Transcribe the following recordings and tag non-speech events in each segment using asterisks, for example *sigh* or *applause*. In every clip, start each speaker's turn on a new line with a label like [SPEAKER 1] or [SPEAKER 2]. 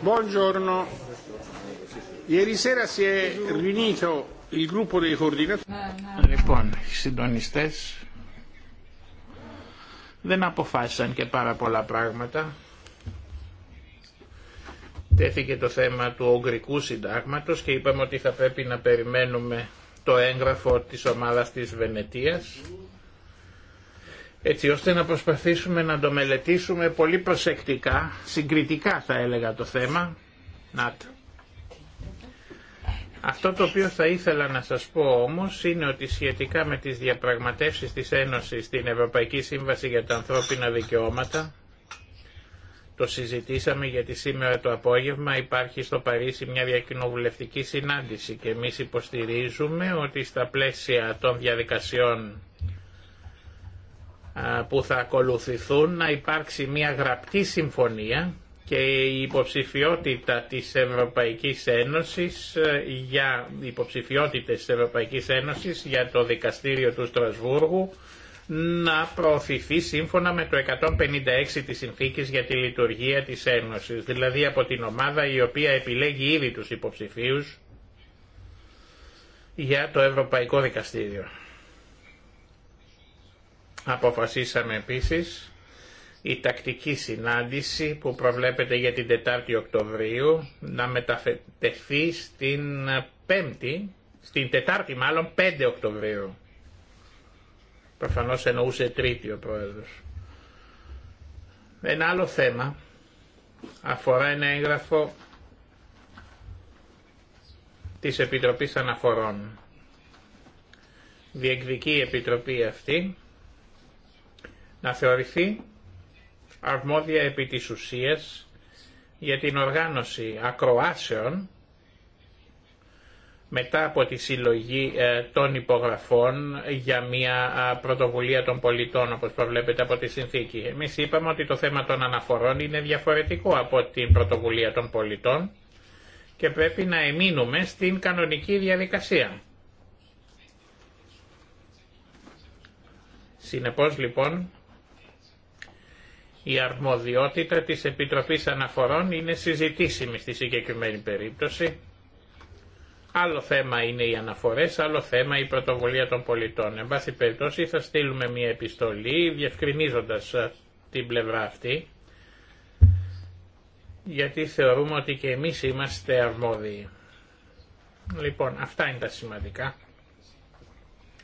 [SPEAKER 1] Buongiorno. Ieri sera si è riunito il gruppo dei coordinatori. Λοιπόν, οι συντονιστέ
[SPEAKER 2] δεν αποφάσισαν και πάρα πολλά πράγματα. Τέθηκε το θέμα του Ουγγρικού Συντάγματο και είπαμε ότι θα πρέπει να περιμένουμε το έγγραφο της ομάδας της Βενετίας έτσι ώστε να προσπαθήσουμε να το μελετήσουμε πολύ προσεκτικά, συγκριτικά θα έλεγα το θέμα. Να Αυτό το οποίο θα ήθελα να σας πω όμως είναι ότι σχετικά με τις διαπραγματεύσεις της Ένωσης στην Ευρωπαϊκή Σύμβαση για τα Ανθρώπινα Δικαιώματα, το συζητήσαμε γιατί σήμερα το απόγευμα υπάρχει στο Παρίσι μια διακοινοβουλευτική συνάντηση και εμείς υποστηρίζουμε ότι στα πλαίσια των διαδικασιών που θα ακολουθηθούν να υπάρξει μια γραπτή συμφωνία και η υποψηφιότητα της Ευρωπαϊκής Ένωσης για υποψηφιότητες της Ευρωπαϊκής Ένωσης για το δικαστήριο του Στρασβούργου να προωθηθεί σύμφωνα με το 156 της συνθήκης για τη λειτουργία της Ένωσης, δηλαδή από την ομάδα η οποία επιλέγει ήδη τους υποψηφίους για το Ευρωπαϊκό Δικαστήριο. Αποφασίσαμε επίσης η τακτική συνάντηση που προβλέπεται για την 4η Οκτωβρίου να μεταφετεθεί στην 5η, στην 4η μάλλον 5 Οκτωβρίου. Προφανώς εννοούσε τρίτη ο Πρόεδρος. Ένα άλλο θέμα αφορά ένα έγγραφο της Επιτροπής Αναφορών. Διεκδικεί η οκτωβριου να μεταφερθεί στην 5 η στην 4 η μαλλον 5 οκτωβριου προφανως εννοουσε τριτη αυτή να θεωρηθεί αρμόδια επί της ουσίας για την οργάνωση ακροάσεων μετά από τη συλλογή ε, των υπογραφών για μια πρωτοβουλία των πολιτών, όπως προβλέπεται από τη συνθήκη. Εμείς είπαμε ότι το θέμα των αναφορών είναι διαφορετικό από την πρωτοβουλία των πολιτών και πρέπει να εμείνουμε στην κανονική διαδικασία. Συνεπώς λοιπόν η αρμοδιότητα της Επιτροπής Αναφορών είναι συζητήσιμη στη συγκεκριμένη περίπτωση. Άλλο θέμα είναι οι αναφορές, άλλο θέμα η πρωτοβουλία των πολιτών. Εν πάση περιπτώσει θα στείλουμε μια επιστολή διευκρινίζοντας ε, την πλευρά αυτή γιατί θεωρούμε ότι και εμείς είμαστε αρμόδιοι. Λοιπόν, αυτά είναι τα σημαντικά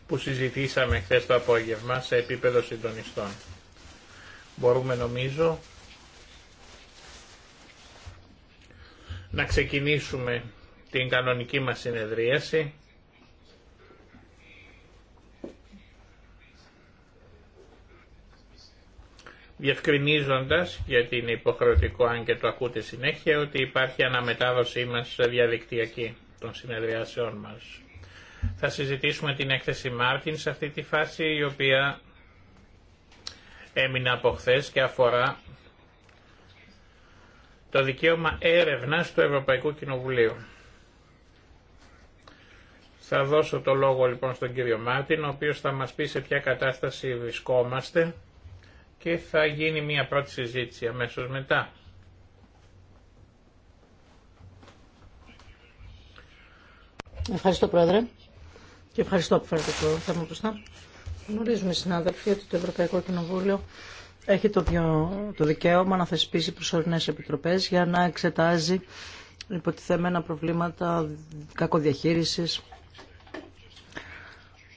[SPEAKER 2] που συζητήσαμε χθες το απόγευμα σε επίπεδο συντονιστών. Μπορούμε νομίζω να ξεκινήσουμε την κανονική μας συνεδρίαση. διευκρινίζοντας, γιατί είναι υποχρεωτικό αν και το ακούτε συνέχεια, ότι υπάρχει αναμετάδοσή μας διαδικτυακή των συνεδριάσεών μας. Θα συζητήσουμε την έκθεση Μάρτιν σε αυτή τη φάση, η οποία έμεινα από χθε και αφορά το δικαίωμα έρευνας του Ευρωπαϊκού Κοινοβουλίου. Θα δώσω το λόγο λοιπόν στον κύριο Μάρτιν, ο οποίος θα μας πει σε ποια κατάσταση βρισκόμαστε και θα γίνει μια πρώτη συζήτηση αμέσως μετά.
[SPEAKER 3] Ευχαριστώ Πρόεδρε και ευχαριστώ που φέρετε το θέμα μπροστά. Γνωρίζουμε, συνάδελφοι, ότι το Ευρωπαϊκό Κοινοβούλιο έχει το, το δικαίωμα να θεσπίσει προσωρινές επιτροπές για να εξετάζει υποτιθέμενα προβλήματα κακοδιαχείρισης.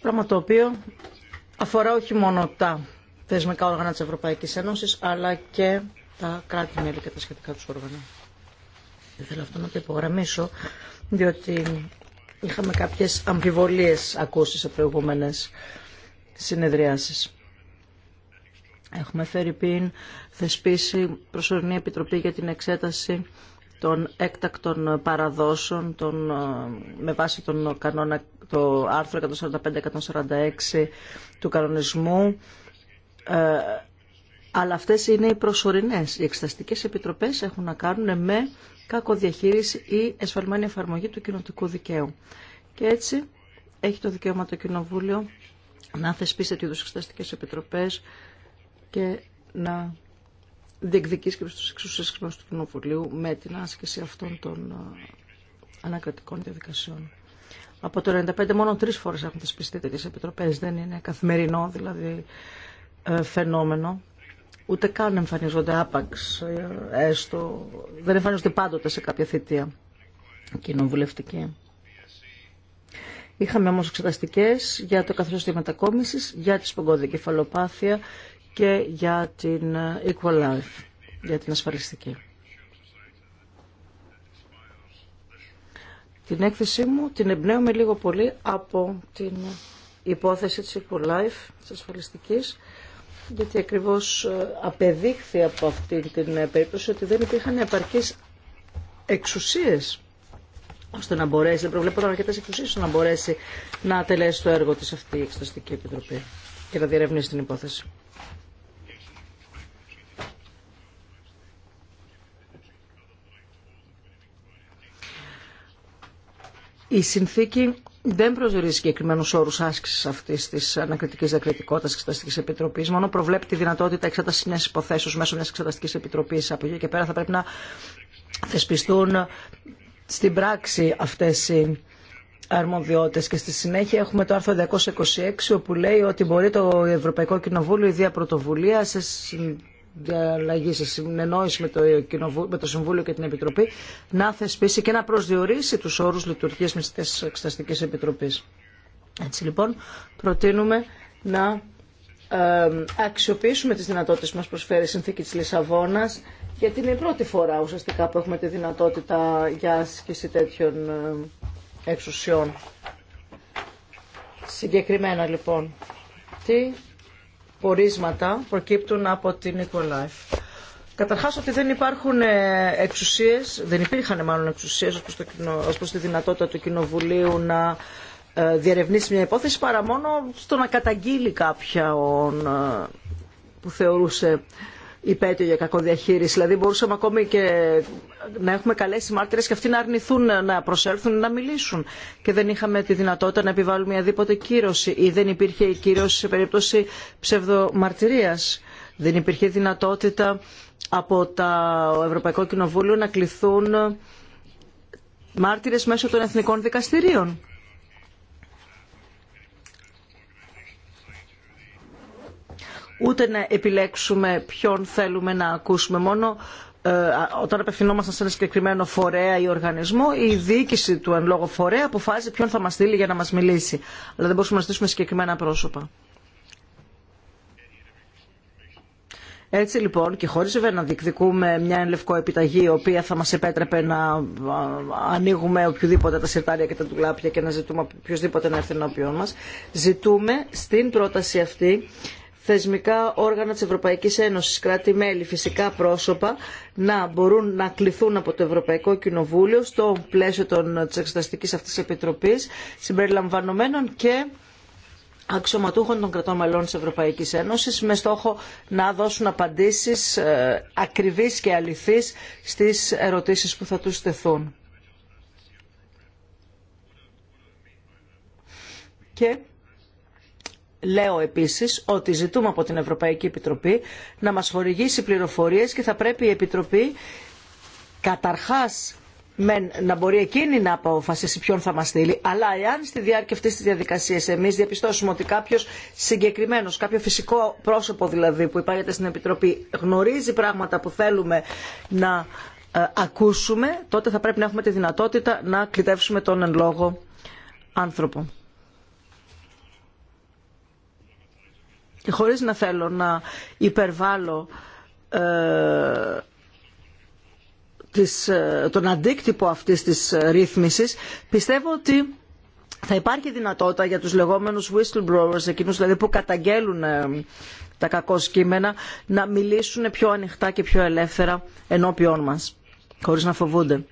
[SPEAKER 3] Πράγμα το οποίο αφορά όχι μόνο τα θεσμικά όργανα της Ευρωπαϊκής Ένωσης, αλλά και τα κράτη-μέλη και τα σχετικά τους όργανα. Θέλω αυτό να το υπογραμμίσω, διότι είχαμε κάποιες αμφιβολίες ακούσει σε προηγούμενες συνεδριάσεις. Έχουμε φέρει πριν θεσπίσει προσωρινή επιτροπή για την εξέταση των έκτακτων παραδόσεων των, ε, με βάση τον κανόνα, το άρθρο 145-146 του κανονισμού. Ε, αλλά αυτές είναι οι προσωρινές. Οι εξεταστικές επιτροπές έχουν να κάνουν με κακοδιαχείριση ή εσφαλμένη εφαρμογή του κοινοτικού δικαίου. Και έτσι έχει το δικαίωμα το Κοινοβούλιο να θεσπίσετε είδους εξεταστικές επιτροπές και να διεκδικήσει και στους εξουσίες του Κοινοβουλίου με την άσκηση αυτών των ε, ανακρατικών διαδικασιών. Από το 1995 μόνο τρεις φορές έχουν θεσπιστεί τέτοιες επιτροπές. Δεν είναι καθημερινό δηλαδή ε, φαινόμενο. Ούτε καν εμφανίζονται άπαξ, ε, έστω. Δεν εμφανίζονται πάντοτε σε κάποια θητεία κοινοβουλευτική. Είχαμε όμως εξεταστικές για το καθώς τη μετακόμισης, για τη σπογγόδια κεφαλοπάθεια και για την ε, Equal Life, για την ασφαλιστική. Την έκθεσή μου την εμπνέομαι λίγο πολύ από την υπόθεση της Equal Life, της ασφαλιστικής, γιατί ακριβώς ε, απεδείχθη από αυτή την ε, περίπτωση ότι δεν υπήρχαν επαρκείς εξουσίες ώστε να μπορέσει, δεν προβλέπονταν αρκετέ εξουσίε ώστε να μπορέσει να τελέσει το έργο τη αυτή η Εξεταστική Επιτροπή και να διερευνήσει την υπόθεση. Η συνθήκη δεν προσδιορίζει συγκεκριμένου όρου άσκηση αυτή τη ανακριτική διακριτικότητα τη Εξεταστική Επιτροπή. Μόνο προβλέπει τη δυνατότητα εξέταση μια υποθέσεω μέσω μια Εξεταστική Επιτροπή. Από εκεί και πέρα θα πρέπει να θεσπιστούν στην πράξη αυτές οι αρμοδιότητες και στη συνέχεια έχουμε το άρθρο 226 όπου λέει ότι μπορεί το Ευρωπαϊκό Κοινοβούλιο η Δία Πρωτοβουλία σε διαλλαγή, σε συνεννόηση με το, με το Συμβούλιο και την Επιτροπή να θεσπίσει και να προσδιορίσει τους όρους λειτουργίας μες της Εξεταστικής Επιτροπής. Έτσι λοιπόν προτείνουμε να ε, αξιοποιήσουμε τις δυνατότητες που μας προσφέρει η συνθήκη της Λισαβόνας γιατί είναι η πρώτη φορά ουσιαστικά που έχουμε τη δυνατότητα για άσκηση τέτοιων ε, εξουσιών. Συγκεκριμένα λοιπόν, τι πορίσματα προκύπτουν από την Equalife. Καταρχάς ότι δεν υπάρχουν ε, εξουσίες, δεν υπήρχαν μάλλον εξουσίες ως προς, το, τη δυνατότητα του Κοινοβουλίου να ε, διερευνήσει μια υπόθεση παρά μόνο στο να καταγγείλει κάποια που θεωρούσε υπέτειο για κακοδιαχείριση. Δηλαδή μπορούσαμε ακόμη και να έχουμε καλέσει μάρτυρες και αυτοί να αρνηθούν να προσέλθουν να μιλήσουν. Και δεν είχαμε τη δυνατότητα να επιβάλλουμε οποιαδήποτε κύρωση ή δεν υπήρχε η κύρωση σε περίπτωση ψευδομαρτυρίας. Δεν υπήρχε δυνατότητα από το Ευρωπαϊκό Κοινοβούλιο να κληθούν μάρτυρες μέσω των εθνικών δικαστηρίων. ούτε να επιλέξουμε ποιον θέλουμε να ακούσουμε. Μόνο ε, όταν απευθυνόμαστε σε ένα συγκεκριμένο φορέα ή οργανισμό, η διοίκηση του εν λόγω φορέα αποφάζει ποιον θα μα στείλει για να μα μιλήσει. Αλλά δεν μπορούμε να στήσουμε συγκεκριμένα πρόσωπα. Έτσι λοιπόν και χωρίς βέβαια να διεκδικούμε μια λευκό επιταγή η οποία θα μας επέτρεπε να ανοίγουμε οποιοδήποτε τα σιρτάρια και τα τουλάπια και να ζητούμε οποιοδήποτε να έρθει ενώπιον μας, ζητούμε στην πρόταση αυτή θεσμικά όργανα της Ευρωπαϊκής Ένωσης, κράτη-μέλη, φυσικά πρόσωπα, να μπορούν να κληθούν από το Ευρωπαϊκό Κοινοβούλιο στο πλαίσιο των, της εξεταστικής αυτής επιτροπής, συμπεριλαμβανομένων και αξιωματούχων των κρατών μελών της Ευρωπαϊκής Ένωσης με στόχο να δώσουν απαντήσεις ε, ακριβείς και αληθείς στις ερωτήσεις που θα τους τεθούν. Λέω επίσης ότι ζητούμε από την Ευρωπαϊκή Επιτροπή να μας χορηγήσει πληροφορίες και θα πρέπει η Επιτροπή καταρχάς να μπορεί εκείνη να αποφασίσει ποιον θα μας στείλει, αλλά εάν στη διάρκεια αυτή τη διαδικασία εμεί διαπιστώσουμε ότι κάποιος συγκεκριμένος κάποιο φυσικό πρόσωπο δηλαδή που υπάρχει στην Επιτροπή γνωρίζει πράγματα που θέλουμε να ε, ακούσουμε, τότε θα πρέπει να έχουμε τη δυνατότητα να κλητεύσουμε τον εν λόγω άνθρωπο. και χωρίς να θέλω να υπερβάλλω ε, της, ε, τον αντίκτυπο αυτής της ρύθμισης, πιστεύω ότι θα υπάρχει δυνατότητα για τους λεγόμενους whistleblowers, εκείνους δηλαδή που καταγγέλουν ε, τα κακό κείμενα, να μιλήσουν πιο ανοιχτά και πιο ελεύθερα ενώπιόν μας, χωρίς να φοβούνται.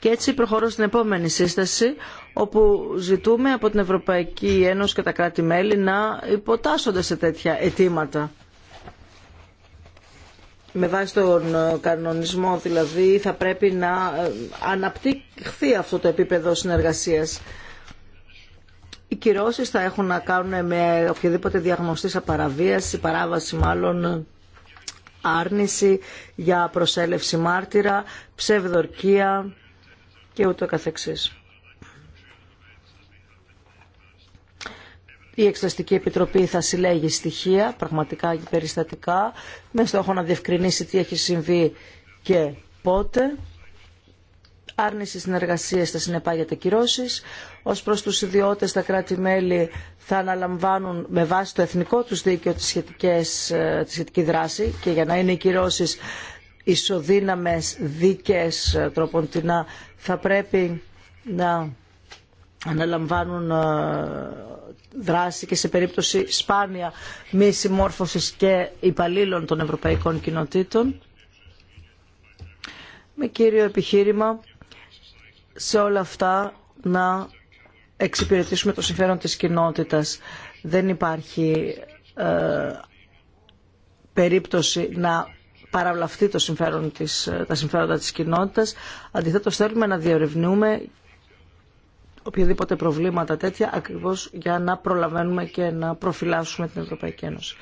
[SPEAKER 3] Και έτσι προχωρώ στην επόμενη σύσταση, όπου ζητούμε από την Ευρωπαϊκή Ένωση και τα κράτη-μέλη να υποτάσσονται σε τέτοια αιτήματα. Με βάση τον ε, κανονισμό δηλαδή θα πρέπει να ε, αναπτυχθεί αυτό το επίπεδο συνεργασίας. Οι κυρώσεις θα έχουν να κάνουν με οποιαδήποτε διαγνωστή απαραβίαση, παράβαση μάλλον άρνηση για προσέλευση μάρτυρα, ψευδορκία, και ούτω καθεξής. Η Εξεταστική Επιτροπή θα συλλέγει στοιχεία, πραγματικά και περιστατικά, με στόχο να διευκρινίσει τι έχει συμβεί και πότε. Άρνηση συνεργασία θα συνεπάγεται κυρώσει. Ω προ του ιδιώτε, τα κράτη-μέλη θα αναλαμβάνουν με βάση το εθνικό του δίκαιο ε, τη σχετική δράση και για να είναι οι κυρώσει ισοδύναμες δίκες ε, τροποντινά θα πρέπει να αναλαμβάνουν ε, δράση και σε περίπτωση σπάνια μη συμμόρφωσης και υπαλλήλων των ευρωπαϊκών κοινοτήτων με κύριο επιχείρημα σε όλα αυτά να εξυπηρετήσουμε το συμφέρον της κοινότητας. Δεν υπάρχει ε, περίπτωση να παραβλαφθεί το συμφέρον της, τα συμφέροντα της κοινότητας. Αντιθέτως θέλουμε να διερευνούμε οποιαδήποτε προβλήματα τέτοια ακριβώς για να προλαβαίνουμε και να προφυλάσσουμε την Ευρωπαϊκή Ένωση.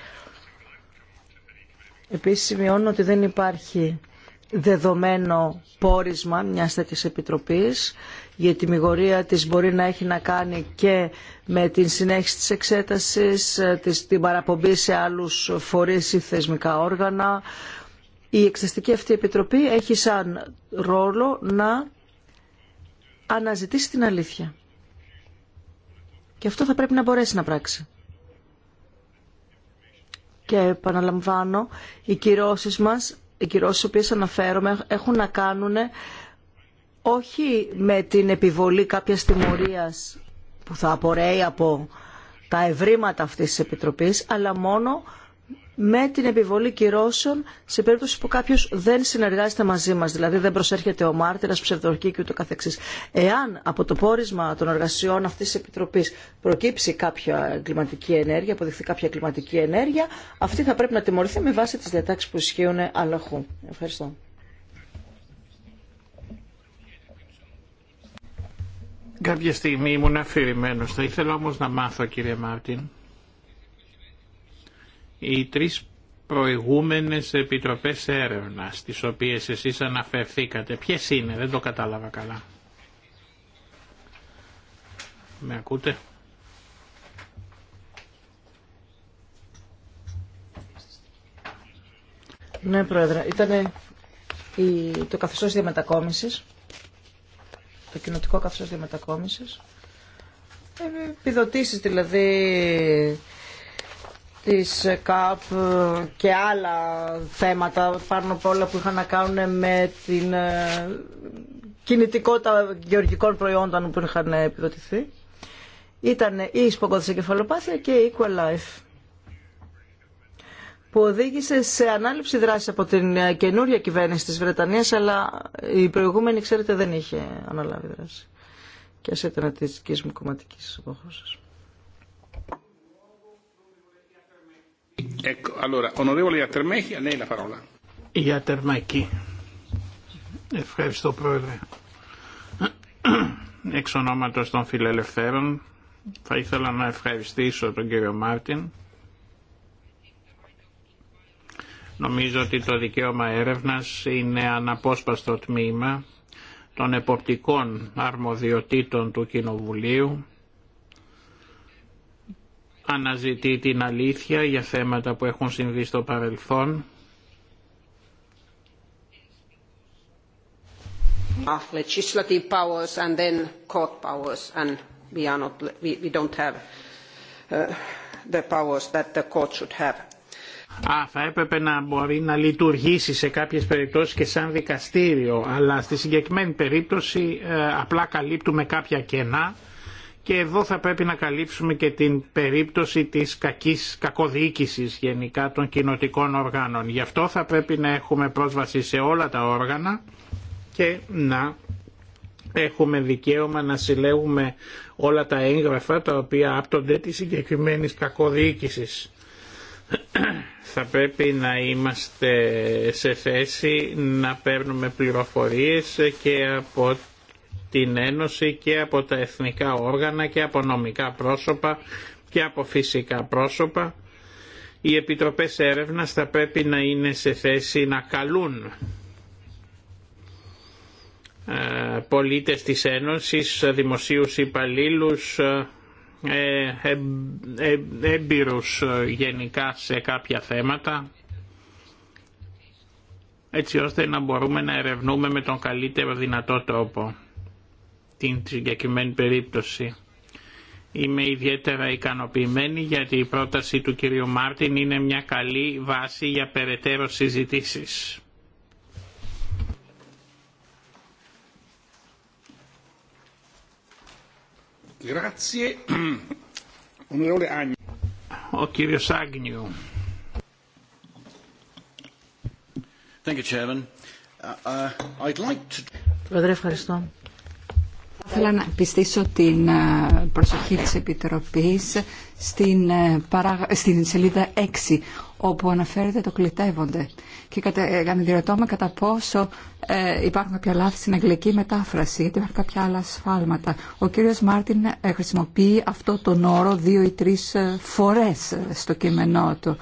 [SPEAKER 3] Επίσης σημειώνω ότι δεν υπάρχει δεδομένο πόρισμα μια τέτοια επιτροπής η ετοιμιγορία της μπορεί να έχει να κάνει και με την συνέχιση της εξέτασης, την παραπομπή σε άλλους φορείς ή θεσμικά όργανα, η Εξαστική αυτή Επιτροπή έχει σαν ρόλο να αναζητήσει την αλήθεια. Και αυτό θα πρέπει να μπορέσει να πράξει. Και επαναλαμβάνω, οι κυρώσεις μας, οι κυρώσεις οι αναφέρομαι έχουν να κάνουν όχι με την επιβολή κάποιας τιμωρίας που θα απορρέει από τα ευρήματα αυτής της Επιτροπής, αλλά μόνο με την επιβολή κυρώσεων σε περίπτωση που κάποιο δεν συνεργάζεται μαζί μα, δηλαδή δεν προσέρχεται ο μάρτυρα, ψευδορκή και ούτω Εάν από το πόρισμα των εργασιών αυτή τη Επιτροπή προκύψει κάποια κλιματική ενέργεια, αποδειχθεί κάποια κλιματική ενέργεια, αυτή θα πρέπει να τιμωρηθεί με βάση τι διατάξει που ισχύουν αλλαχού. Ευχαριστώ.
[SPEAKER 2] Κάποια στιγμή ήμουν αφηρημένος. Θα ήθελα όμως να μάθω κύριε Μάρτιν οι τρεις προηγούμενες επιτροπές έρευνας, τις οποίες εσείς αναφερθήκατε, ποιες είναι, δεν το κατάλαβα καλά. Με ακούτε.
[SPEAKER 3] Ναι, Πρόεδρε. Ήταν η... το καθεστώς διαμετακόμισης, το κοινοτικό καθεστώς διαμετακόμισης, ε, επιδοτήσεις δηλαδή της ΚΑΠ και άλλα θέματα πάνω από όλα που είχαν να κάνουν με την ε, κινητικότητα γεωργικών προϊόντων που είχαν επιδοτηθεί ήταν η σποκώδηση κεφαλοπάθεια και η Equal Life που οδήγησε σε ανάληψη δράση από την ε, καινούρια κυβέρνηση της Βρετανίας αλλά η προηγούμενη ξέρετε δεν είχε αναλάβει δράση και σε ήταν της μου
[SPEAKER 2] κομματικής Ευχαριστώ Πρόεδρε. Εξ ονόματος των φιλελευθέρων θα ήθελα να ευχαριστήσω τον κύριο Μάρτιν. Νομίζω ότι το δικαίωμα έρευνας είναι αναπόσπαστο τμήμα των εποπτικών αρμοδιοτήτων του Κοινοβουλίου αναζητεί την αλήθεια για θέματα που έχουν συμβεί στο παρελθόν. θα έπρεπε να μπορεί να λειτουργήσει σε κάποιες περιπτώσεις και σαν δικαστήριο, αλλά στη συγκεκριμένη περίπτωση ε, απλά καλύπτουμε κάποια κενά και εδώ θα πρέπει να καλύψουμε και την περίπτωση της κακής κακοδιοίκησης γενικά των κοινοτικών οργάνων. Γι' αυτό θα πρέπει να έχουμε πρόσβαση σε όλα τα όργανα και να έχουμε δικαίωμα να συλλέγουμε όλα τα έγγραφα τα οποία άπτονται της συγκεκριμένης κακοδιοίκησης. *clears throat* θα πρέπει να είμαστε σε θέση να παίρνουμε πληροφορίες και από την Ένωση και από τα εθνικά όργανα και από νομικά πρόσωπα και από φυσικά πρόσωπα. Οι επιτροπές έρευνας θα πρέπει να είναι σε θέση να καλούν ε, πολίτες της Ένωσης, δημοσίους υπαλλήλους, ε, ε, έμπειρους γενικά σε κάποια θέματα έτσι ώστε να μπορούμε να ερευνούμε με τον καλύτερο δυνατό τρόπο την συγκεκριμένη περίπτωση. Είμαι ιδιαίτερα ικανοποιημένη γιατί η πρόταση του κυρίου Μάρτιν είναι μια καλή βάση για περαιτέρω συζητήσεις.
[SPEAKER 1] Ο κύριος Άγνιου. Thank you, Chairman. Uh,
[SPEAKER 3] uh, I'd ευχαριστώ
[SPEAKER 4] ήθελα να πιστήσω την ε, προσοχή της Επιτροπής στην, ε, παρά... στην σελίδα 6 όπου αναφέρεται το κλητεύονται και ε, αναδιρωτώ με κατά πόσο υπάρχουν κάποια λάθη στην αγγλική μετάφραση γιατί υπάρχουν κάποια άλλα σφάλματα. Ο κύριος Μάρτιν χρησιμοποιεί αυτό τον όρο δύο ή τρεις φορές στο κείμενό του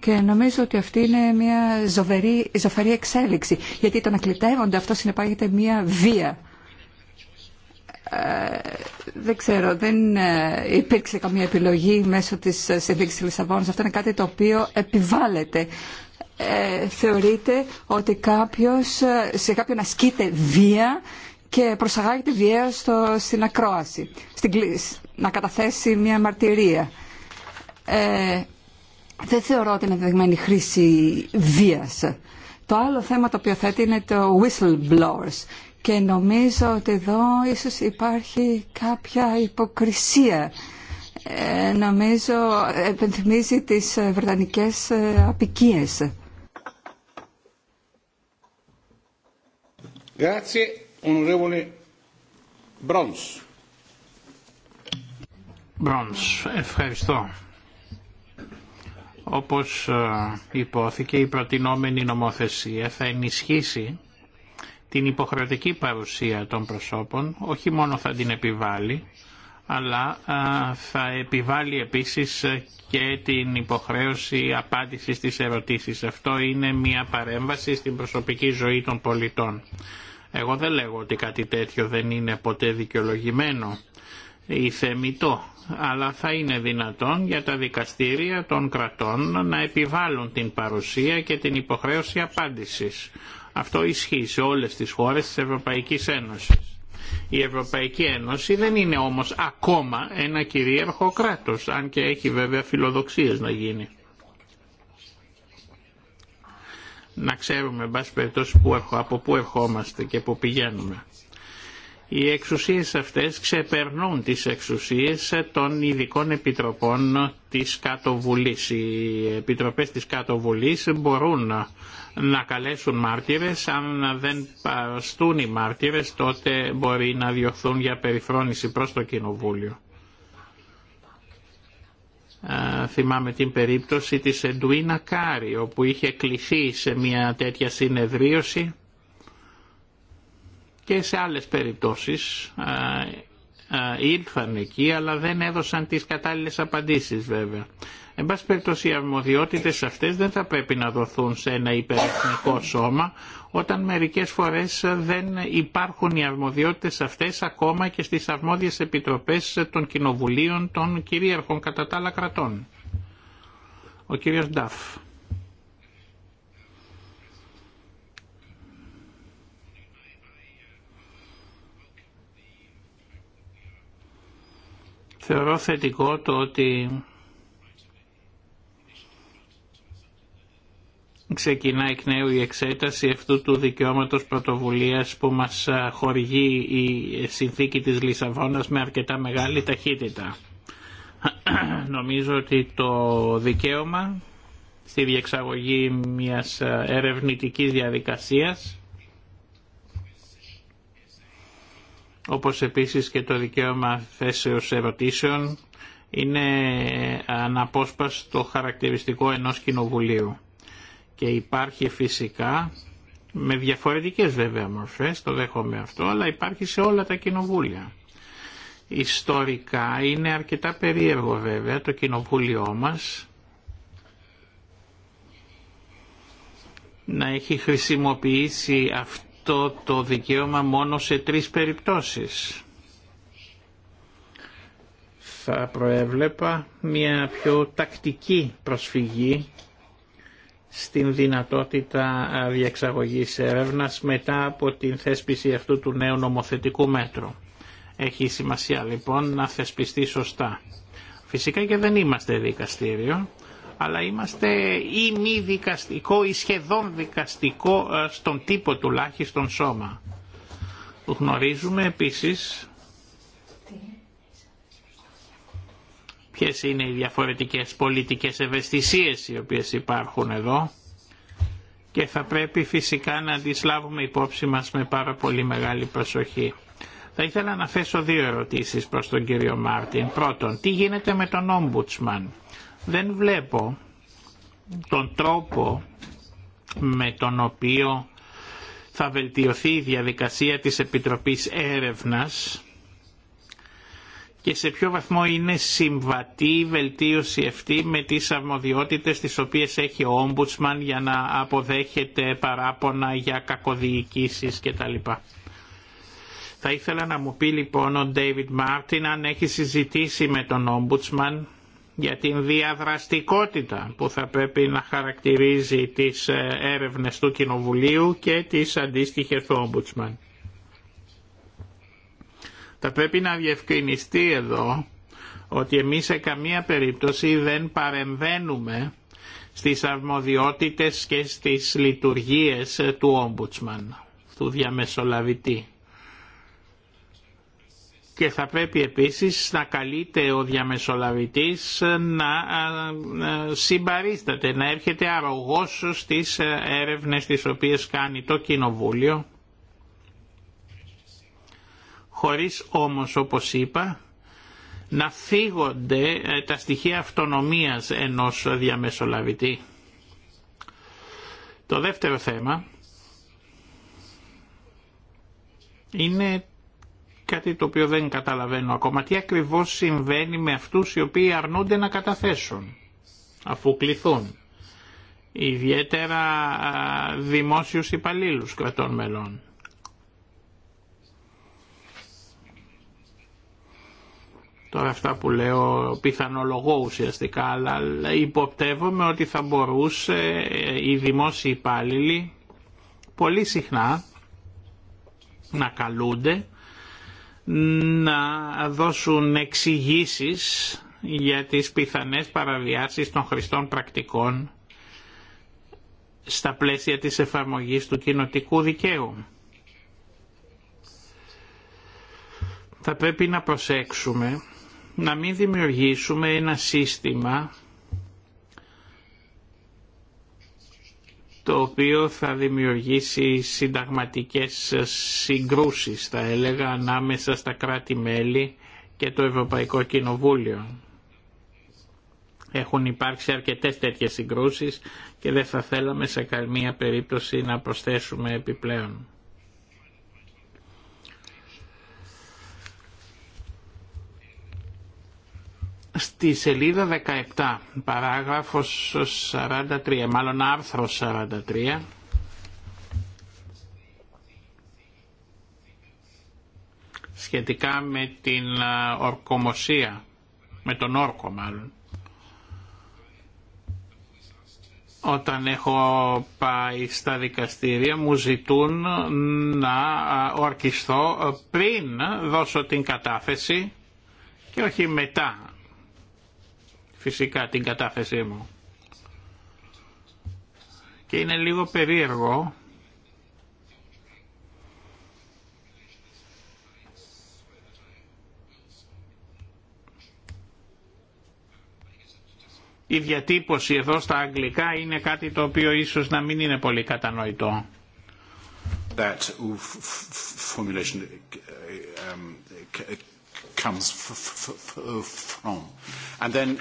[SPEAKER 4] και νομίζω ότι αυτή είναι μια ζωφερή εξέλιξη γιατί το να κλητεύονται αυτό συνεπάγεται μια βία ε, δεν ξέρω, δεν ε, υπήρξε καμία επιλογή μέσω της ε, συνθήκης της Λισαβόνας. Αυτό είναι κάτι το οποίο επιβάλλεται. Ε, θεωρείται ότι κάποιος, σε κάποιον ασκείται βία και προσαγάγεται βία στο, στην ακρόαση, στην, να καταθέσει μια μαρτυρία. Ε, δεν θεωρώ ότι είναι δεδειγμένη χρήση βίας. Το άλλο θέμα το οποίο θέτει είναι το whistleblowers και νομίζω ότι εδώ ίσως υπάρχει κάποια υποκρισία. Ε, νομίζω επενθυμίζει τις ε, βρετανικές ε, απικίες.
[SPEAKER 2] Μπρόνς, ευχαριστώ. Όπως ε, υπόθηκε η προτινόμενη νομοθεσία θα ενισχύσει την υποχρεωτική παρουσία των προσώπων όχι μόνο θα την επιβάλλει, αλλά θα επιβάλλει επίσης και την υποχρέωση απάντησης στις ερωτήσεις. Αυτό είναι μια παρέμβαση στην προσωπική ζωή των πολιτών. Εγώ δεν λέγω ότι κάτι τέτοιο δεν είναι ποτέ δικαιολογημένο ή θεμητό, αλλά θα είναι δυνατόν για τα δικαστήρια των κρατών να επιβάλλουν την παρουσία και την υποχρέωση απάντησης. Αυτό ισχύει σε όλες τις χώρες της Ευρωπαϊκής Ένωσης. Η Ευρωπαϊκή Ένωση δεν είναι όμως ακόμα ένα κυρίαρχο κράτος, αν και έχει βέβαια φιλοδοξίες να γίνει. Να ξέρουμε, εν πάση περιπτώσει, από πού ερχόμαστε και πού πηγαίνουμε. Οι εξουσίες αυτές ξεπερνούν τις εξουσίες των ειδικών επιτροπών της Κάτω Βουλής. Οι επιτροπές της Κάτω Βουλής μπορούν να καλέσουν μάρτυρες. Αν δεν παραστούν οι μάρτυρες τότε μπορεί να διωχθούν για περιφρόνηση προς το Κοινοβούλιο. Ε, θυμάμαι την περίπτωση της Εντουίνα Κάρι όπου είχε κληθεί σε μια τέτοια συνεδρίωση και σε άλλες περιπτώσεις ήλθαν εκεί αλλά δεν έδωσαν τις κατάλληλες απαντήσεις βέβαια. Εν πάση περιπτώσει οι αρμοδιότητες αυτές δεν θα πρέπει να δοθούν σε ένα υπερεθνικό σώμα όταν μερικές φορές δεν υπάρχουν οι αρμοδιότητες αυτές ακόμα και στις αρμόδιες επιτροπές των κοινοβουλίων των κυρίαρχων κατά τα άλλα κρατών. Ο κύριος Νταφ. Θεωρώ θετικό το ότι ξεκινά εκ νέου η εξέταση αυτού του δικαιώματος πρωτοβουλίας που μας χορηγεί η συνθήκη της Λισαβόνας με αρκετά μεγάλη ταχύτητα. *clears throat* Νομίζω ότι το δικαίωμα στη διεξαγωγή μιας ερευνητικής διαδικασίας όπως επίσης και το δικαίωμα θέσεως ερωτήσεων είναι αναπόσπαστο χαρακτηριστικό ενός κοινοβουλίου. Και υπάρχει φυσικά, με διαφορετικές βέβαια μορφές, το δέχομαι αυτό, αλλά υπάρχει σε όλα τα κοινοβούλια. Ιστορικά είναι αρκετά περίεργο βέβαια το κοινοβούλιο μας να έχει χρησιμοποιήσει αυτό το δικαίωμα μόνο σε τρεις περιπτώσεις. Θα προέβλεπα μια πιο τακτική προσφυγή στην δυνατότητα διεξαγωγής έρευνας μετά από την θέσπιση αυτού του νέου νομοθετικού μέτρου. Έχει σημασία λοιπόν να θεσπιστεί σωστά. Φυσικά και δεν είμαστε δικαστήριο, αλλά είμαστε ή μη δικαστικό ή σχεδόν δικαστικό ε, στον τύπο τουλάχιστον σώμα. Γνωρίζουμε επίσης ποιες είναι οι διαφορετικές πολιτικές ευαισθησίες οι οποίες υπάρχουν εδώ και θα πρέπει φυσικά να τις λάβουμε υπόψη μας με πάρα πολύ μεγάλη προσοχή. Θα ήθελα να θέσω δύο ερωτήσεις προς τον κύριο Μάρτιν. Πρώτον, τι γίνεται με τον Ombudsman δεν βλέπω τον τρόπο με τον οποίο θα βελτιωθεί η διαδικασία της Επιτροπής Έρευνας και σε ποιο βαθμό είναι συμβατή η βελτίωση αυτή με τις αρμοδιότητες τις οποίες έχει ο Ombudsman για να αποδέχεται παράπονα για κακοδιοικήσεις κτλ. Θα ήθελα να μου πει λοιπόν ο David Μάρτιν αν έχει συζητήσει με τον Ombudsman για την διαδραστικότητα που θα πρέπει να χαρακτηρίζει τις ε, έρευνες του Κοινοβουλίου και τις αντίστοιχες του Ombudsman. Θα πρέπει να διευκρινιστεί εδώ ότι εμείς σε καμία περίπτωση δεν παρεμβαίνουμε στις αρμοδιότητες και στις λειτουργίες του Ombudsman, του διαμεσολαβητή και θα πρέπει επίσης να καλείται ο διαμεσολαβητής να συμπαρίσταται, να έρχεται αρρωγός στις ε, έρευνες τις οποίες κάνει το Κοινοβούλιο, χωρίς όμως όπως είπα να φύγονται ε, τα στοιχεία αυτονομίας ενός διαμεσολαβητή. Το δεύτερο θέμα είναι κάτι το οποίο δεν καταλαβαίνω ακόμα. Τι ακριβώς συμβαίνει με αυτούς οι οποίοι αρνούνται να καταθέσουν αφού κληθούν. Ιδιαίτερα δημόσιους υπαλλήλους κρατών μελών. Τώρα αυτά που λέω πιθανολογώ ουσιαστικά, αλλά υποπτεύομαι ότι θα μπορούσε ε, οι δημόσιοι υπάλληλοι πολύ συχνά να καλούνται να δώσουν εξηγήσει για τις πιθανές παραβιάσεις των χρηστών πρακτικών στα πλαίσια της εφαρμογής του κοινοτικού δικαίου. Θα πρέπει να προσέξουμε να μην δημιουργήσουμε ένα σύστημα το οποίο θα δημιουργήσει συνταγματικές συγκρούσεις θα έλεγα ανάμεσα στα κράτη-μέλη και το Ευρωπαϊκό Κοινοβούλιο. Έχουν υπάρξει αρκετές τέτοιες συγκρούσεις και δεν θα θέλαμε σε καμία περίπτωση να προσθέσουμε επιπλέον. Στη σελίδα 17, παράγραφος 43, μάλλον άρθρο 43, σχετικά με την ορκομοσία, με τον όρκο μάλλον. Όταν έχω πάει στα δικαστήρια μου ζητούν να ορκιστώ πριν δώσω την κατάθεση και όχι μετά φυσικά την κατάθεσή μου. Και είναι λίγο περίεργο η διατύπωση εδώ στα αγγλικά είναι κάτι το οποίο ίσως να μην είναι πολύ κατανοητό.
[SPEAKER 1] That formulation ε, ε, ε, comes from. And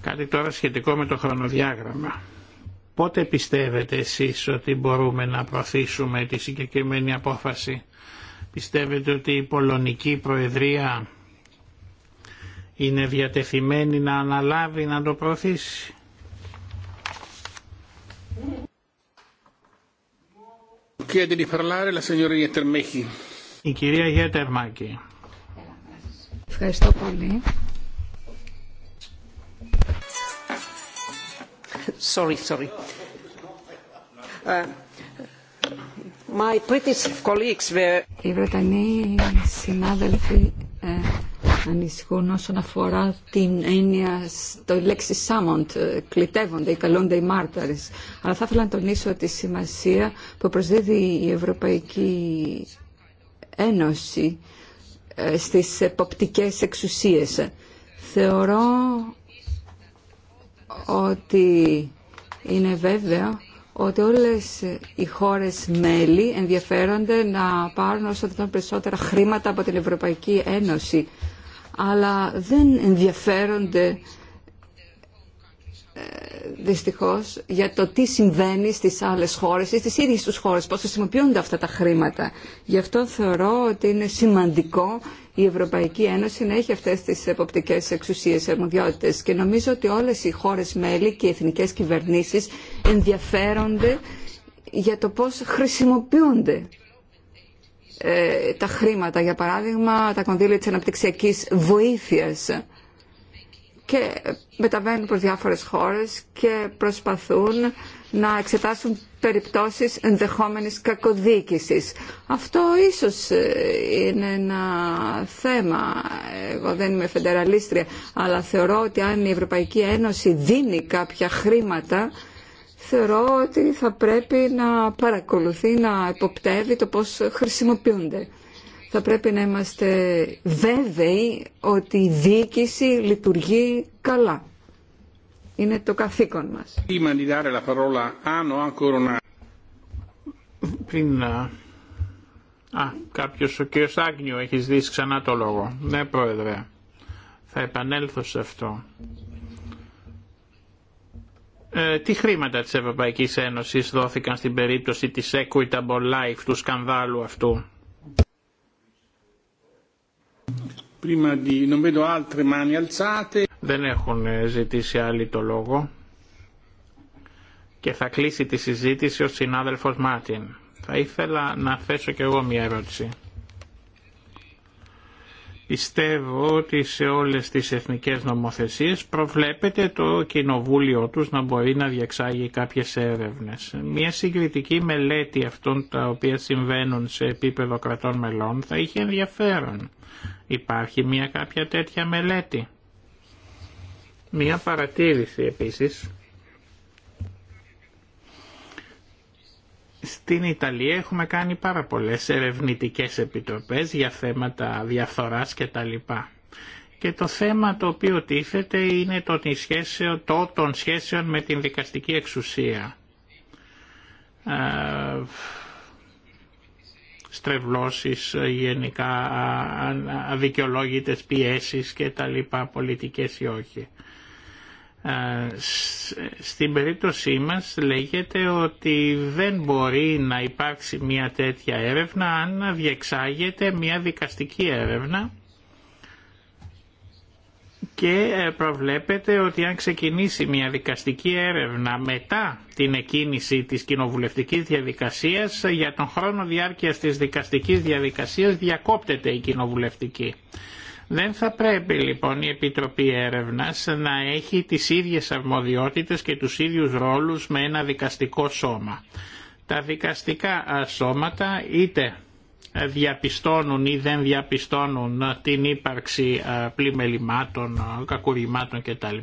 [SPEAKER 1] Κάτι τώρα σχετικό με το
[SPEAKER 2] χρονοδιάγραμμα. Πότε πιστεύετε εσείς ότι μπορούμε να προωθήσουμε τη συγκεκριμένη απόφαση. Πιστεύετε ότι η Πολωνική Προεδρία είναι διατεθειμένη να αναλάβει να το προωθήσει. Η κυρία Γιέτερ Μάκη. Ευχαριστώ πολύ.
[SPEAKER 3] Συγγνώμη, συγγνώμη. Ε,
[SPEAKER 4] Οι Βρετανοί συνάδελφοι ε, ανησυχούν όσον αφορά την έννοια το λέξη σάμοντ, ε, κλητεύονται ή καλούνται οι μάρταρες. Αλλά θα ήθελα να τονίσω τη σημασία που προσδίδει η Ευρωπαϊκή Ένωση ε, στις εποπτικές εξουσίες. Θεωρώ ότι είναι βέβαιο ότι όλες οι χώρες μέλη ενδιαφέρονται να πάρουν όσο δυνατόν περισσότερα χρήματα από την Ευρωπαϊκή Ένωση αλλά δεν ενδιαφέρονται ε, δυστυχώς για το τι συμβαίνει στις άλλες χώρες ή στις ίδιες τους χώρες, πώς χρησιμοποιούνται αυτά τα χρήματα. Γι' αυτό θεωρώ ότι είναι σημαντικό η Ευρωπαϊκή Ένωση να έχει αυτές τις εποπτικές εξουσίες, αρμοδιότητες και νομίζω ότι όλες οι χώρες μέλη και οι εθνικές κυβερνήσεις ενδιαφέρονται για το πώς χρησιμοποιούνται ε, τα χρήματα, για παράδειγμα, τα κονδύλια της αναπτυξιακής βοήθειας και μεταβαίνουν προς διάφορες χώρες και προσπαθούν να εξετάσουν περιπτώσεις ενδεχόμενης κακοδίκησης. Αυτό ίσως ε, είναι ένα θέμα. Εγώ δεν είμαι φεντεραλίστρια, αλλά θεωρώ ότι αν η Ευρωπαϊκή Ένωση δίνει κάποια χρήματα θεωρώ ότι θα πρέπει να παρακολουθεί, να υποπτεύει το πώς χρησιμοποιούνται. Θα πρέπει να είμαστε βέβαιοι ότι η διοίκηση λειτουργεί καλά. Είναι το καθήκον
[SPEAKER 1] μας. Ah,
[SPEAKER 2] Πριν να... Α, κάποιος ο κύριος Άγνιο έχει δει ξανά το λόγο. Ναι, πρόεδρε. Θα επανέλθω σε αυτό. Ε, τι χρήματα της Ευρωπαϊκής Ένωσης δόθηκαν στην περίπτωση της Equitable Life, του σκανδάλου αυτού. Δεν έχουν ε, ζητήσει άλλοι το λόγο και θα κλείσει τη συζήτηση ο συνάδελφος Μάτιν. Θα ήθελα να θέσω κι εγώ μια ερώτηση. Πιστεύω ότι σε όλες τις εθνικές νομοθεσίες προβλέπεται το κοινοβούλιο τους να μπορεί να διεξάγει κάποιες έρευνες. Μια συγκριτική μελέτη αυτών τα οποία συμβαίνουν σε επίπεδο κρατών μελών θα είχε ενδιαφέρον. Υπάρχει μια κάποια τέτοια μελέτη. Μια παρατήρηση επίσης Στην Ιταλία έχουμε κάνει πάρα πολλές ερευνητικές επιτροπές για θέματα διαφθοράς κτλ. Και το θέμα το οποίο τίθεται είναι το των σχέσεων με την δικαστική εξουσία. Ε, στρεβλώσεις, ε, γενικά αδικαιολόγητες πιέσεις και τα λοιπά, πολιτικές ή όχι. Στην περίπτωσή μας λέγεται ότι δεν μπορεί να υπάρξει μια τέτοια έρευνα αν διεξάγεται μια δικαστική έρευνα και ε, προβλέπεται ότι αν ξεκινήσει μια δικαστική έρευνα μετά την εκκίνηση της κοινοβουλευτικής διαδικασίας για τον χρόνο διάρκειας της δικαστικής διαδικασίας διακόπτεται η κοινοβουλευτική. Δεν θα πρέπει λοιπόν η Επιτροπή Έρευνας να έχει τις ίδιες αρμοδιότητες και τους ίδιους ρόλους με ένα δικαστικό σώμα. Τα δικαστικά σώματα είτε διαπιστώνουν ή δεν διαπιστώνουν την ύπαρξη ε, πλημελημάτων, κακουριμάτων κτλ.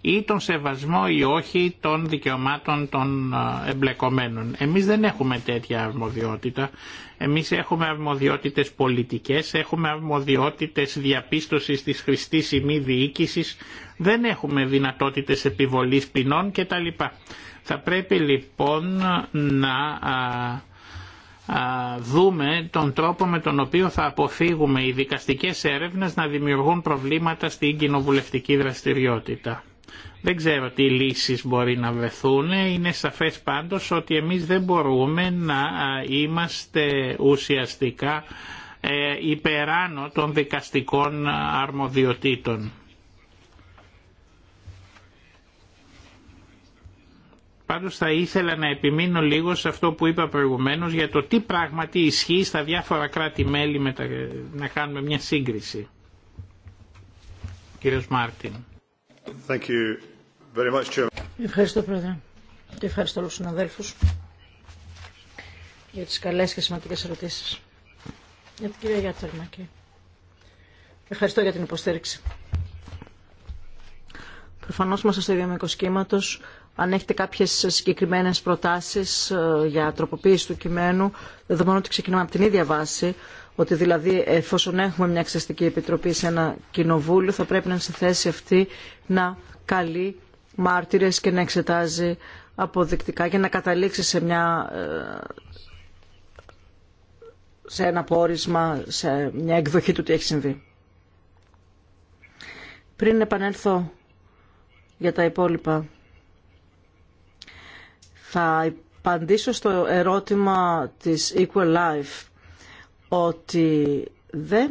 [SPEAKER 2] ή τον σεβασμό ή όχι των δικαιωμάτων των ε, εμπλεκομένων. Εμείς δεν έχουμε τέτοια αρμοδιότητα. Εμείς έχουμε αρμοδιότητες πολιτικές, έχουμε αρμοδιότητες διαπίστωσης της χρηστής ημί διοίκησης, δεν έχουμε δυνατότητες επιβολής ποινών κτλ. Θα πρέπει λοιπόν να δούμε τον τρόπο με τον οποίο θα αποφύγουμε οι δικαστικές έρευνες να δημιουργούν προβλήματα στην κοινοβουλευτική δραστηριότητα. Δεν ξέρω τι λύσεις μπορεί να βρεθούν, είναι σαφές πάντως ότι εμείς δεν μπορούμε να είμαστε ουσιαστικά ε, υπεράνω των δικαστικών αρμοδιοτήτων. Πάντως θα ήθελα να επιμείνω λίγο σε αυτό που είπα προηγουμένως για το τι πράγματι ισχύει στα διάφορα κράτη-μέλη με τα... να κάνουμε μια σύγκριση. Κύριος Μάρτιν. Thank you very much,
[SPEAKER 3] ευχαριστώ Πρόεδρε και ευχαριστώ όλους τους συναδέλφους για τις καλές και σημαντικές ερωτήσεις. Για την κυρία Γιάτσαρμακή. Ευχαριστώ για την υποστήριξη. Προφανώς είμαστε στο ίδιο μήκος αν έχετε κάποιες συγκεκριμένες προτάσεις ε, για τροποποίηση του κειμένου, δεδομένου ότι ξεκινάμε από την ίδια βάση, ότι δηλαδή εφόσον έχουμε μια εξαστική επιτροπή σε ένα κοινοβούλιο θα πρέπει να είναι σε θέση αυτή να καλεί μάρτυρες και να εξετάζει αποδεικτικά για να καταλήξει σε μια ε, σε ένα πόρισμα, σε μια εκδοχή του τι έχει συμβεί. Πριν επανέλθω για τα υπόλοιπα θα απαντήσω στο ερώτημα της Equal Life ότι δεν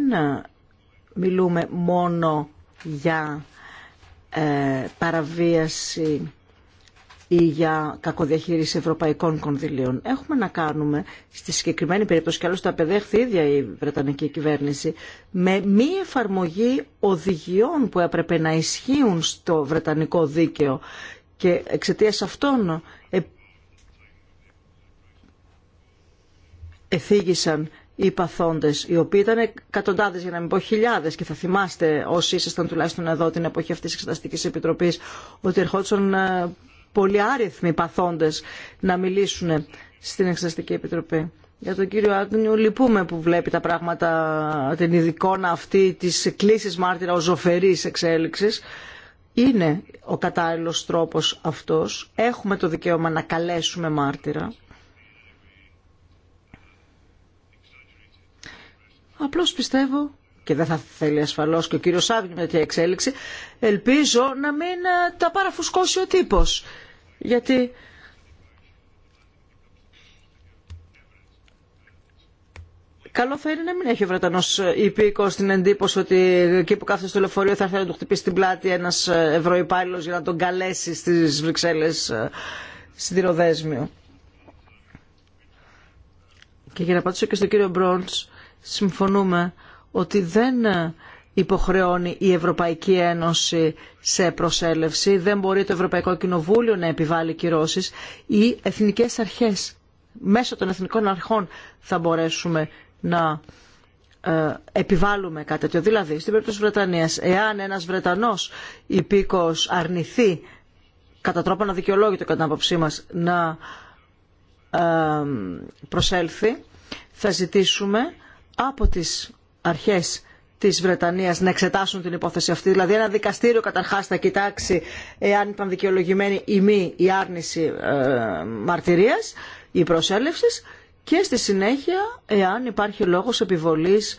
[SPEAKER 3] μιλούμε μόνο για ε, παραβίαση ή για κακοδιαχείριση ευρωπαϊκών κονδυλίων. Έχουμε να κάνουμε, στη συγκεκριμένη περίπτωση, και άλλωστε τα παιδέχθη ίδια η Βρετανική κυβέρνηση, με μη εφαρμογή οδηγιών που έπρεπε να ισχύουν στο Βρετανικό δίκαιο. Και εξαιτία αυτών εθίγησαν οι παθόντες, οι οποίοι ήταν εκατοντάδες για να μην πω χιλιάδες και θα θυμάστε όσοι ήσασταν τουλάχιστον εδώ την εποχή αυτής της Εξεταστικής Επιτροπής ότι ερχόντουσαν ε, πολλοί άριθμοι παθόντες να μιλήσουν στην Εξεταστική Επιτροπή. Για τον κύριο Άντνιου λυπούμε που βλέπει τα πράγματα, την ειδικόνα αυτή της κλίσης μάρτυρα ως ζωφερής εξέλιξης. Είναι ο κατάλληλος τρόπος αυτός. Έχουμε το δικαίωμα να καλέσουμε μάρτυρα Απλώς πιστεύω και δεν θα θέλει ασφαλώς και ο κύριος Σάββιν με τέτοια εξέλιξη, ελπίζω να μην ε, τα παραφουσκώσει ο τύπος. Γιατί Καλό θα είναι να μην έχει ο Βρετανό ε, υπήκο την εντύπωση ότι εκεί που κάθεται στο λεωφορείο θα έρθει να του χτυπήσει την πλάτη ένα ε, για να τον καλέσει στι Βρυξέλλε στην Και για να απαντήσω και στον κύριο Μπρόντ, συμφωνούμε ότι δεν υποχρεώνει η Ευρωπαϊκή Ένωση σε προσέλευση, δεν μπορεί το Ευρωπαϊκό Κοινοβούλιο να επιβάλλει κυρώσεις, οι εθνικές αρχές μέσω των εθνικών αρχών θα μπορέσουμε να ε, επιβάλλουμε κάτι τέτοιο. Δηλαδή, στην περίπτωση της Βρετανίας, εάν ένας Βρετανός υπήκος αρνηθεί κατά τρόπο να δικαιολόγητο κατά την άποψή μας να ε, προσέλθει, θα ζητήσουμε από τις αρχές της Βρετανίας να εξετάσουν την υπόθεση αυτή. Δηλαδή ένα δικαστήριο καταρχάς θα κοιτάξει εάν ήταν δικαιολογημένη ή μη η άρνηση ε, μαρτυρίας ή προσέλευσης και στη συνέχεια εάν υπάρχει λόγος επιβολής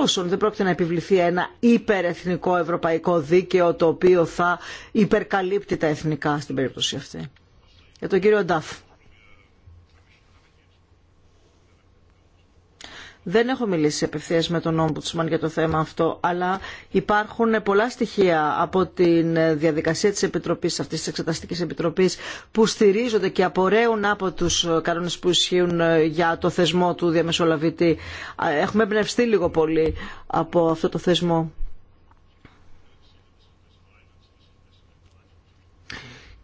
[SPEAKER 3] Ρώσων. Δεν πρόκειται να επιβληθεί ένα υπερεθνικό ευρωπαϊκό δίκαιο το οποίο θα υπερκαλύπτει τα εθνικά στην περίπτωση αυτή. Για τον κύριο Ντάφ. Δεν έχω μιλήσει απευθείας με τον Ombudsman για το θέμα αυτό, αλλά υπάρχουν πολλά στοιχεία από τη διαδικασία της Επιτροπής, αυτής της Εξεταστικής Επιτροπής, που στηρίζονται και απορρέουν από τους κανόνες που ισχύουν για το θεσμό του διαμεσολαβητή. Έχουμε εμπνευστεί λίγο πολύ από αυτό το θεσμό.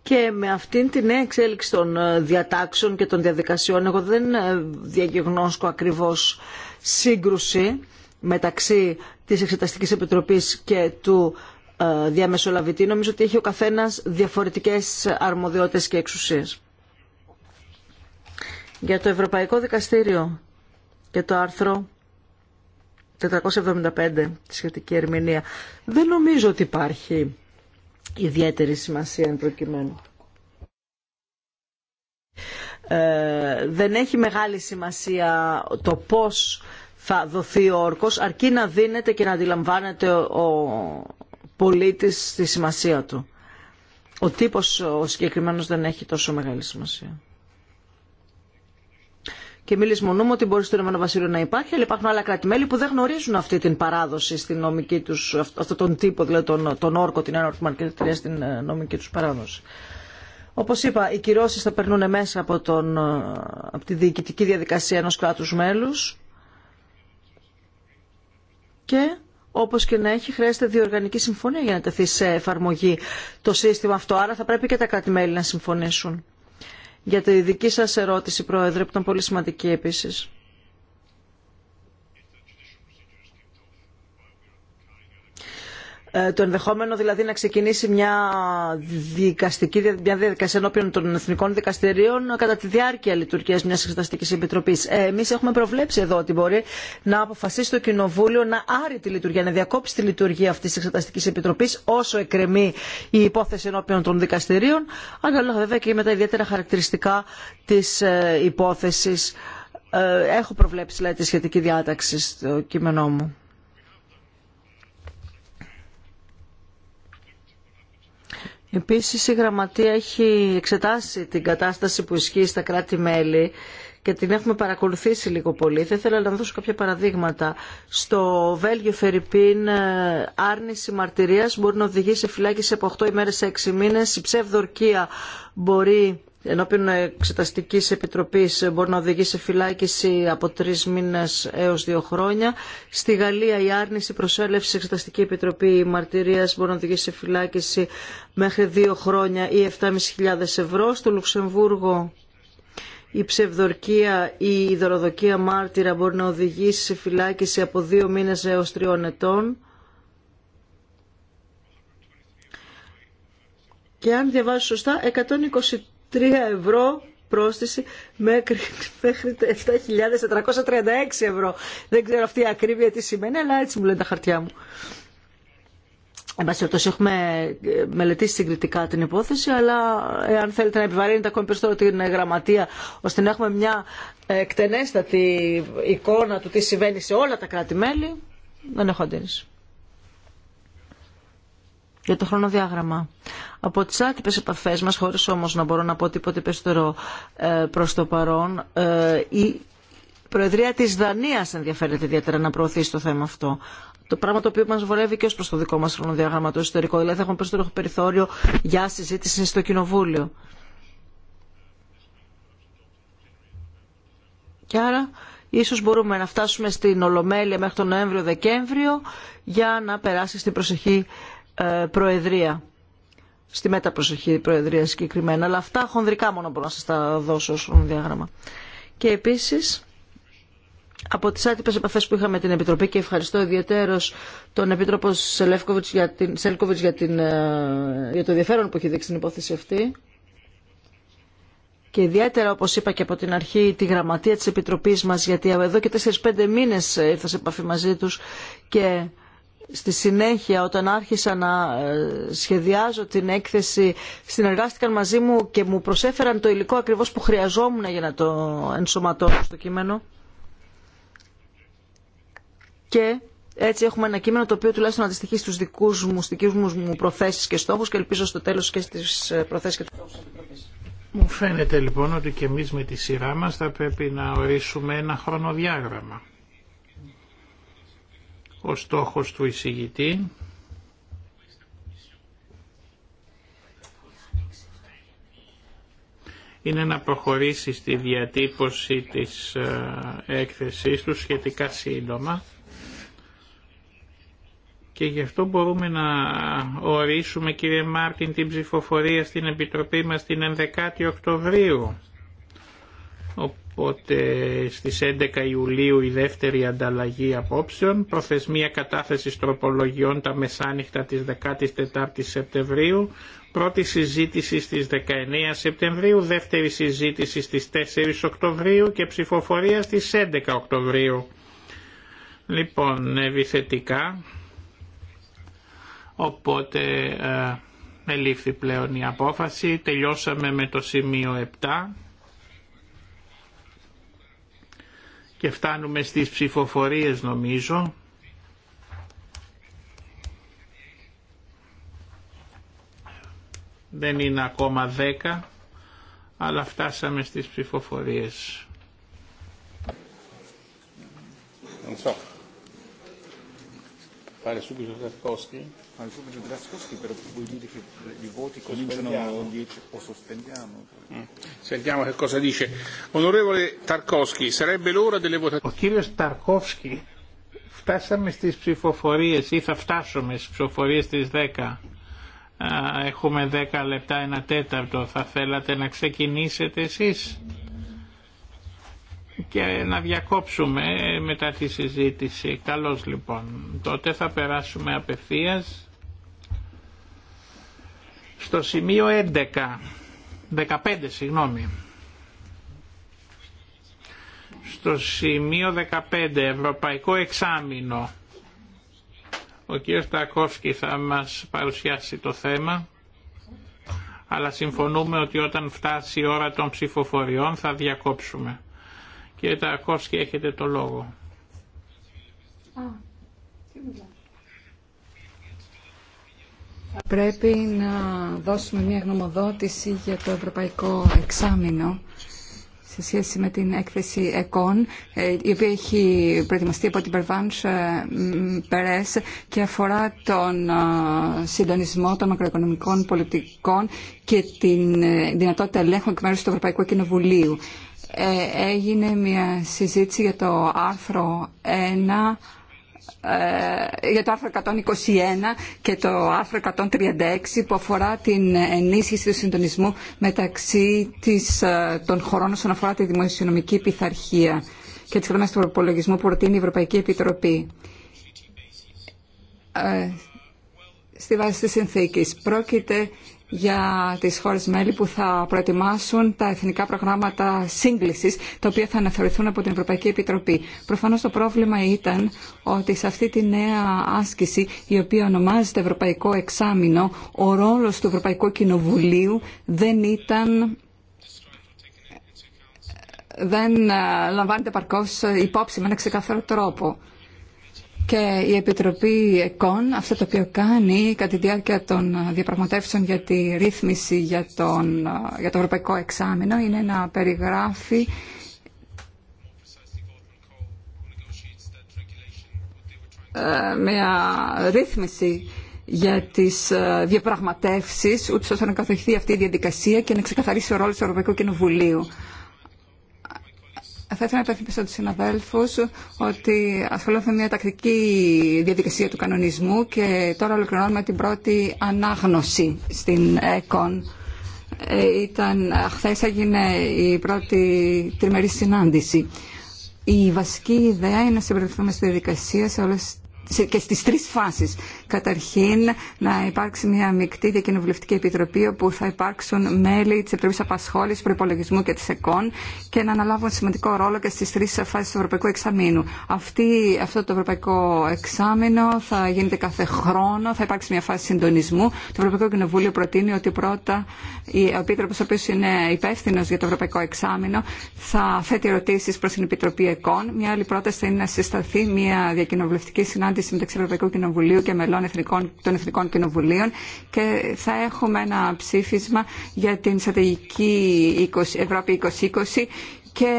[SPEAKER 3] Και με αυτήν την νέα εξέλιξη των διατάξεων και των διαδικασιών, εγώ δεν ε, διαγνώσκω ακριβώς σύγκρουση μεταξύ της Εξεταστικής Επιτροπής και του ε, διαμεσολαβητή. Νομίζω ότι έχει ο καθένας διαφορετικές αρμοδιότητες και εξουσίες. Για το Ευρωπαϊκό Δικαστήριο και το άρθρο 475, τη σχετική ερμηνεία, δεν νομίζω ότι υπάρχει ιδιαίτερη σημασία εν προκειμένου. Ε, δεν έχει μεγάλη σημασία το πώς θα δοθεί ο όρκος αρκεί να δίνεται και να αντιλαμβάνεται ο πολίτης τη σημασία του. Ο τύπος ο συγκεκριμένος δεν έχει τόσο μεγάλη σημασία. Και μη λησμονούμε ότι μπορεί στο Ηνωμένο Βασίλειο να υπάρχει, αλλά υπάρχουν άλλα κράτη-μέλη που δεν γνωρίζουν αυτή την παράδοση στην νομική τους, αυτόν τον τύπο, δηλαδή τον, τον όρκο, την έναρξη μαρκετρία στην ε, νομική τους παράδοση. Όπως είπα, οι κυρώσει θα περνούν μέσα από, τον, ε, από τη διοικητική διαδικασία ενός κράτου μέλους και όπως και να έχει χρειάζεται διοργανική συμφωνία για να τεθεί σε εφαρμογή το σύστημα αυτό. Άρα θα πρέπει και τα κράτη-μέλη να συμφωνήσουν. Για τη δική σας ερώτηση, Πρόεδρε, που ήταν πολύ σημαντική επίσης. Ε, το ενδεχόμενο δηλαδή να ξεκινήσει μια δικαστική μια διαδικασία ενώπιον των εθνικών δικαστηρίων κατά τη διάρκεια λειτουργία μια εξεταστική επιτροπή. Ε, εμείς έχουμε προβλέψει εδώ ότι μπορεί να αποφασίσει το Κοινοβούλιο να άρει τη λειτουργία, να διακόψει τη λειτουργία αυτή τη εξεταστική επιτροπή, όσο εκκρεμεί η υπόθεση ενώπιον των δικαστηρίων, ανάλογα βέβαια και με τα ιδιαίτερα χαρακτηριστικά της ε, υπόθεση ε, έχω προβλέψει λέει, δηλαδή, τη σχετική διάταξη στο κείμενό μου. Επίσης η Γραμματεία έχει εξετάσει την κατάσταση που ισχύει στα κράτη-μέλη και την έχουμε παρακολουθήσει λίγο πολύ. Θα ήθελα να δώσω κάποια παραδείγματα. Στο Βέλγιο Φερρυπίν ε, άρνηση μαρτυρίας μπορεί να οδηγήσει σε φυλάκιση από 8 ημέρες σε 6 μήνες. Η ψευδορκία μπορεί ενώπιον εξεταστική επιτροπή μπορεί να οδηγεί σε φυλάκιση από τρει μήνε έω δύο χρόνια. Στη Γαλλία η άρνηση προσέλευση σε εξεταστική επιτροπή μαρτυρία μπορεί να οδηγεί σε φυλάκιση μέχρι δύο χρόνια ή 7.500 ευρώ. Στο Λουξεμβούργο η ψευδορκία ή η δωροδοκία μάρτυρα μπορεί να οδηγήσει σε φυλάκιση από δύο μήνες έως τριών ετών. Και αν διαβάζω σωστά, 123 3 ευρώ πρόσθεση μέχρι, μέχρι 7.436 ευρώ. Δεν ξέρω αυτή η ακρίβεια τι σημαίνει, αλλά έτσι μου λένε τα χαρτιά μου. Εν πάση περιπτώσει, έχουμε ε, μελετήσει συγκριτικά την υπόθεση, αλλά εάν θέλετε να επιβαρύνετε ακόμη περισσότερο την ε, γραμματεία, ώστε να έχουμε μια ε, εκτενέστατη εικόνα του τι συμβαίνει σε όλα τα κράτη-μέλη, δεν έχω αντίρρηση για το χρονοδιάγραμμα. Από τι άτυπε επαφέ μα, χωρίς όμω να μπορώ να πω τίποτε περισσότερο ε, προ το παρόν, ε, η Προεδρία τη Δανία ενδιαφέρεται ιδιαίτερα να προωθήσει το θέμα αυτό. Το πράγμα το οποίο μα βολεύει και ω προ το δικό μα χρονοδιάγραμμα, το ιστορικό. Δηλαδή, θα έχουμε περισσότερο περιθώριο για συζήτηση στο Κοινοβούλιο. Και άρα, ίσω μπορούμε να φτάσουμε στην Ολομέλεια μέχρι τον Νοέμβριο-Δεκέμβριο για να περάσει στην προσεχή ε, προεδρία. Στη μεταπροσοχή Προεδρία συγκεκριμένα. Αλλά αυτά χονδρικά μόνο μπορώ να σας τα δώσω ως διάγραμμα. Και επίσης από τις άτυπες επαφές που είχαμε με την Επιτροπή και ευχαριστώ ιδιαίτερος τον Επίτροπο Σελκοβιτς για, την, ε, για, το ενδιαφέρον που έχει δείξει την υπόθεση αυτή. Και ιδιαίτερα, όπως είπα και από την αρχή, τη γραμματεία της Επιτροπής μας, γιατί εδώ και 4-5 μήνες ήρθα σε επαφή μαζί τους και στη συνέχεια όταν άρχισα να ε, σχεδιάζω την έκθεση συνεργάστηκαν μαζί μου και μου προσέφεραν το υλικό ακριβώς που χρειαζόμουν για να το ενσωματώσω στο κείμενο. Και έτσι έχουμε ένα κείμενο το οποίο τουλάχιστον αντιστοιχεί στους δικούς μου, στις μου προθέσεις και στόχους και ελπίζω στο τέλος και στις ε, προθέσεις και τους στόχους
[SPEAKER 2] Μου φαίνεται λοιπόν ότι και εμείς με τη σειρά μας θα πρέπει να ορίσουμε ένα χρονοδιάγραμμα ο στόχος του εισηγητή είναι να προχωρήσει στη διατύπωση της ε, έκθεσής του σχετικά σύντομα και γι' αυτό μπορούμε να ορίσουμε κύριε Μάρτιν την ψηφοφορία στην Επιτροπή μας την 11η Οκτωβρίου Οπότε στις 11 Ιουλίου η δεύτερη ανταλλαγή απόψεων, προθεσμία κατάθεσης τροπολογιών τα μεσάνυχτα της 14 Σεπτεμβρίου, πρώτη συζήτηση στις 19 Σεπτεμβρίου, δεύτερη συζήτηση στις 4 Οκτωβρίου και ψηφοφορία στις 11 Οκτωβρίου. Λοιπόν, ευηθετικά, οπότε ε, ελήφθη πλέον η απόφαση, τελειώσαμε με το σημείο 7. και φτάνουμε στις ψηφοφορίες νομίζω. Δεν είναι ακόμα 10, αλλά φτάσαμε στις ψηφοφορίες. Ο κύριο Ταρκόφσκι, φτάσαμε στι ψηφοφορίε ή θα φτάσουμε στι ψηφοφορίε στι 10. Έχουμε 10 λεπτά, 1 τέταρτο. Θα θέλατε να ξεκινήσετε εσεί και να διακόψουμε μετά τη συζήτηση. Καλώς λοιπόν. Τότε θα περάσουμε απευθείας στο σημείο 11. 15 συγγνώμη. Στο σημείο 15 Ευρωπαϊκό Εξάμεινο. Ο κ. Στακόφσκι θα μας παρουσιάσει το θέμα αλλά συμφωνούμε ότι όταν φτάσει η ώρα των ψηφοφοριών θα διακόψουμε. Κύριε Ταρακόφσκι, έχετε το λόγο.
[SPEAKER 4] πρέπει να δώσουμε μια γνωμοδότηση για το ευρωπαϊκό εξάμεινο σε σχέση με την έκθεση ΕΚΟΝ, ε, η οποία έχει προετοιμαστεί από την Περβάνς ε, Περές και αφορά τον ε, συντονισμό των μακροοικονομικών πολιτικών και την δυνατότητα ελέγχου εκ μέρους του Ευρωπαϊκού Κοινοβουλίου. Ε, έγινε μια συζήτηση για το άρθρο 1 ε, για το άρθρο 121 και το άρθρο 136 που αφορά την ενίσχυση του συντονισμού μεταξύ της, ε, των χωρών όσον αφορά τη δημοσιονομική πειθαρχία και τις γραμμές του προπολογισμού που προτείνει η Ευρωπαϊκή Επιτροπή. Στη βάση της συνθήκης πρόκειται για τις χώρες μέλη που θα προετοιμάσουν τα εθνικά προγράμματα σύγκλησης, τα οποία θα αναθεωρηθούν από την Ευρωπαϊκή Επιτροπή. Προφανώς το πρόβλημα ήταν ότι σε αυτή τη νέα άσκηση, η οποία ονομάζεται Ευρωπαϊκό Εξάμεινο, ο ρόλος του Ευρωπαϊκού Κοινοβουλίου δεν ήταν δεν ε, λαμβάνεται παρκώς υπόψη με ένα ξεκαθαρό τρόπο. Και η Επιτροπή ΕΚΟΝ αυτό το οποίο κάνει κατά τη διάρκεια των διαπραγματεύσεων για τη ρύθμιση για, τον, για το Ευρωπαϊκό Εξάμεινο είναι να περιγράφει μια ρύθμιση για τις ε, διαπραγματεύσεις, ούτως ώστε να καθοριστεί αυτή η διαδικασία και να ξεκαθαρίσει ο ρόλος του Ευρωπαϊκού Κοινοβουλίου. Θα ήθελα να υπενθυμίσω του συναδέλφου ότι ασχολούνται με μια τακτική διαδικασία του κανονισμού και τώρα ολοκληρώνουμε την πρώτη ανάγνωση στην ΕΚΟΝ. Ε, ήταν, ε, χθες έγινε η πρώτη τριμερή συνάντηση. Η βασική ιδέα είναι να συμπεριληφθούμε στη διαδικασία όλες, σε, και στις τρεις φάσεις. Καταρχήν, να υπάρξει μια μεικτή διακοινοβουλευτική επιτροπή όπου θα υπάρξουν μέλη τη Επιτροπή Απασχόληση, Προπολογισμού και τη ΕΚΟΝ και να αναλάβουν σημαντικό ρόλο και στι τρει φάσει του Ευρωπαϊκού Εξαμήνου. Αυτή, αυτό το Ευρωπαϊκό Εξάμεινο θα γίνεται κάθε χρόνο, θα υπάρξει μια φάση συντονισμού. Το Ευρωπαϊκό Κοινοβούλιο προτείνει ότι πρώτα ο Επίτροπο, ο οποίο είναι υπεύθυνο για το Ευρωπαϊκό Εξάμεινο, θα θέτει ερωτήσει προ την Επιτροπή ΕΚΟΝ. Μια άλλη πρόταση είναι να συσταθεί μια διακοινοβουλευτική συνάντηση μεταξύ Ευρωπαϊκού Κοινοβουλίου και μελών εθνικών, των Εθνικών Κοινοβουλίων και θα έχουμε ένα ψήφισμα για την στρατηγική Ευρώπη 2020 και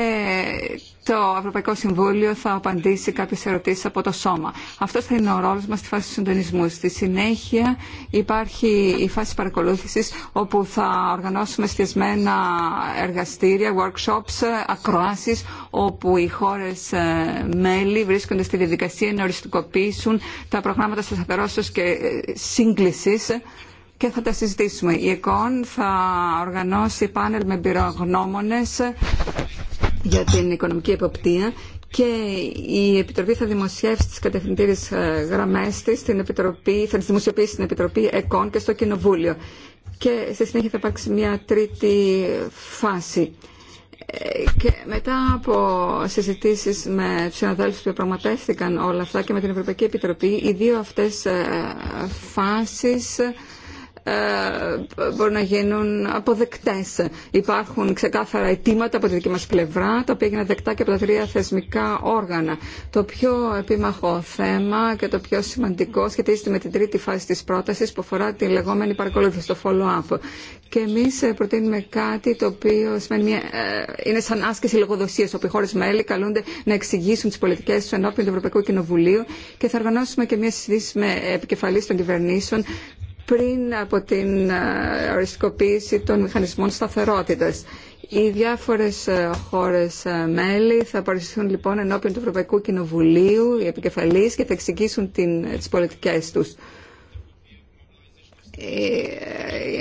[SPEAKER 4] το Ευρωπαϊκό Συμβούλιο θα απαντήσει κάποιες ερωτήσεις από το σώμα. Αυτό θα είναι ο ρόλος μας στη φάση του συντονισμού. Στη συνέχεια υπάρχει η φάση παρακολούθησης όπου θα οργανώσουμε σχεσμένα εργαστήρια, workshops, ακροάσεις όπου οι χώρες ε, μέλη βρίσκονται στη διαδικασία να οριστικοποιήσουν τα προγράμματα σταθερότητας και ε, σύγκλησης και θα τα συζητήσουμε. Η ΕΚΟΝ θα οργανώσει πάνελ με πυρογνώμονες για την οικονομική εποπτεία και η Επιτροπή θα δημοσιεύσει τις κατευθυντήριες ε, γραμμές της, Επιτροπή, θα τις δημοσιοποιήσει στην Επιτροπή ΕΚΟΝ και στο Κοινοβούλιο. Και στη συνέχεια θα υπάρξει μια τρίτη φάση. Ε, και μετά από συζητήσεις με τους συναδέλφους που πραγματεύτηκαν όλα αυτά και με την Ευρωπαϊκή Επιτροπή, οι δύο αυτές ε, φάσεις ε, μπορούν να γίνουν αποδεκτές. Υπάρχουν ξεκάθαρα αιτήματα από τη δική μας πλευρά, τα οποία έγιναν δεκτά και από τα τρία θεσμικά όργανα. Το πιο επίμαχο θέμα και το πιο σημαντικό σχετίζεται με την τρίτη φάση της πρότασης που αφορά τη λεγόμενη παρακολούθηση, το follow-up. Και εμείς προτείνουμε κάτι το οποίο μια, ε, είναι σαν άσκηση λογοδοσίας, όπου οι χώρες μέλη καλούνται να εξηγήσουν τις πολιτικές του ενώπιον του Ευρωπαϊκού Κοινοβουλίου και θα οργανώσουμε και μια συζήτηση με επικεφαλής των κυβερνήσεων πριν από την ε, οριστικοποίηση των μηχανισμών σταθερότητας. Οι διάφορες ε, χώρες ε, μέλη θα παρουσιαστούν λοιπόν ενώπιον του Ευρωπαϊκού Κοινοβουλίου, οι επικεφαλείς και θα εξηγήσουν την, τις πολιτικές τους.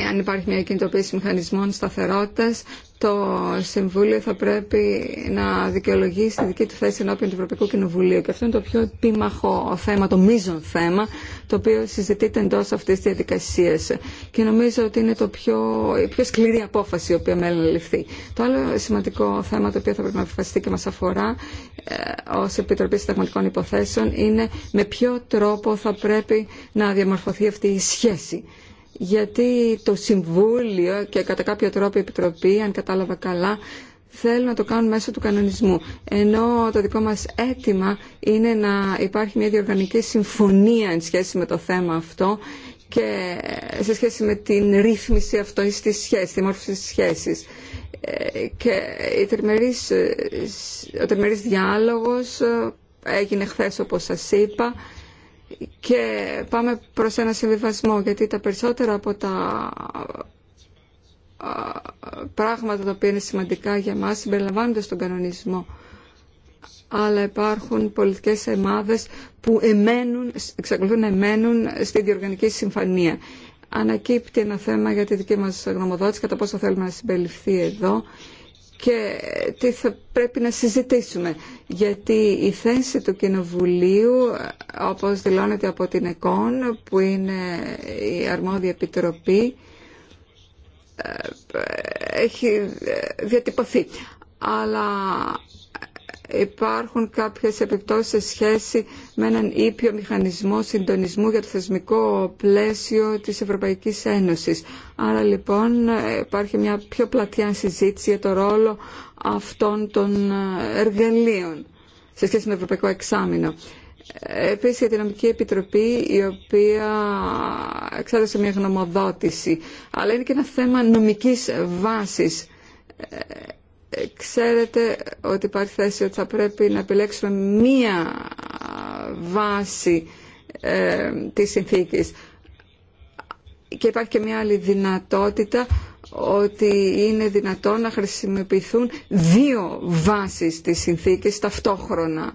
[SPEAKER 4] αν υπάρχει μια κινητοποίηση μηχανισμών σταθερότητας, το Συμβούλιο θα πρέπει να δικαιολογήσει τη δική του θέση ενώπιον του Ευρωπαϊκού Κοινοβουλίου. Και αυτό είναι το πιο επίμαχο θέμα, το μείζον θέμα το οποίο συζητείται εντό αυτή τη διαδικασία. Και νομίζω ότι είναι το πιο, η πιο σκληρή απόφαση η οποία να ληφθεί. Το άλλο σημαντικό θέμα το οποίο θα πρέπει να αποφασιστεί και μα αφορά ε, ω Επιτροπή Συνταγματικών Υποθέσεων είναι με ποιο τρόπο θα πρέπει να διαμορφωθεί αυτή η σχέση γιατί το Συμβούλιο και κατά κάποιο τρόπο η Επιτροπή, αν κατάλαβα καλά, θέλουν να το κάνουν μέσω του κανονισμού. Ενώ το δικό μας αίτημα είναι να υπάρχει μια διοργανική συμφωνία εν σχέση με το θέμα αυτό και σε σχέση με την ρύθμιση αυτή τη σχέση, τη μόρφωση της σχέσης. Ε, και η ε, ο τερμερής διάλογος ε, έγινε χθε όπως σας είπα και πάμε προς ένα συμβιβασμό γιατί τα περισσότερα από τα πράγματα τα οποία είναι σημαντικά για μας συμπεριλαμβάνονται στον κανονισμό αλλά υπάρχουν πολιτικές εμάδες που εμένουν, εξακολουθούν να εμένουν στη διοργανική συμφωνία. Ανακύπτει ένα θέμα για τη δική μας γνωμοδότηση, κατά πόσο θέλουμε να συμπεριληφθεί εδώ και τι θα πρέπει να συζητήσουμε. Γιατί η θέση του Κοινοβουλίου, όπως δηλώνεται από την ΕΚΟΝ, που είναι η αρμόδια επιτροπή, έχει διατυπωθεί. Αλλά υπάρχουν κάποιες επιπτώσεις σε σχέση με έναν ήπιο μηχανισμό συντονισμού για το θεσμικό πλαίσιο της Ευρωπαϊκής Ένωσης. Άρα λοιπόν υπάρχει μια πιο πλατιά συζήτηση για το ρόλο αυτών των εργαλείων σε σχέση με το Ευρωπαϊκό Εξάμεινο. Επίσης για την Νομική Επιτροπή η οποία εξάδεσε μια γνωμοδότηση αλλά είναι και ένα θέμα νομικής βάσης. Ε, ξέρετε ότι υπάρχει θέση ότι θα πρέπει να επιλέξουμε μία βάση ε, της συνθήκης. Και υπάρχει και μια άλλη δυνατότητα ότι είναι δυνατόν να χρησιμοποιηθούν δύο βάσεις της συνθήκης ταυτόχρονα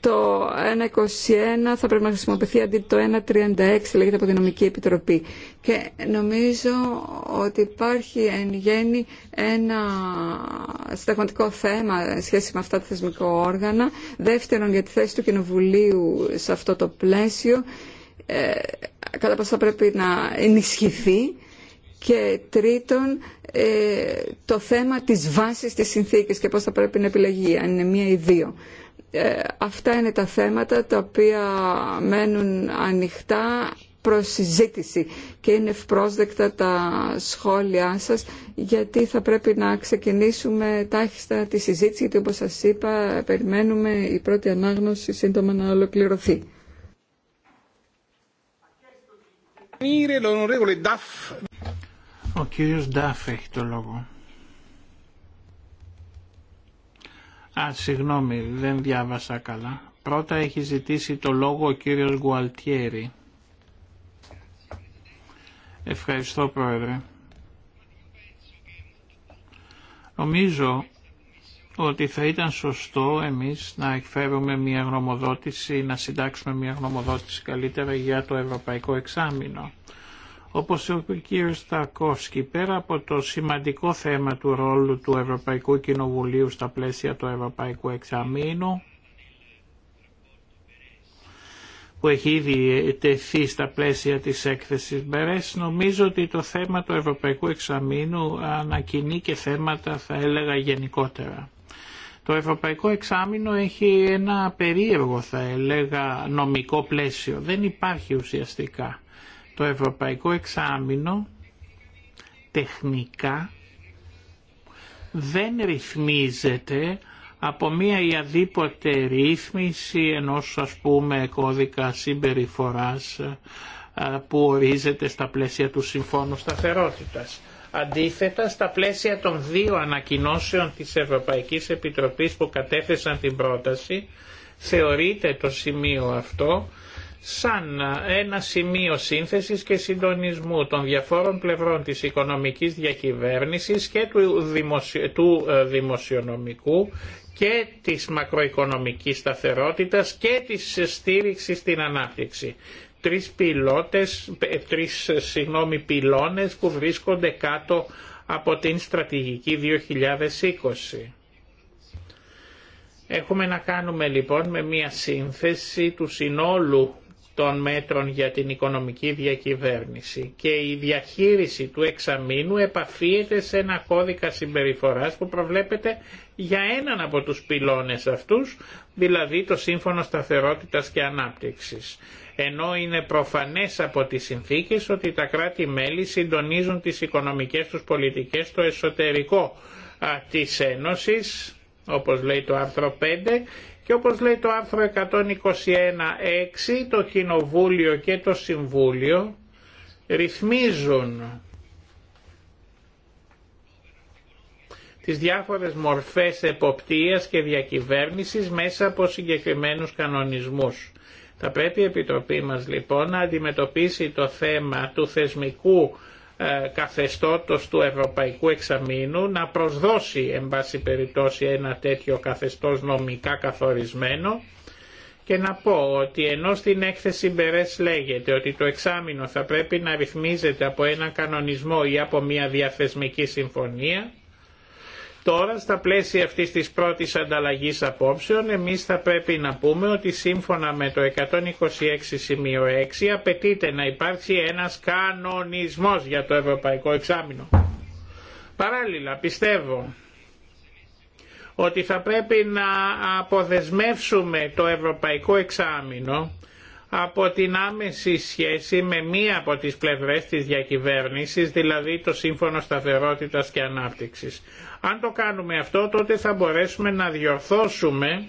[SPEAKER 4] το 1.21 θα πρέπει να χρησιμοποιηθεί αντί το 1.36 λέγεται από την Νομική Επιτροπή. Και νομίζω ότι υπάρχει εν γέννη ένα συνταγματικό θέμα σχέση με αυτά τα θεσμικό όργανα. Δεύτερον, για τη θέση του Κοινοβουλίου σε αυτό το πλαίσιο, ε, κατά πάσα θα πρέπει να ενισχυθεί και τρίτον ε, το θέμα της βάσης της συνθήκης και πώς θα πρέπει να επιλεγεί, αν είναι μία ή δύο. Ε, αυτά είναι τα θέματα τα οποία μένουν ανοιχτά προς συζήτηση και είναι ευπρόσδεκτα τα σχόλιά σας γιατί θα πρέπει να ξεκινήσουμε τάχιστα τη συζήτηση γιατί όπως σας είπα περιμένουμε η πρώτη ανάγνωση σύντομα να ολοκληρωθεί.
[SPEAKER 1] Ο
[SPEAKER 2] κύριος Ντάφ έχει το λόγο. Α, συγγνώμη, δεν διάβασα καλά. Πρώτα έχει ζητήσει το λόγο ο κύριος Γουαλτιέρη. Ευχαριστώ πρόεδρε. Νομίζω ότι θα ήταν σωστό εμείς να εκφέρουμε μια γνωμοδότηση, να συντάξουμε μια γνωμοδότηση καλύτερα για το Ευρωπαϊκό Εξάμεινο. Όπως είπε ο κ. Στακόφσκι, πέρα από το σημαντικό θέμα του ρόλου του Ευρωπαϊκού Κοινοβουλίου στα πλαίσια του Ευρωπαϊκού Εξαμήνου, που έχει ήδη τεθεί στα πλαίσια της έκθεσης Μπερές, νομίζω ότι το θέμα του Ευρωπαϊκού Εξαμήνου ανακοινεί και θέματα, θα έλεγα, γενικότερα. Το Ευρωπαϊκό Εξάμεινο έχει ένα περίεργο, θα έλεγα, νομικό πλαίσιο. Δεν υπάρχει ουσιαστικά το Ευρωπαϊκό Εξάμεινο τεχνικά δεν ρυθμίζεται από μία ή αδίποτε ρύθμιση ενός ας πούμε κώδικα συμπεριφοράς ε, που ορίζεται στα πλαίσια του Συμφώνου
[SPEAKER 1] Σταθερότητας.
[SPEAKER 2] Αντίθετα, στα πλαίσια των δύο ανακοινώσεων της Ευρωπαϊκής Επιτροπής που κατέθεσαν την πρόταση, θεωρείται το σημείο αυτό σαν ένα σημείο σύνθεσης και συντονισμού των διαφόρων πλευρών της οικονομικής διακυβέρνησης και του, ε, δημοσιονομικού και της μακροοικονομικής σταθερότητας και της στήριξης στην ανάπτυξη. Τρεις, πιλότες, ε, τρεις ε, συγγνώμη, πυλώνες που βρίσκονται κάτω από την στρατηγική 2020. Έχουμε να κάνουμε λοιπόν με μια σύνθεση του συνόλου των μέτρων για την οικονομική διακυβέρνηση και η διαχείριση του εξαμήνου επαφίεται σε ένα κώδικα συμπεριφοράς που προβλέπεται για έναν από τους πυλώνες αυτούς, δηλαδή το Σύμφωνο Σταθερότητας και Ανάπτυξης. Ενώ είναι προφανές από τις συνθήκες ότι τα κράτη-μέλη συντονίζουν τις οικονομικές τους πολιτικές στο εσωτερικό της Ένωσης, όπως λέει το άρθρο 5, και όπως λέει το άρθρο 121.6 το Κοινοβούλιο και το Συμβούλιο ρυθμίζουν τις διάφορες μορφές εποπτείας και διακυβέρνησης μέσα από συγκεκριμένους κανονισμούς. Θα πρέπει η Επιτροπή μας λοιπόν να αντιμετωπίσει το θέμα του θεσμικού ε, καθεστώτος του Ευρωπαϊκού Εξαμήνου να προσδώσει εν πάση περιπτώσει ένα τέτοιο καθεστώς νομικά καθορισμένο και να πω ότι ενώ στην έκθεση Μπερές λέγεται ότι το εξάμεινο θα πρέπει να ρυθμίζεται από ένα κανονισμό ή από μια διαθεσμική συμφωνία Τώρα στα πλαίσια αυτής της πρώτης ανταλλαγής απόψεων εμείς θα πρέπει να πούμε ότι σύμφωνα με το 126.6 απαιτείται να υπάρξει ένας κανονισμός για το Ευρωπαϊκό Εξάμεινο. Παράλληλα πιστεύω ότι θα πρέπει να αποδεσμεύσουμε το Ευρωπαϊκό Εξάμεινο από την άμεση σχέση με μία από τις πλευρές της διακυβέρνησης, δηλαδή το Σύμφωνο Σταθερότητας και Ανάπτυξης. Αν το κάνουμε αυτό τότε θα μπορέσουμε να διορθώσουμε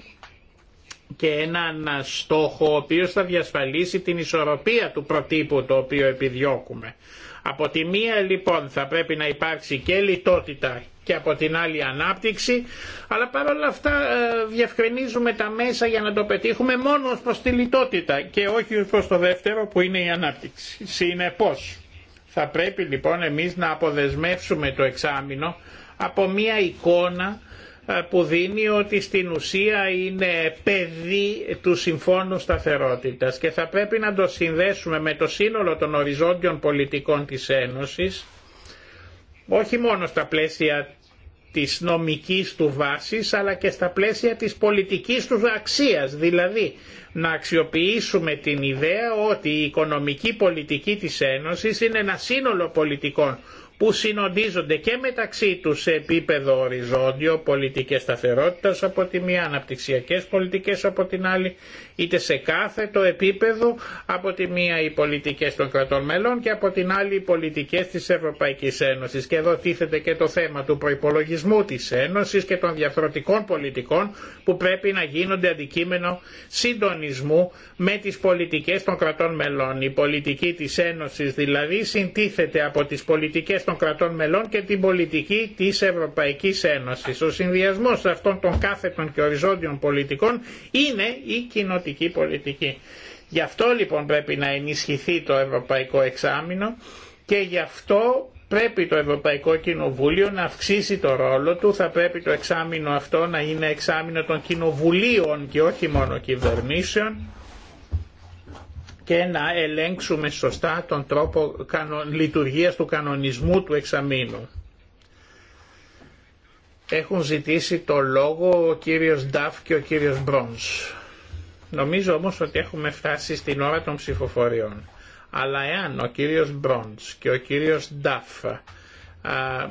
[SPEAKER 2] και έναν στόχο ο οποίος θα διασφαλίσει την ισορροπία του προτύπου το οποίο επιδιώκουμε. Από τη μία λοιπόν θα πρέπει να υπάρξει και λιτότητα και από την άλλη ανάπτυξη, αλλά παρόλα αυτά ε, διευκρινίζουμε τα μέσα για να το πετύχουμε μόνο ως προς τη λιτότητα και όχι ως προς το δεύτερο που είναι η ανάπτυξη. Συνεπώς θα πρέπει λοιπόν εμείς να αποδεσμεύσουμε το εξάμεινο από μία εικόνα ε, που δίνει ότι στην ουσία είναι παιδί του Συμφώνου Σταθερότητας και θα πρέπει να το συνδέσουμε με το σύνολο των οριζόντιων πολιτικών της Ένωσης όχι μόνο στα πλαίσια της νομικής του βάσης αλλά και στα πλαίσια της πολιτικής του αξίας δηλαδή να αξιοποιήσουμε την ιδέα ότι η οικονομική πολιτική της Ένωσης είναι ένα σύνολο πολιτικών που συνοντίζονται και μεταξύ τους σε επίπεδο οριζόντιο πολιτικές σταθερότητας από τη μία, αναπτυξιακές πολιτικές από την άλλη είτε σε κάθε το επίπεδο από τη μία οι πολιτικές των κρατών μελών και από την άλλη οι πολιτικές της Ευρωπαϊκής Ένωσης και εδώ τίθεται και το θέμα του προϋπολογισμού της Ένωσης και των διαφορετικών πολιτικών που πρέπει να γίνονται αντικείμενο συντονισμού με τις πολιτικές των κρατών μελών. Η πολιτική της Ένωσης δηλαδή συντίθεται από τις πολιτικές των κρατών μελών και την πολιτική της Ευρωπαϊκής Ένωσης. Ο συνδυασμός αυτών των κάθετων και οριζόντιων πολιτικών είναι η κοινοτική Γι' αυτό λοιπόν πρέπει να ενισχυθεί το Ευρωπαϊκό Εξάμεινο και γι' αυτό πρέπει το Ευρωπαϊκό Κοινοβούλιο να αυξήσει το ρόλο του, θα πρέπει το εξάμεινο αυτό να είναι εξάμεινο των κοινοβουλίων και όχι μόνο κυβερνήσεων και να ελέγξουμε σωστά τον τρόπο λειτουργίας του κανονισμού του εξαμήνου. Έχουν ζητήσει το λόγο ο κύριος Νταφ και ο κύριος Μπρόνς. Νομίζω όμως ότι έχουμε φτάσει στην ώρα των ψηφοφοριών. Αλλά εάν ο κύριος Μπρόντς και ο κύριος Ντάφ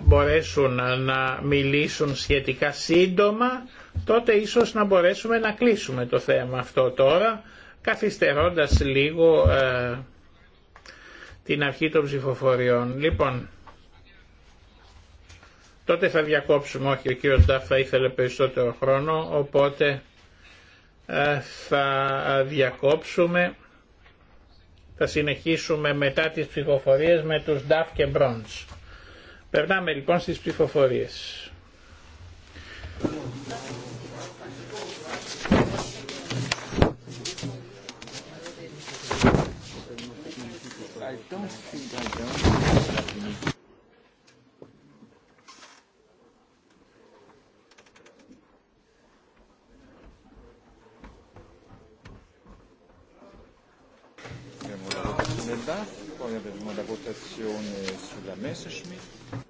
[SPEAKER 2] μπορέσουν να μιλήσουν σχετικά σύντομα, τότε ίσως να μπορέσουμε να κλείσουμε το θέμα αυτό τώρα, καθυστερώντας λίγο την αρχή των ψηφοφοριών. Λοιπόν, τότε θα διακόψουμε, όχι ο κύριος Ντάφ θα ήθελε περισσότερο χρόνο, οπότε ε, θα διακόψουμε, θα συνεχίσουμε μετά τις ψηφοφορίες με τους Νταφ και Μπρόντς. Περνάμε λοιπόν στις ψηφοφορίες.
[SPEAKER 1] ça. Il la votazione sulla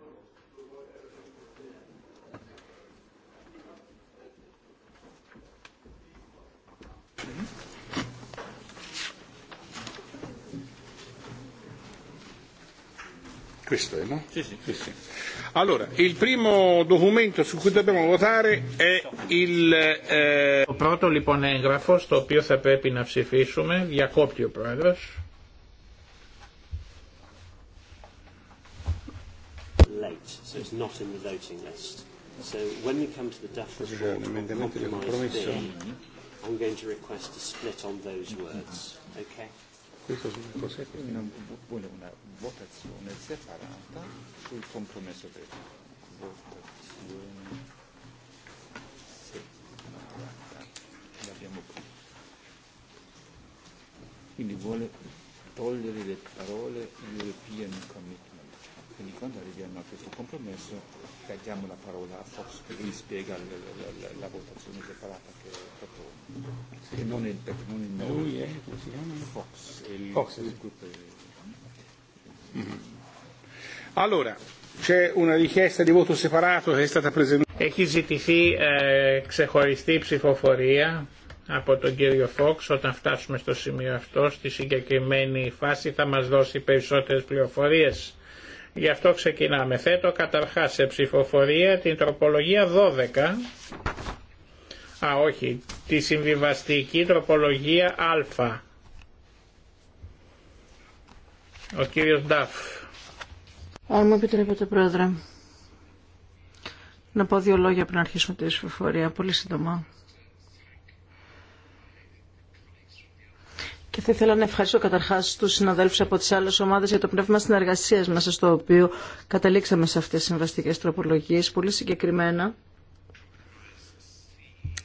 [SPEAKER 1] Questo è, no? Sì, sì. Allora, il primo documento su cui dobbiamo votare è il...
[SPEAKER 2] Ε... πρώτο λοιπόν έγγραφο οποίο θα πρέπει να ψηφίσουμε διακόπτει ο
[SPEAKER 1] so it's not in the voting list. So when we come to the Duff report compromise B,
[SPEAKER 5] I'm going to request a split on those words. Okay?
[SPEAKER 2] Questo
[SPEAKER 1] Quindi vuole togliere le parole European Committee Quindi quando arriviamo a questo compromesso diamo la parola a Fox che lui spiega la la, la, la votazione separata che propone. Che non è il, non il nome lui è come si chiama? Fox, il, Fox. Il gruppo Allora, c'è una richiesta di voto separato che è stata presentata. Έχει ζητηθεί ε, ξεχωριστή
[SPEAKER 2] ψηφοφορία από τον κύριο Φόξ όταν φτάσουμε στο σημείο αυτό στη συγκεκριμένη φάση θα μας δώσει περισσότερες πληροφορίες Γι' αυτό ξεκινάμε. Θέτω καταρχάς σε ψηφοφορία την τροπολογία 12. Α, όχι. Τη συμβιβαστική τροπολογία Α. Ο κύριος Νταφ.
[SPEAKER 3] Αν μου επιτρέπετε, Πρόεδρε, να πω δύο λόγια πριν αρχίσουμε τη ψηφοφορία. Πολύ σύντομα. Και θα ήθελα να ευχαριστώ καταρχά του συναδέλφου από τι άλλε ομάδε για το πνεύμα συνεργασία μέσα στο οποίο καταλήξαμε σε αυτέ τι συμβαστικέ τροπολογίε. Πολύ συγκεκριμένα,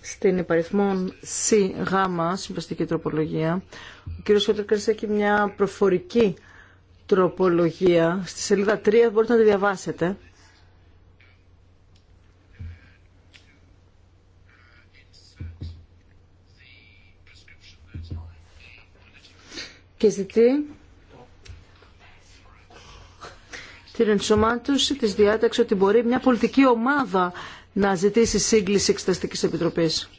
[SPEAKER 3] στην υπαριθμόν C γάμα, συμβαστική τροπολογία, ο κ. Φωτοκρής έχει μια προφορική τροπολογία. Στη σελίδα 3 μπορείτε να τη διαβάσετε. και ζητεί την ενσωμάτωση της διάταξης ότι μπορεί μια πολιτική ομάδα να ζητήσει σύγκληση εξεταστικής επιτροπής.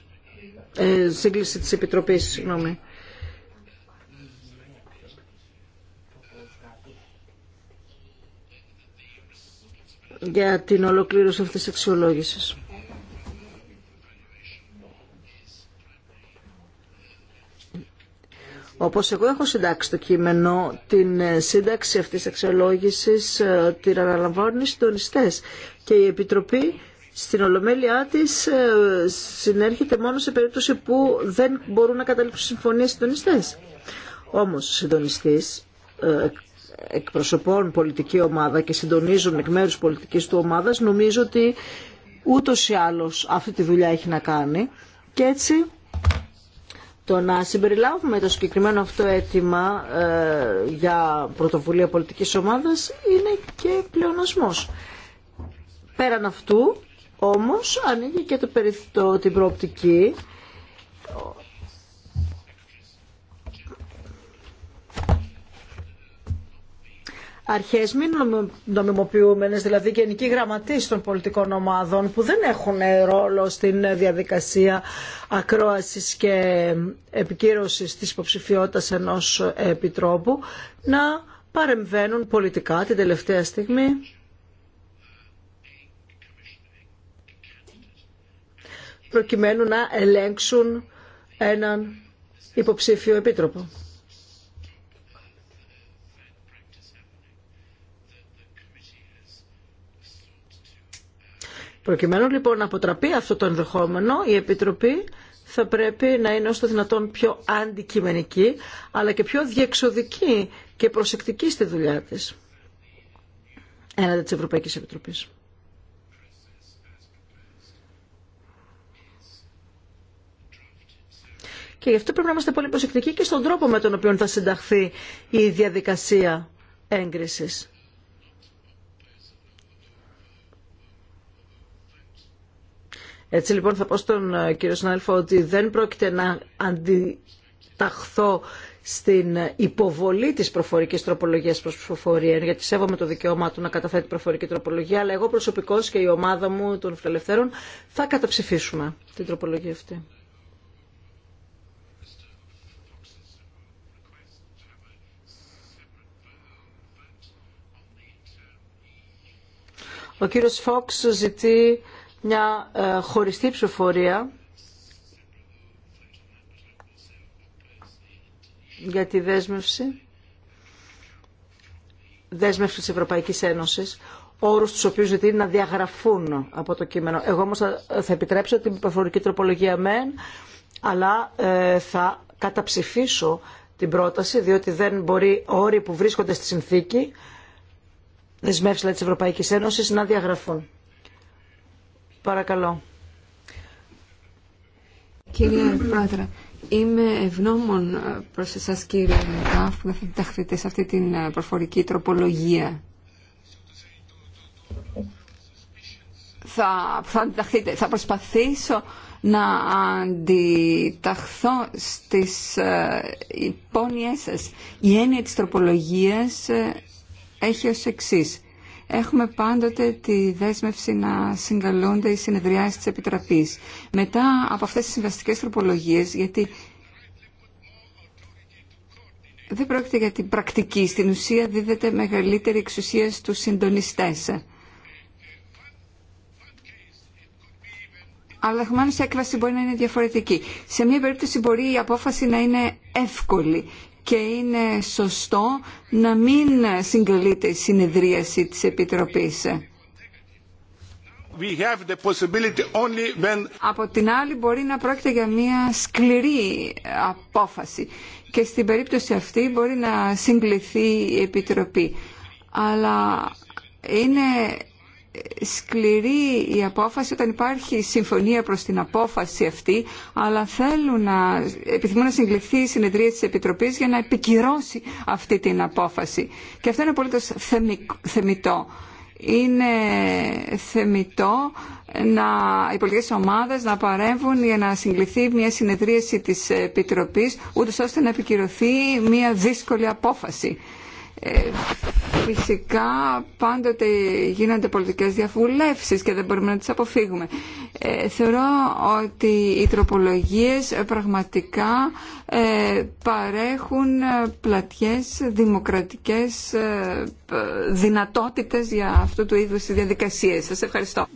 [SPEAKER 3] Ε, σύγκληση της επιτροπής, συγγνώμη. για την ολοκλήρωση αυτής της αξιολόγησης. Όπως εγώ έχω συντάξει το κείμενο, την ε, σύνταξη αυτής της αξιολόγησης ε, την αναλαμβάνουν οι συντονιστές και η Επιτροπή στην ολομέλειά της ε, συνέρχεται μόνο σε περίπτωση που δεν μπορούν να καταλήξουν συμφωνίες συντονιστές. Όμως ο συντονιστής εκπροσωπών πολιτική ομάδα και συντονίζουν εκ μέρου πολιτικής του ομάδας νομίζω ότι ούτως ή άλλως αυτή τη δουλειά έχει να κάνει και έτσι το να συμπεριλάβουμε το συγκεκριμένο αυτό αίτημα ε, για πρωτοβουλία πολιτικής ομάδας είναι και πλεονασμός. Πέραν αυτού, όμως, ανοίγει και το, την προοπτική Αρχέ μη νομιμοποιούμενες, δηλαδή γενικοί γραμματεί των πολιτικών ομάδων που δεν έχουν ρόλο στην διαδικασία ακρόασης και επικύρωσης της υποψηφιότητα ενός επιτρόπου, να παρεμβαίνουν πολιτικά την τελευταία στιγμή. προκειμένου να ελέγξουν έναν υποψήφιο επίτροπο. Προκειμένου λοιπόν να αποτραπεί αυτό το ενδεχόμενο, η Επιτροπή θα πρέπει να είναι όσο το δυνατόν πιο αντικειμενική, αλλά και πιο διεξοδική και προσεκτική στη δουλειά της έναντι της Ευρωπαϊκής Επιτροπής. Και γι' αυτό πρέπει να είμαστε πολύ προσεκτικοί και στον τρόπο με τον οποίο θα συνταχθεί η διαδικασία έγκρισης. Έτσι λοιπόν θα πω στον ε, κύριο συνάδελφο ότι δεν πρόκειται να αντιταχθώ στην ε, υποβολή της προφορικής τροπολογίας προς ψηφοφορία, γιατί σέβομαι το δικαίωμά του να καταθέτει προφορική τροπολογία, αλλά εγώ προσωπικώς και η ομάδα μου των φιλελευθέρων θα καταψηφίσουμε την τροπολογία αυτή. Ο κύριος Φόξ ζητεί μια ε, χωριστή ψηφοφορία για τη δέσμευση δέσμευση της Ευρωπαϊκής Ένωσης όρους τους οποίους ζητεί να διαγραφούν από το κείμενο. Εγώ όμως θα επιτρέψω την προφορική τροπολογία μεν, αλλά ε, θα καταψηφίσω την πρόταση, διότι δεν μπορεί όροι που βρίσκονται στη συνθήκη, δεσμεύσει δηλαδή, της Ευρωπαϊκής Ένωσης, να διαγραφούν. Παρακαλώ.
[SPEAKER 4] Κύριε Πρόεδρε, είμαι ευγνώμων προς εσάς κύριε να που θα σε αυτή την ε, προφορική τροπολογία. Θα, θα, θα προσπαθήσω να αντιταχθώ στις υπόνοιε υπόνοιές σας. Η έννοια της τροπολογίας ε, έχει ως εξής έχουμε πάντοτε τη δέσμευση να συγκαλούνται οι συνεδριάσεις της Επιτραπής. Μετά από αυτές τις συμβαστικές τροπολογίες, γιατί δεν πρόκειται για την πρακτική, στην ουσία δίδεται μεγαλύτερη εξουσία στους συντονιστές. αλλά η έκβαση μπορεί να είναι διαφορετική. Σε μια περίπτωση μπορεί η απόφαση να είναι εύκολη και είναι σωστό να μην συγκαλείται η συνεδρίαση της Επιτροπής. Από την άλλη μπορεί να πρόκειται για μια σκληρή απόφαση και στην περίπτωση αυτή μπορεί να συγκληθεί η Επιτροπή. Αλλά είναι σκληρή η απόφαση όταν υπάρχει συμφωνία προς την απόφαση αυτή αλλά θέλουν να, επιθυμούν να συγκληθεί η συνεδρία της Επιτροπής για να επικυρώσει αυτή την απόφαση. Και αυτό είναι απολύτως θεμητό. Είναι θεμητό να, οι πολιτικέ ομάδες να παρέμβουν για να συγκληθεί μια συνεδρίαση της Επιτροπής ούτω ώστε να επικυρωθεί μια δύσκολη απόφαση. Ε, φυσικά πάντοτε γίνονται πολιτικές διαβουλεύσεις και δεν μπορούμε να τις αποφύγουμε. Ε, θεωρώ ότι οι τροπολογίες πραγματικά ε, παρέχουν πλατιές δημοκρατικές δυνατότητες για αυτού του είδους διαδικασίες. Σας ευχαριστώ.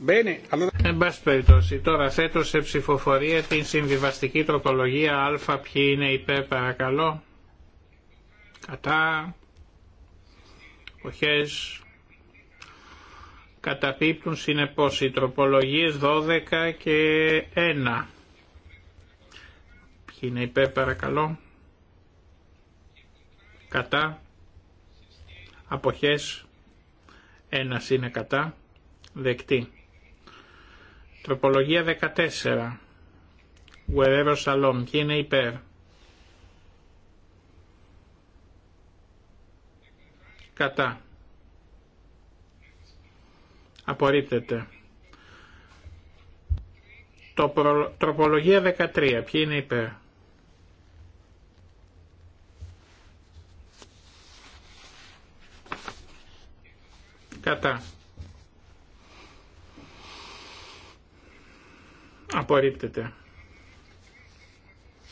[SPEAKER 2] Εν πάση περιπτώσει, τώρα θέτω σε ψηφοφορία την συμβιβαστική τροπολογία α. Ποιοι είναι υπέρ παρακαλώ. Κατά αποχές καταπίπτουν συνεπώς οι τροπολογίες 12 και 1. Ποιοι είναι υπέρ παρακαλώ. Κατά. Αποχές. Ένα είναι κατά. Δεκτή. Τροπολογία 14. Γουερέρο Σαλόμ. Ποιοι είναι υπέρ. κατά. Απορρίπτεται. Το προ... Τροπολογία 13. Ποιοι είναι υπέρ. Κατά. Απορρίπτεται.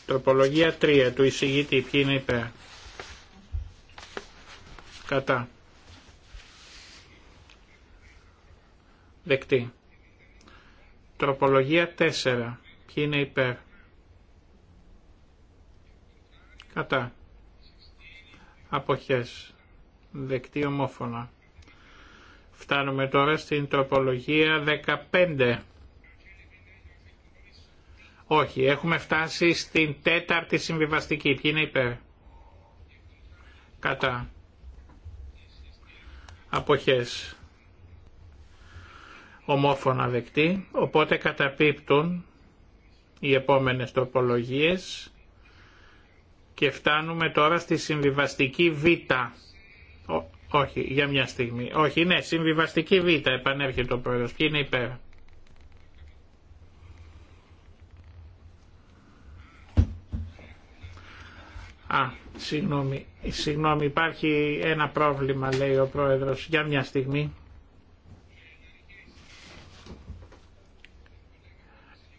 [SPEAKER 2] Τροπολογία 3 του εισηγητή. Ποιοι είναι υπέρ. Κατά. Δεκτή. Τροπολογία 4. Ποιοι είναι υπέρ. Κατά. Αποχές. Δεκτή ομόφωνα. Φτάνουμε τώρα στην τροπολογία 15. Όχι, έχουμε φτάσει στην τέταρτη συμβιβαστική. Ποιοι είναι υπέρ. Κατά αποχές ομόφωνα δεκτή, οπότε καταπίπτουν οι επόμενες τοπολογίες και φτάνουμε τώρα στη συμβιβαστική Β. όχι, για μια στιγμή. Όχι, ναι, συμβιβαστική Β επανέρχεται ο πρόεδρος. Ποιοι είναι υπέρ. Α, Συγγνώμη, συγγνώμη, υπάρχει ένα πρόβλημα, λέει ο πρόεδρος. Για μια στιγμή.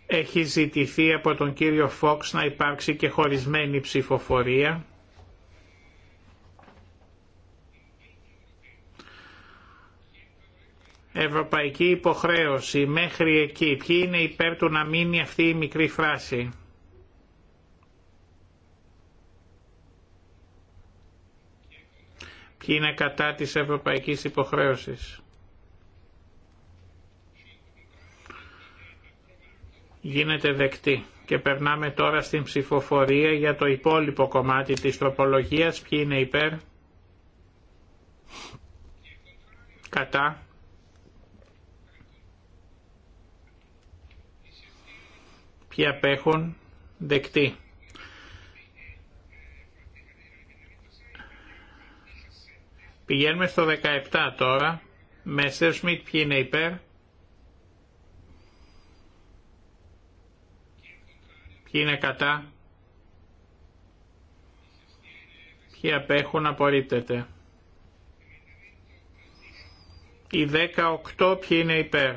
[SPEAKER 2] Έχει ζητηθεί από τον κύριο Φόξ να υπάρξει και χωρισμένη ψηφοφορία. Ευρωπαϊκή υποχρέωση μέχρι εκεί. Ποιοι είναι υπέρ του να μείνει αυτή η μικρή φράση. Ποιοι είναι κατά της ευρωπαϊκής υποχρέωσης. Γίνεται δεκτή. Και περνάμε τώρα στην ψηφοφορία για το υπόλοιπο κομμάτι της τροπολογίας. Ποιοι είναι υπέρ. Κατά. Ποιοι απέχουν. Δεκτή. Πηγαίνουμε στο 17 τώρα. Μέσερ Σμιτ ποιοι είναι υπέρ. Ποιοι είναι κατά. Ποιοι απέχουν απορρίπτεται. Οι 18 ποιοι είναι υπέρ.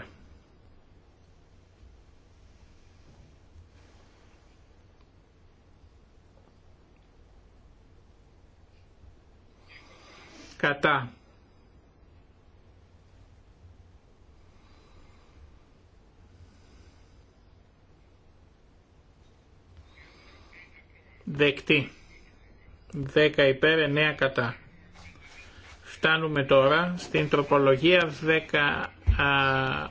[SPEAKER 2] κατά δεκτή 10 υπέρ 9 κατά φτάνουμε τώρα στην τροπολογία 10 α,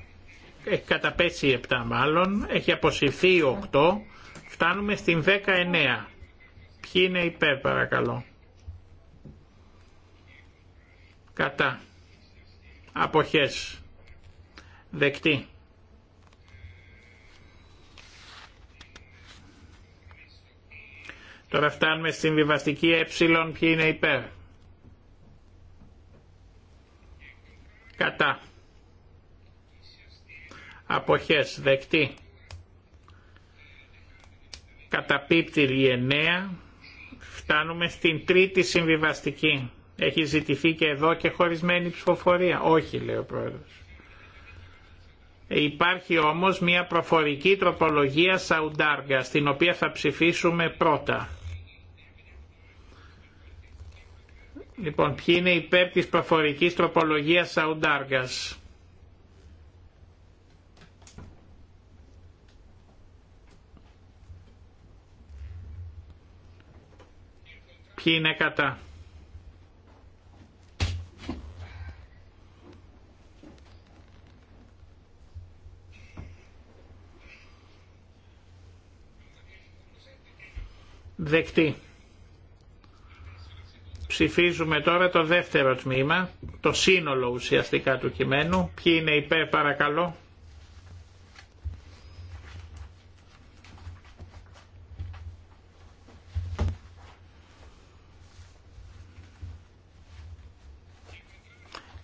[SPEAKER 2] έχει καταπέσει 7 μάλλον έχει αποσυρθεί 8 φτάνουμε στην 19 ποιοι είναι υπέρ παρακαλώ κατά αποχές δεκτή. Τώρα φτάνουμε στην βιβαστική ε, ποιοι είναι υπέρ. Κατά. Αποχές, δεκτή. Καταπίπτυρη 9. Φτάνουμε στην τρίτη συμβιβαστική. Έχει ζητηθεί και εδώ και χωρισμένη ψηφοφορία. Όχι, λέει ο Πρόεδρος. Υπάρχει όμως μια προφορική τροπολογία Σαουντάργα, στην οποία θα ψηφίσουμε πρώτα. Λοιπόν, ποιοι είναι υπέρ της προφορικής τροπολογίας Σαουντάργας. Ποιοι είναι κατά. Δεκτή. Ψηφίζουμε τώρα το δεύτερο τμήμα, το σύνολο ουσιαστικά του κειμένου. Ποιοι είναι υπέρ παρακαλώ.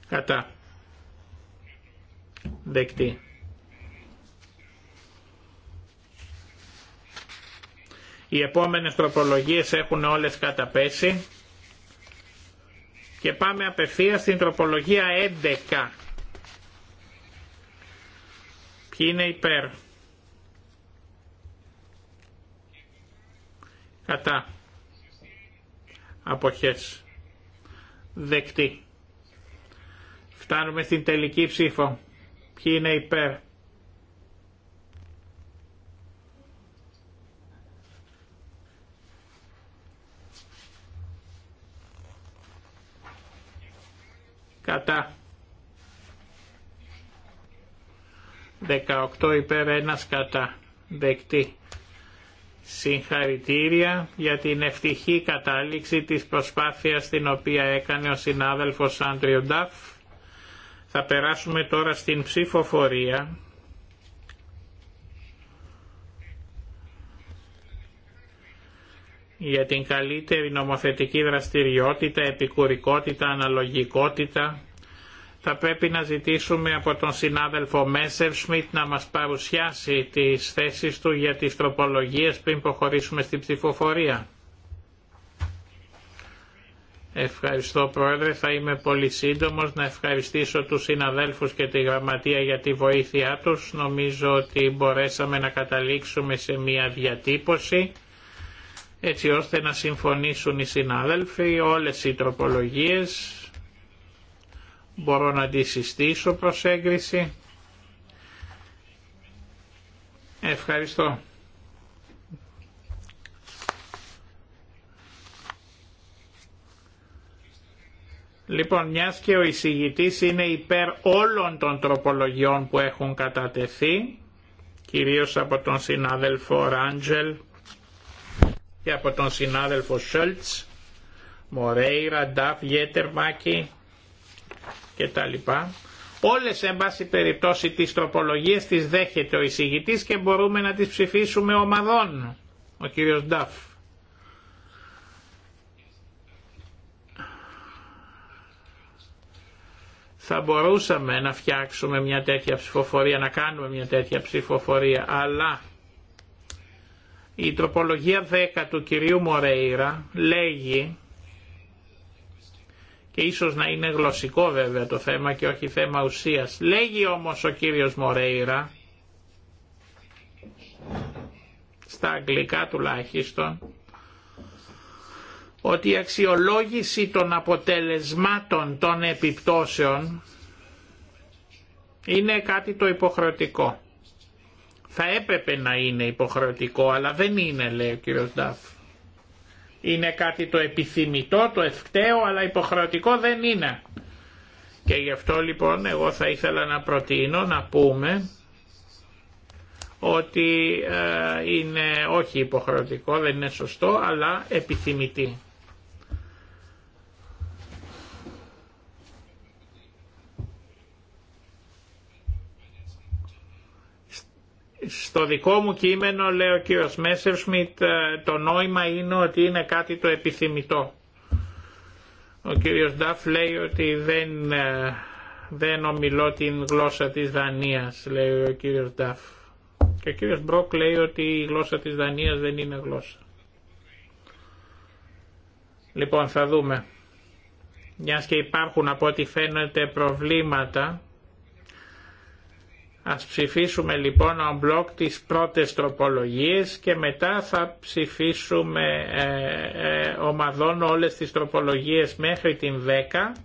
[SPEAKER 2] Κατά. Δεκτή. Οι επόμενες τροπολογίες έχουν όλες καταπέσει. Και πάμε απευθείας στην τροπολογία 11. Ποιοι είναι υπέρ. Κατά. Αποχές. Δεκτή. Φτάνουμε στην τελική ψήφο. Ποιοι είναι υπέρ. κατά 18 υπέρ 1 κατά δεκτή. Συγχαρητήρια για την ευτυχή κατάληξη της προσπάθειας την οποία έκανε ο συνάδελφος Άντριο Νταφ. Θα περάσουμε τώρα στην ψηφοφορία για την καλύτερη νομοθετική δραστηριότητα, επικουρικότητα, αναλογικότητα. Θα πρέπει να ζητήσουμε από τον συνάδελφο Μέσερ Σμιτ να μας παρουσιάσει τις θέσεις του για τις τροπολογίες πριν προχωρήσουμε στην ψηφοφορία. Ευχαριστώ Πρόεδρε, θα είμαι πολύ σύντομος να ευχαριστήσω τους συναδέλφους και τη Γραμματεία για τη βοήθειά τους. Νομίζω ότι μπορέσαμε να καταλήξουμε σε μια διατύπωση έτσι ώστε να συμφωνήσουν οι συνάδελφοι όλες οι τροπολογίες μπορώ να αντισυστήσω συστήσω έγκριση ευχαριστώ Λοιπόν, μιας και ο εισηγητής είναι υπέρ όλων των τροπολογιών που έχουν κατατεθεί, κυρίως από τον συνάδελφο Ράντζελ και από τον συνάδελφο Σόλτς, Μορέιρα, Νταφ, Γέτερμακη και τα λοιπά. Όλες εν πάση περιπτώσει τις τροπολογίες τις δέχεται ο εισηγητής και μπορούμε να τις ψηφίσουμε ομαδών, ο κύριος Νταφ. θα μπορούσαμε να φτιάξουμε μια τέτοια ψηφοφορία, να κάνουμε μια τέτοια ψηφοφορία, αλλά η τροπολογία 10 του κυρίου Μορέιρα λέγει και ίσως να είναι γλωσσικό βέβαια το θέμα και όχι θέμα ουσίας. Λέγει όμως ο κύριος Μορέιρα στα αγγλικά τουλάχιστον ότι η αξιολόγηση των αποτελεσμάτων των επιπτώσεων είναι κάτι το υποχρεωτικό. Θα έπρεπε να είναι υποχρεωτικό, αλλά δεν είναι, λέει ο κύριος Νταφ. Είναι κάτι το επιθυμητό, το ευκταίο, αλλά υποχρεωτικό δεν είναι. Και γι' αυτό λοιπόν εγώ θα ήθελα να προτείνω να πούμε ότι ε, είναι όχι υποχρεωτικό, δεν είναι σωστό, αλλά επιθυμητή. Στο δικό μου κείμενο, λέει ο κύριος Μέσερσμιτ, το νόημα είναι ότι είναι κάτι το επιθυμητό. Ο κύριος Νταφ λέει ότι δεν, ε, δεν ομιλώ την γλώσσα της Δανίας, λέει ο κύριος Νταφ. Και ο κύριος Μπρόκ λέει ότι η γλώσσα της Δανίας δεν είναι γλώσσα. Λοιπόν, θα δούμε. Μιας και υπάρχουν από ό,τι φαίνεται προβλήματα Ας ψηφίσουμε λοιπόν ο μπλοκ τις πρώτες τροπολογίες και μετά θα ψηφίσουμε ε, ε ομαδών όλες τις τροπολογίες μέχρι την 10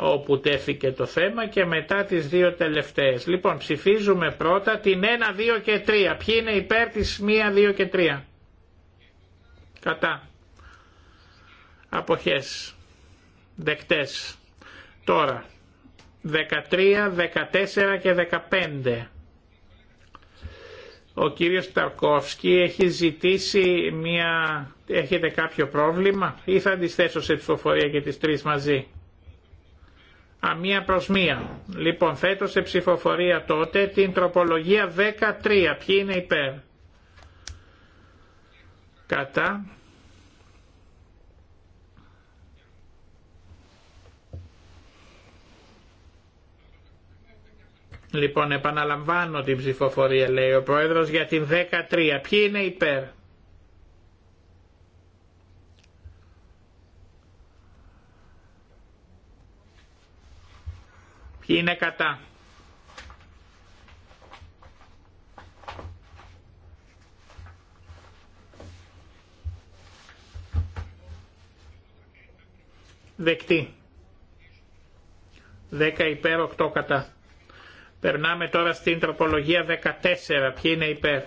[SPEAKER 2] όπου τέθηκε το θέμα και μετά τις δύο τελευταίες. Λοιπόν ψηφίζουμε πρώτα την 1, 2 και 3. Ποιοι είναι υπέρ της 1, 2 και 3. Κατά. Αποχές. Δεκτές. Τώρα 13, 14 και 15. Ο κύριος Ταρκόφσκι έχει ζητήσει μια... Έχετε κάποιο πρόβλημα ή θα τις θέσω σε ψηφοφορία και τις τρεις μαζί. Α, μία προς μία. Λοιπόν, θέτω σε ψηφοφορία τότε την τροπολογία 13. Ποιοι είναι υπέρ. Κατά. Λοιπόν, επαναλαμβάνω την ψηφοφορία, λέει ο Πρόεδρος, για την 13. Ποιοι είναι υπέρ. Ποιοι είναι κατά. Δεκτή. 10 υπέρ, 8 κατά. Περνάμε τώρα στην τροπολογία 14. Ποιοι είναι υπέρ.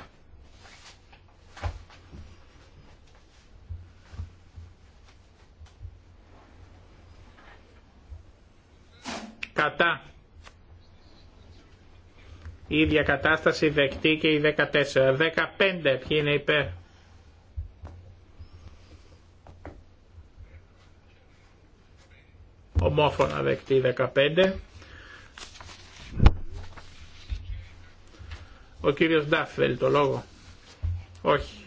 [SPEAKER 2] Κατά. Η ίδια κατάσταση δεκτή και η 14. 15. Ποιοι είναι υπέρ. Ομόφωνα δεκτή 15. Ο κύριος Ντάφ θέλει το λόγο. Όχι.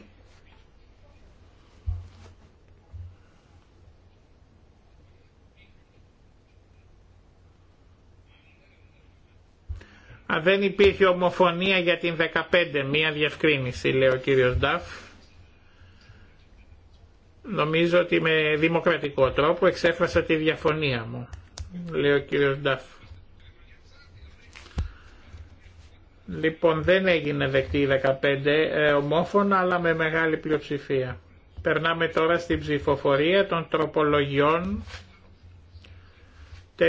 [SPEAKER 2] Α, δεν υπήρχε ομοφωνία για την 15, μία διευκρίνηση λέει ο κύριος Ντάφ. Νομίζω ότι με δημοκρατικό τρόπο εξέφρασα τη διαφωνία μου, λέει ο κύριος Ντάφ. Λοιπόν, δεν έγινε δεκτή η 15 ε, ομόφωνα, αλλά με μεγάλη πλειοψηφία. Περνάμε τώρα στην ψηφοφορία των τροπολογιών 4,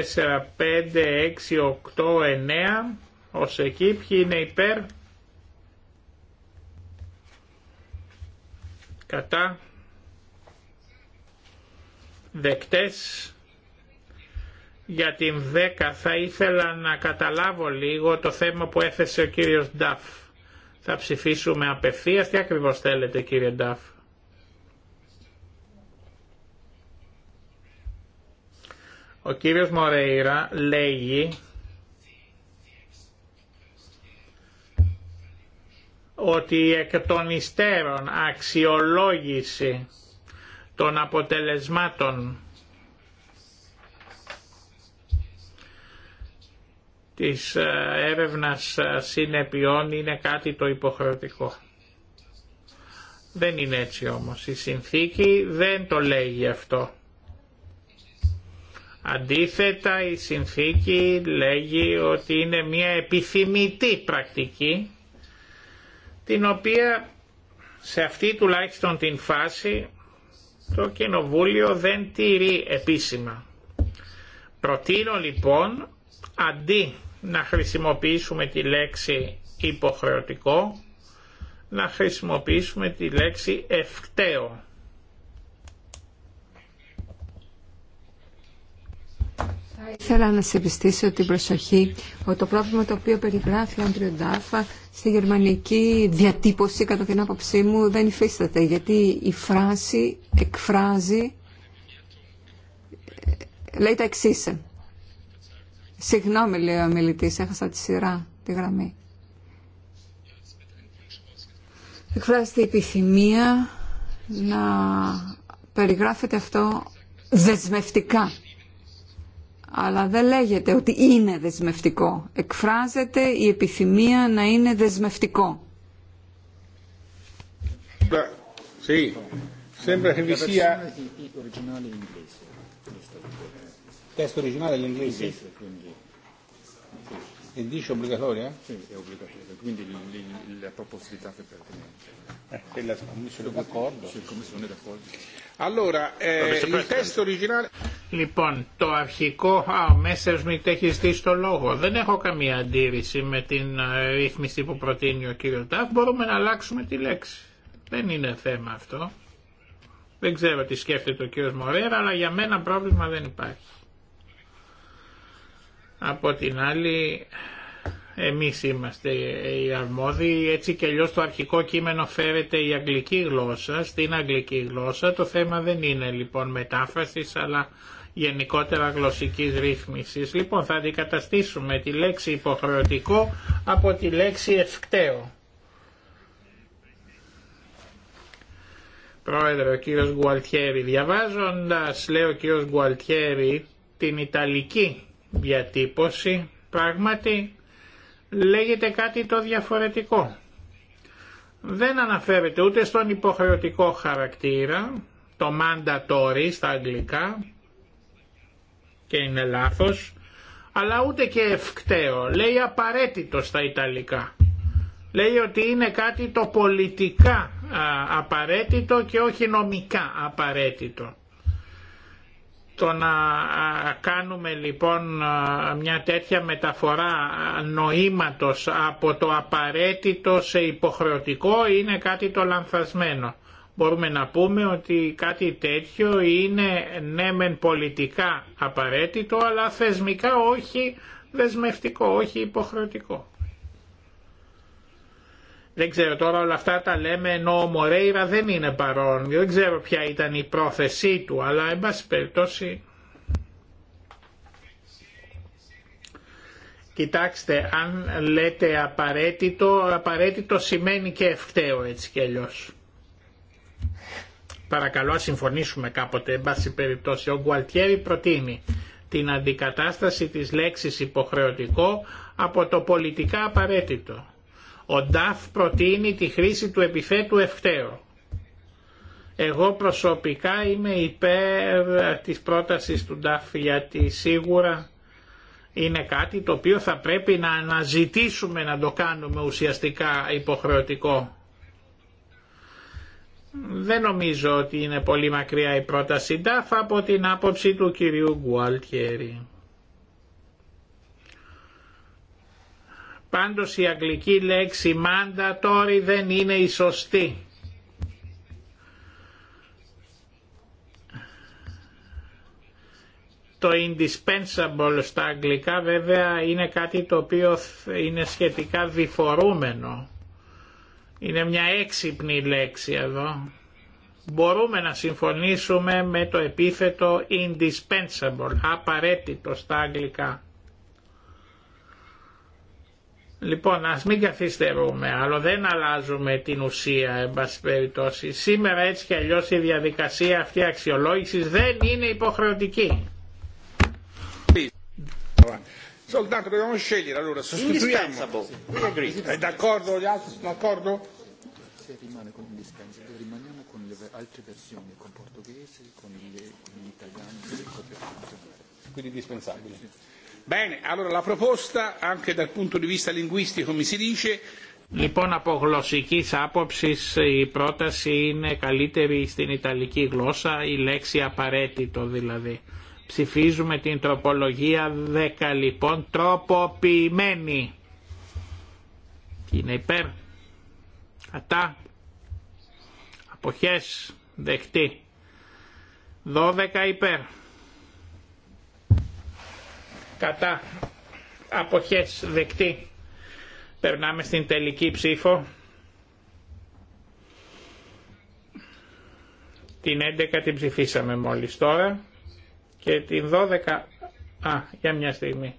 [SPEAKER 2] 5, 6, 8, 9, ως εκεί. Ποιοι είναι υπέρ, κατά, δεκτές, για την 10 θα ήθελα να καταλάβω λίγο το θέμα που έθεσε ο κύριος Νταφ. Θα ψηφίσουμε απευθείας. Τι ακριβώς θέλετε κύριε Νταφ. Ο κύριος Μορέιρα λέγει ότι εκ των υστέρων αξιολόγηση των αποτελεσμάτων της ε, έρευνας ε, συνεπειών είναι κάτι το υποχρεωτικό. Δεν είναι έτσι όμως. Η συνθήκη δεν το λέγει αυτό. Αντίθετα η συνθήκη λέγει ότι είναι μια επιθυμητή πρακτική την οποία σε αυτή τουλάχιστον την φάση το Κοινοβούλιο δεν τηρεί επίσημα. Προτείνω λοιπόν αντί να χρησιμοποιήσουμε τη λέξη υποχρεωτικό, να χρησιμοποιήσουμε τη λέξη ευκταίο.
[SPEAKER 4] Θα ήθελα να σε επιστήσω την προσοχή ότι το πρόβλημα το οποίο περιγράφει ο Άντριο Ντάφα στη γερμανική διατύπωση κατά την άποψή μου δεν υφίσταται γιατί η φράση εκφράζει λέει τα εξής Συγγνώμη, λέει ο μιλητή, έχασα τη σειρά, τη γραμμή. Εκφράζεται η επιθυμία να περιγράφεται αυτό δεσμευτικά. Αλλά δεν λέγεται ότι είναι δεσμευτικό. Εκφράζεται η επιθυμία να είναι δεσμευτικό.
[SPEAKER 1] Sì, sembra che vi sia testo originale E dice obbligatoria? Eh? Sì, è obbligatoria, quindi la propositività è pertinente. Quella commissione d'accordo. Sì, commissione d'accordo. Allora, eh, il testo
[SPEAKER 2] originale... Λοιπόν, το αρχικό... Α, ο Messerschmitt έχει ζητήσει το λόγο. Δεν έχω καμία αντίρρηση με την ε, ρύθμιση που προτείνει ο κ. Ταφ. Μπορούμε να αλλάξουμε τη λέξη. Δεν είναι θέμα αυτό. Δεν ξέρω τι σκέφτεται ο κ. Μωρέρα, αλλά για μένα πρόβλημα δεν υπάρχει. Από την άλλη, εμείς είμαστε οι αρμόδιοι, έτσι και αλλιώς το αρχικό κείμενο φέρεται η αγγλική γλώσσα, στην αγγλική γλώσσα. Το θέμα δεν είναι λοιπόν μετάφρασης, αλλά γενικότερα γλωσσικής ρύθμισης. Λοιπόν, θα αντικαταστήσουμε τη λέξη υποχρεωτικό από τη λέξη ευκταίο. Πρόεδρε, ο κύριος Γκουαλτιέρη, διαβάζοντας, λέει ο κύριος την Ιταλική διατύπωση πράγματι λέγεται κάτι το διαφορετικό. Δεν αναφέρεται ούτε στον υποχρεωτικό χαρακτήρα, το mandatory στα αγγλικά, και είναι λάθος, αλλά ούτε και ευκταίο, λέει απαραίτητο στα Ιταλικά. Λέει ότι είναι κάτι το πολιτικά απαραίτητο και όχι νομικά απαραίτητο. Το να κάνουμε λοιπόν μια τέτοια μεταφορά νοήματος από το απαραίτητο σε υποχρεωτικό είναι κάτι το λανθασμένο. Μπορούμε να πούμε ότι κάτι τέτοιο είναι ναι μεν πολιτικά απαραίτητο αλλά θεσμικά όχι δεσμευτικό, όχι υποχρεωτικό. Δεν ξέρω τώρα όλα αυτά τα λέμε ενώ ο Μορέιρα δεν είναι παρόν. Δεν ξέρω ποια ήταν η πρόθεσή του αλλά εν πάση περιπτώσει Κοιτάξτε, αν λέτε απαραίτητο, απαραίτητο σημαίνει και ευκταίο έτσι κι αλλιώς. Παρακαλώ, συμφωνήσουμε κάποτε, εν πάση περιπτώσει. Ο Γκουαλτιέρη προτείνει την αντικατάσταση της λέξης υποχρεωτικό από το πολιτικά απαραίτητο. Ο Νταφ προτείνει τη χρήση του επιθέτου ευκταίου. Εγώ προσωπικά είμαι υπέρ ε, της πρότασης του Νταφ γιατί σίγουρα είναι κάτι το οποίο θα πρέπει να αναζητήσουμε να το κάνουμε ουσιαστικά υποχρεωτικό. Δεν νομίζω ότι είναι πολύ μακριά η πρόταση Νταφ από την άποψη του κυρίου Γκουαλτιέρη. Πάντως η αγγλική λέξη mandatory δεν είναι η σωστή. Το indispensable στα αγγλικά βέβαια είναι κάτι το οποίο είναι σχετικά διφορούμενο. Είναι μια έξυπνη λέξη εδώ. Μπορούμε να συμφωνήσουμε με το επίθετο indispensable, απαραίτητο στα αγγλικά. Λοιπόν, ας μην καθυστερούμε, αλλά δεν αλλάζουμε την ουσία, εν πάση Σήμερα έτσι και αλλιώς η διαδικασία αυτή αξιολόγησης δεν είναι υποχρεωτική.
[SPEAKER 1] Bene, allora la proposta anche dal punto di vista linguistico si dice Λοιπόν, από γλωσσική άποψη
[SPEAKER 2] η πρόταση είναι καλύτερη στην Ιταλική γλώσσα, η λέξη απαραίτητο δηλαδή. Ψηφίζουμε την τροπολογία 10 λοιπόν, τροποποιημένη. Είναι υπέρ, κατά, αποχές, δεχτή. 12 υπέρ, κατά αποχές δεκτή. Περνάμε στην τελική ψήφο. Την 11 την ψηφίσαμε μόλις τώρα και την 12... Α, για μια στιγμή.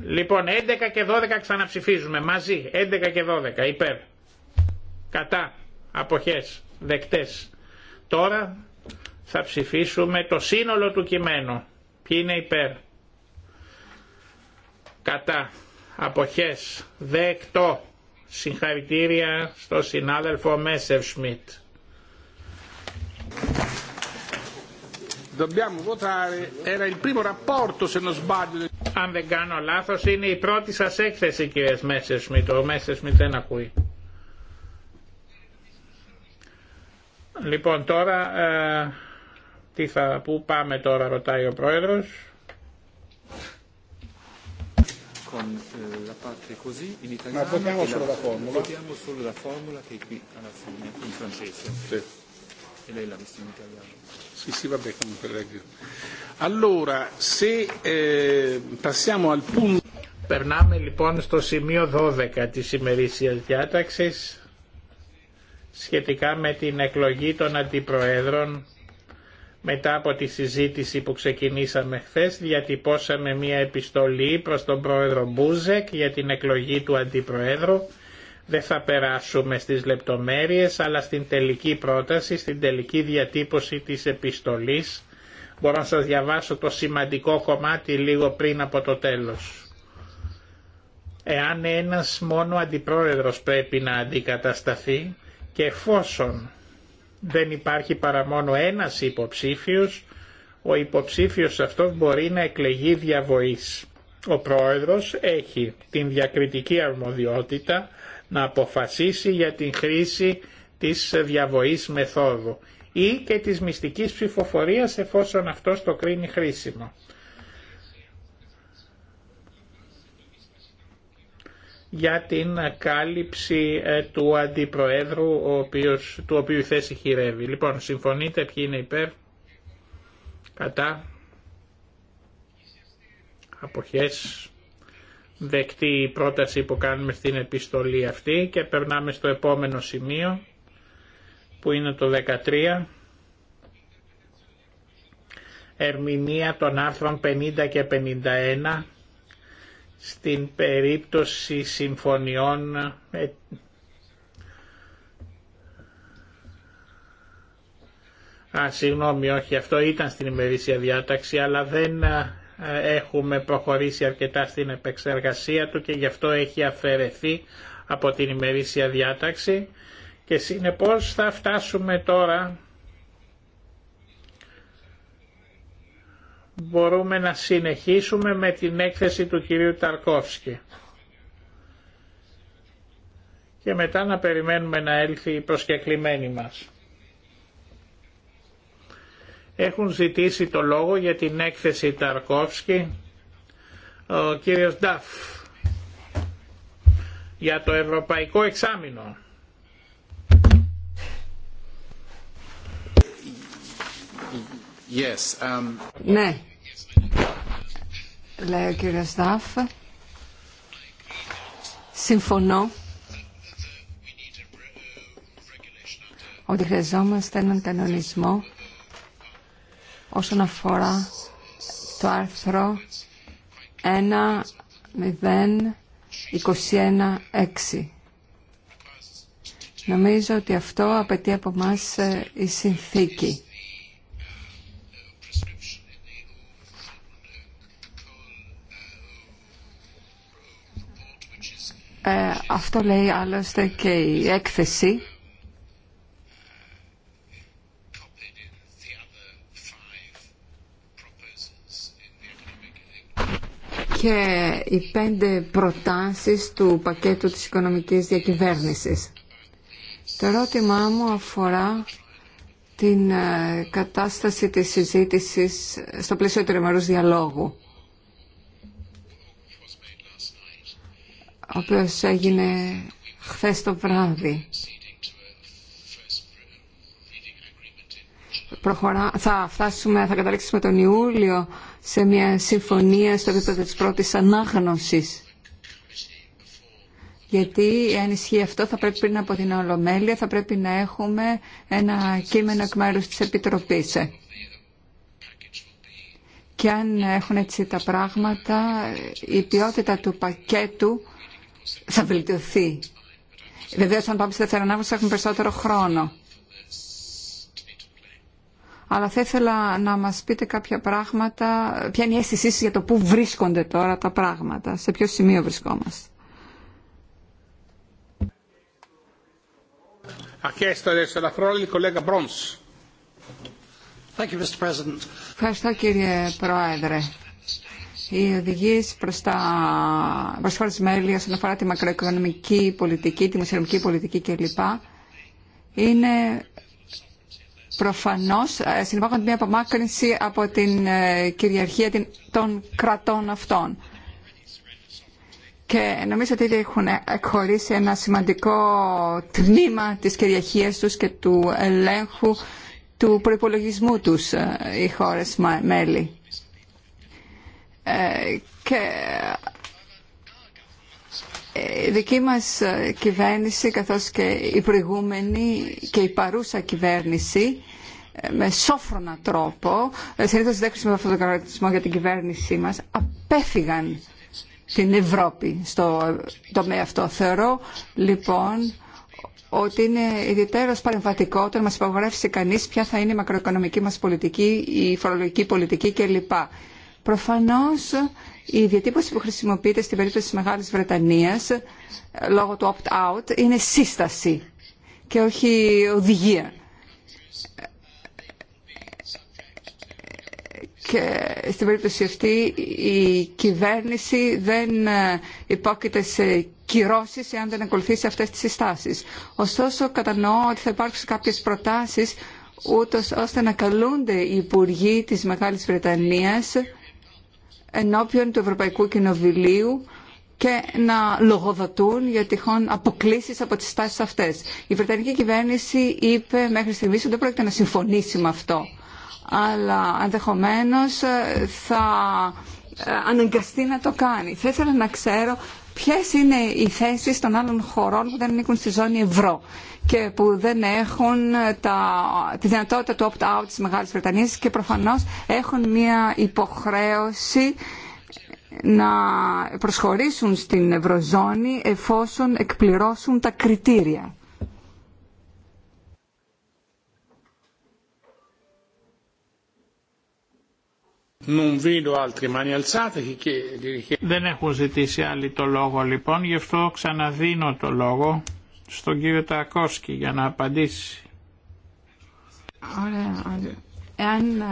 [SPEAKER 2] Λοιπόν, 11 και 12 ξαναψηφίζουμε μαζί. 11 και 12 υπέρ. Κατά. Αποχές. Δεκτές. Τώρα θα ψηφίσουμε το σύνολο του κειμένου. Ποιοι είναι υπέρ κατά αποχές δεκτό συγχαρητήρια στο συνάδελφο
[SPEAKER 1] Μέσερ Σμιτ. Αν δεν κάνω λάθος είναι η
[SPEAKER 2] πρώτη σας έκθεση κύριε Μέσερ Σμιτ. Ο Μέσερ Σμιτ δεν ακούει. Λοιπόν τώρα, ε, τι θα, πού πάμε τώρα ρωτάει ο πρόεδρος
[SPEAKER 1] con la parte così in italiano. Ma votiamo solo la formula. Votiamo solo la formula che è qui alla fine, in francese. Sì. E lei l'ha vista in italiano. Sì, sì, vabbè, comunque leggo. Allora, se eh, passiamo al punto...
[SPEAKER 2] Περνάμε λοιπόν στο σημείο 12 της ημερήσιας διάταξης σχετικά με την εκλογή των αντιπροέδρων μετά από τη συζήτηση που ξεκινήσαμε χθε, διατυπώσαμε μία επιστολή προς τον πρόεδρο Μπούζεκ για την εκλογή του αντιπροέδρου. Δεν θα περάσουμε στις λεπτομέρειες, αλλά στην τελική πρόταση, στην τελική διατύπωση της επιστολής, μπορώ να σας διαβάσω το σημαντικό κομμάτι λίγο πριν από το τέλος. Εάν ένας μόνο αντιπρόεδρος πρέπει να αντικατασταθεί και εφόσον δεν υπάρχει παρά μόνο ένας υποψήφιος, ο υποψήφιος αυτός μπορεί να εκλεγεί διαβοής. Ο πρόεδρος έχει την διακριτική αρμοδιότητα να αποφασίσει για την χρήση της διαβοής μεθόδου ή και της μυστικής ψηφοφορίας εφόσον αυτός το κρίνει χρήσιμο. για την κάλυψη ε, του αντιπροέδρου ο οποίος, του οποίου η θέση χειρεύει. Λοιπόν, συμφωνείτε ποιοι είναι υπέρ, κατά, αποχές, δεκτή η πρόταση που κάνουμε στην επιστολή αυτή και περνάμε στο επόμενο σημείο που είναι το 13 ερμηνεία των άρθρων 50 και 51 στην περίπτωση συμφωνιών Α, συγγνώμη, όχι, αυτό ήταν στην ημερήσια διάταξη, αλλά δεν έχουμε προχωρήσει αρκετά στην επεξεργασία του και γι' αυτό έχει αφαιρεθεί από την ημερήσια διάταξη και συνεπώς θα φτάσουμε τώρα μπορούμε να συνεχίσουμε με την έκθεση του κυρίου Ταρκόφσκη. Και μετά να περιμένουμε να έλθει η προσκεκλημένη μας. Έχουν ζητήσει το λόγο για την έκθεση Ταρκόφσκη ο κύριος Νταφ για το Ευρωπαϊκό Εξάμεινο.
[SPEAKER 1] Um, ναι,
[SPEAKER 4] λέει ο κύριος Δάφ. Συμφωνώ ότι χρειαζόμαστε έναν κανονισμό όσον αφορά το άρθρο 1.0.21.6. Νομίζω ότι αυτό απαιτεί από μας ε, η συνθήκη. Ε, αυτό λέει άλλωστε και η έκθεση. και οι πέντε προτάσεις του πακέτου της οικονομικής διακυβέρνησης. Το ερώτημά μου αφορά την ε, κατάσταση της συζήτησης στο πλαίσιο του διαλόγου. ο οποίος έγινε χθες το βράδυ. Προχωρά, θα φτάσουμε, θα καταλήξουμε τον Ιούλιο σε μια συμφωνία στο επίπεδο της πρώτης ανάγνωσης. Γιατί αν ισχύει αυτό θα πρέπει πριν από την Ολομέλεια θα πρέπει να έχουμε ένα κείμενο εκ μέρους της Επιτροπής. Και αν έχουν έτσι τα πράγματα, η ποιότητα του πακέτου θα βελτιωθεί. Βεβαίω, αν πάμε στη δεύτερη ανάγκη, θα έχουμε περισσότερο χρόνο. Αλλά θα ήθελα να μας πείτε κάποια πράγματα, ποια είναι η αίσθησή σα για το πού βρίσκονται τώρα τα πράγματα, σε ποιο σημείο
[SPEAKER 1] βρισκόμαστε.
[SPEAKER 4] Ευχαριστώ κύριε Πρόεδρε οι οδηγίε προ τα προς χώρε μέλη όσον αφορά τη μακροοικονομική πολιτική, τη μουσιονομική πολιτική κλπ. είναι προφανώ ε, συνεπάγονται μια απομάκρυνση από την ε, κυριαρχία των κρατών αυτών. Και νομίζω ότι έχουν εκχωρήσει ένα σημαντικό τμήμα της κυριαρχίας τους και του ελέγχου του προπολογισμού τους ε, οι χώρες μέλη. Ε, και ε, η δική μας ε, κυβέρνηση καθώς και η προηγούμενη και η παρούσα κυβέρνηση με σόφρονα τρόπο, συνήθως δεν χρησιμοποιούμε αυτόν τον κανονισμό για την κυβέρνησή μας, απέφυγαν την Ευρώπη στο τομέα αυτό. Θεωρώ λοιπόν ότι είναι ιδιαίτερος παρεμβατικό όταν μας υπαγορεύσει κανείς ποια θα είναι η μακροοικονομική μας πολιτική, η φορολογική πολιτική κλπ. Προφανώ η διατύπωση που χρησιμοποιείται στην περίπτωση τη μεγάλη Βρετανία λόγω του opt-out είναι σύσταση και όχι οδηγία. Και στην περίπτωση αυτή η κυβέρνηση δεν υπόκειται σε κυρώσεις εάν δεν ακολουθήσει αυτές τις συστάσεις. Ωστόσο κατανοώ ότι θα υπάρξουν κάποιες προτάσεις ούτως ώστε να καλούνται οι υπουργοί της Μεγάλης Βρετανίας ενώπιον του Ευρωπαϊκού Κοινοβουλίου και να λογοδοτούν για τυχόν αποκλήσεις από τις στάσεις αυτές. Η Βρετανική κυβέρνηση είπε μέχρι στιγμής ότι δεν πρόκειται να συμφωνήσει με αυτό, αλλά ενδεχομένω ε, θα ε, αναγκαστεί να το κάνει. Θα ήθελα να ξέρω ποιες είναι οι θέσεις των άλλων χωρών που δεν ανήκουν στη ζώνη ευρώ και που δεν έχουν τα, τη δυνατότητα του opt-out της Μεγάλης Βρετανίας και προφανώς έχουν μια υποχρέωση να προσχωρήσουν στην Ευρωζώνη εφόσον εκπληρώσουν τα κριτήρια.
[SPEAKER 1] Δεν έχουν ζητήσει άλλοι το
[SPEAKER 2] λόγο λοιπόν, γι' αυτό ξαναδίνω το λόγο στον κύριο Τακόσκι για να απαντήσει.
[SPEAKER 4] Ωραία, Εάν ε,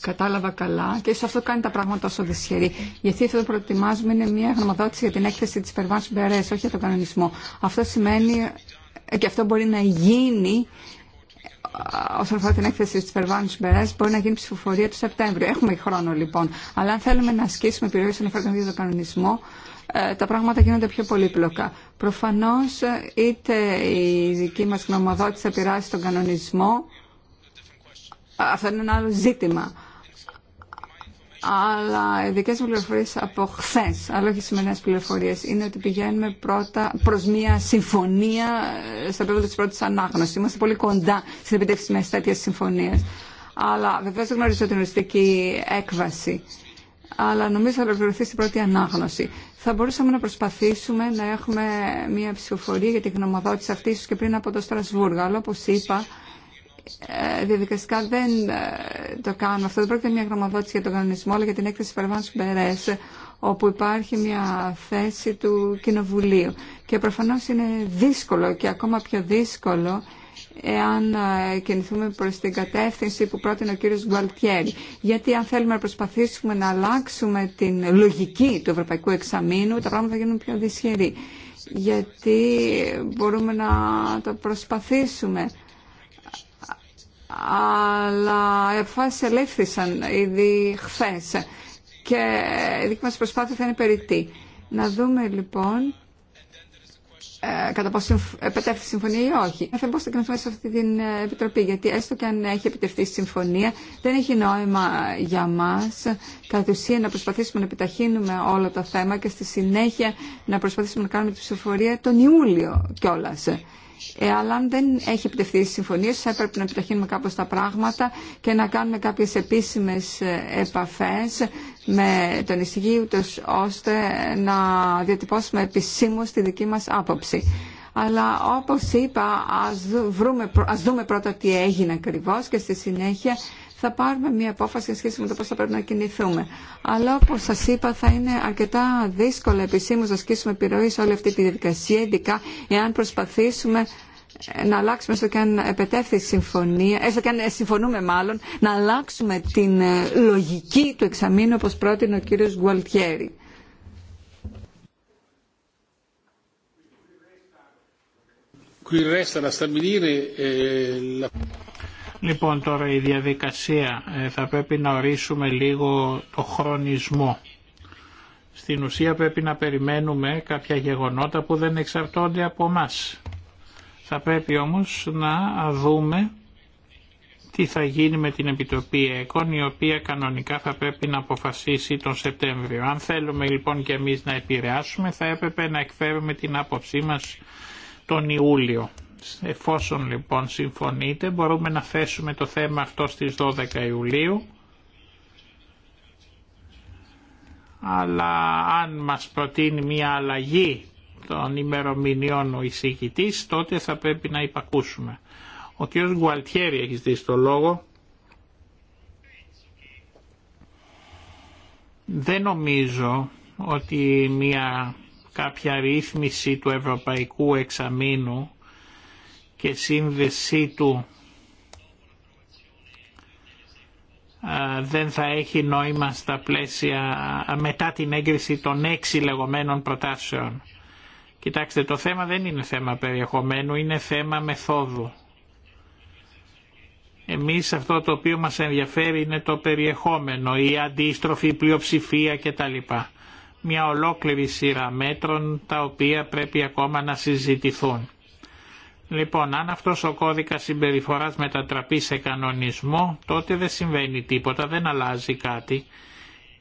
[SPEAKER 4] κατάλαβα καλά, και σε αυτό κάνει τα πράγματα τόσο δυσχερή, γιατί αυτό που προετοιμάζουμε είναι μια γνωμοδότηση για την έκθεση της Περβάνς Μπερές, όχι για τον κανονισμό. Αυτό σημαίνει, ε, και αυτό μπορεί να γίνει ε, όσον αφορά την έκθεση τη Περβάνη Μπερέ, μπορεί να γίνει ψηφοφορία του Σεπτέμβριου. Έχουμε χρόνο λοιπόν. Αλλά αν θέλουμε να ασκήσουμε επιρροή στον εφαρμογή τον κανονισμό, ε, τα πράγματα γίνονται πιο πολύπλοκα. Προφανώς είτε η δική μας γνωμοδότηση θα πειράσει τον κανονισμό, αυτό είναι ένα άλλο ζήτημα. Αλλά οι δικέ μου πληροφορίε από χθε, αλλά όχι σημερινέ πληροφορίε, είναι ότι πηγαίνουμε πρώτα προ μια συμφωνία ε, στο επίπεδο τη πρώτη ανάγνωση. Είμαστε πολύ κοντά στην επιτεύξη μια τέτοια συμφωνία. Αλλά βεβαίω δεν γνωρίζω την οριστική έκβαση αλλά νομίζω θα ολοκληρωθεί στην πρώτη ανάγνωση. Θα μπορούσαμε να προσπαθήσουμε να έχουμε μια ψηφοφορία για την γνωμοδότηση αυτή, και πριν από το Στρασβούργο. Αλλά όπω είπα, ε, διαδικαστικά δεν ε, το κάνουμε αυτό. Δεν πρόκειται μια γνωμοδότηση για τον κανονισμό, αλλά για την έκθεση Περβάνου Μπερέ, όπου υπάρχει μια θέση του Κοινοβουλίου. Και προφανώ είναι δύσκολο και ακόμα πιο δύσκολο εάν ε, κινηθούμε προς την κατεύθυνση που πρότεινε ο κύριος Γκουαλτιέρη. Γιατί αν θέλουμε να προσπαθήσουμε να αλλάξουμε την λογική του Ευρωπαϊκού Εξαμήνου, τα πράγματα θα γίνουν πιο δυσχερή. Γιατί μπορούμε να το προσπαθήσουμε. Αλλά οι αποφάσεις ελήφθησαν ήδη χθες και η δική μας προσπάθεια θα είναι περιττή. Να δούμε λοιπόν ε, κατά πόσο επετεύχθη συμφωνία ή όχι. Θα και να κρυφθούμε σε αυτή την ε, επιτροπή, γιατί έστω και αν έχει επιτευχθεί η συμφωνία, δεν έχει νόημα για μα κατά τη ουσία να προσπαθήσουμε να επιταχύνουμε όλο το θέμα και στη συνέχεια να προσπαθήσουμε να κάνουμε τη ψηφοφορία τον Ιούλιο κιόλα. Ε, αλλά αν δεν έχει επιτευχθεί η συμφωνία, θα έπρεπε να επιταχύνουμε κάπως τα πράγματα και να κάνουμε κάποιες επίσημες ε, επαφές με τον εισηγή, ώστε να διατυπώσουμε επισήμως τη δική μας άποψη. Αλλά όπως είπα, ας, ας δούμε πρώτα τι έγινε ακριβώς και στη συνέχεια θα πάρουμε μια απόφαση σχετικά με το πώς θα πρέπει να κινηθούμε. Αλλά όπως σας είπα θα είναι αρκετά δύσκολο επισήμως να ασκήσουμε επιρροή σε όλη αυτή τη διαδικασία, ειδικά εάν προσπαθήσουμε να αλλάξουμε έστω και αν η συμφωνία, έστω και αν ε, συμφωνούμε μάλλον, να αλλάξουμε την ε, λογική του εξαμήνου όπως πρότεινε ο κύριος Γκουαλτιέρη.
[SPEAKER 2] Λοιπόν τώρα η διαδικασία ε, θα πρέπει να ορίσουμε λίγο το χρονισμό. Στην ουσία πρέπει να περιμένουμε κάποια γεγονότα που δεν εξαρτώνται από μας. Θα πρέπει όμως να δούμε τι θα γίνει με την Επιτροπή ΕΚΟΝ η οποία κανονικά θα πρέπει να αποφασίσει τον Σεπτέμβριο. Αν θέλουμε λοιπόν και εμείς να επηρεάσουμε θα έπρεπε να εκφέρουμε την άποψή μας τον Ιούλιο. Εφόσον λοιπόν συμφωνείτε μπορούμε να θέσουμε το θέμα αυτό στις 12 Ιουλίου αλλά αν μας προτείνει μια αλλαγή των ημερομηνιών ο εισηγητής τότε θα πρέπει να υπακούσουμε. Ο κ. Γουαλτιέρη έχει δει το λόγο. Δεν νομίζω ότι μια κάποια ρύθμιση του ευρωπαϊκού εξαμήνου και σύνδεσή του δεν θα έχει νόημα στα πλαίσια μετά την έγκριση των έξι λεγόμενων προτάσεων. Κοιτάξτε, το θέμα δεν είναι θέμα περιεχομένου, είναι θέμα μεθόδου. Εμείς αυτό το οποίο μας ενδιαφέρει είναι το περιεχόμενο, η αντίστροφη πλειοψηφία κτλ. Μια ολόκληρη σειρά μέτρων τα οποία πρέπει ακόμα να συζητηθούν. Λοιπόν, αν αυτός ο κώδικας συμπεριφοράς μετατραπεί σε κανονισμό, τότε δεν συμβαίνει τίποτα, δεν αλλάζει κάτι.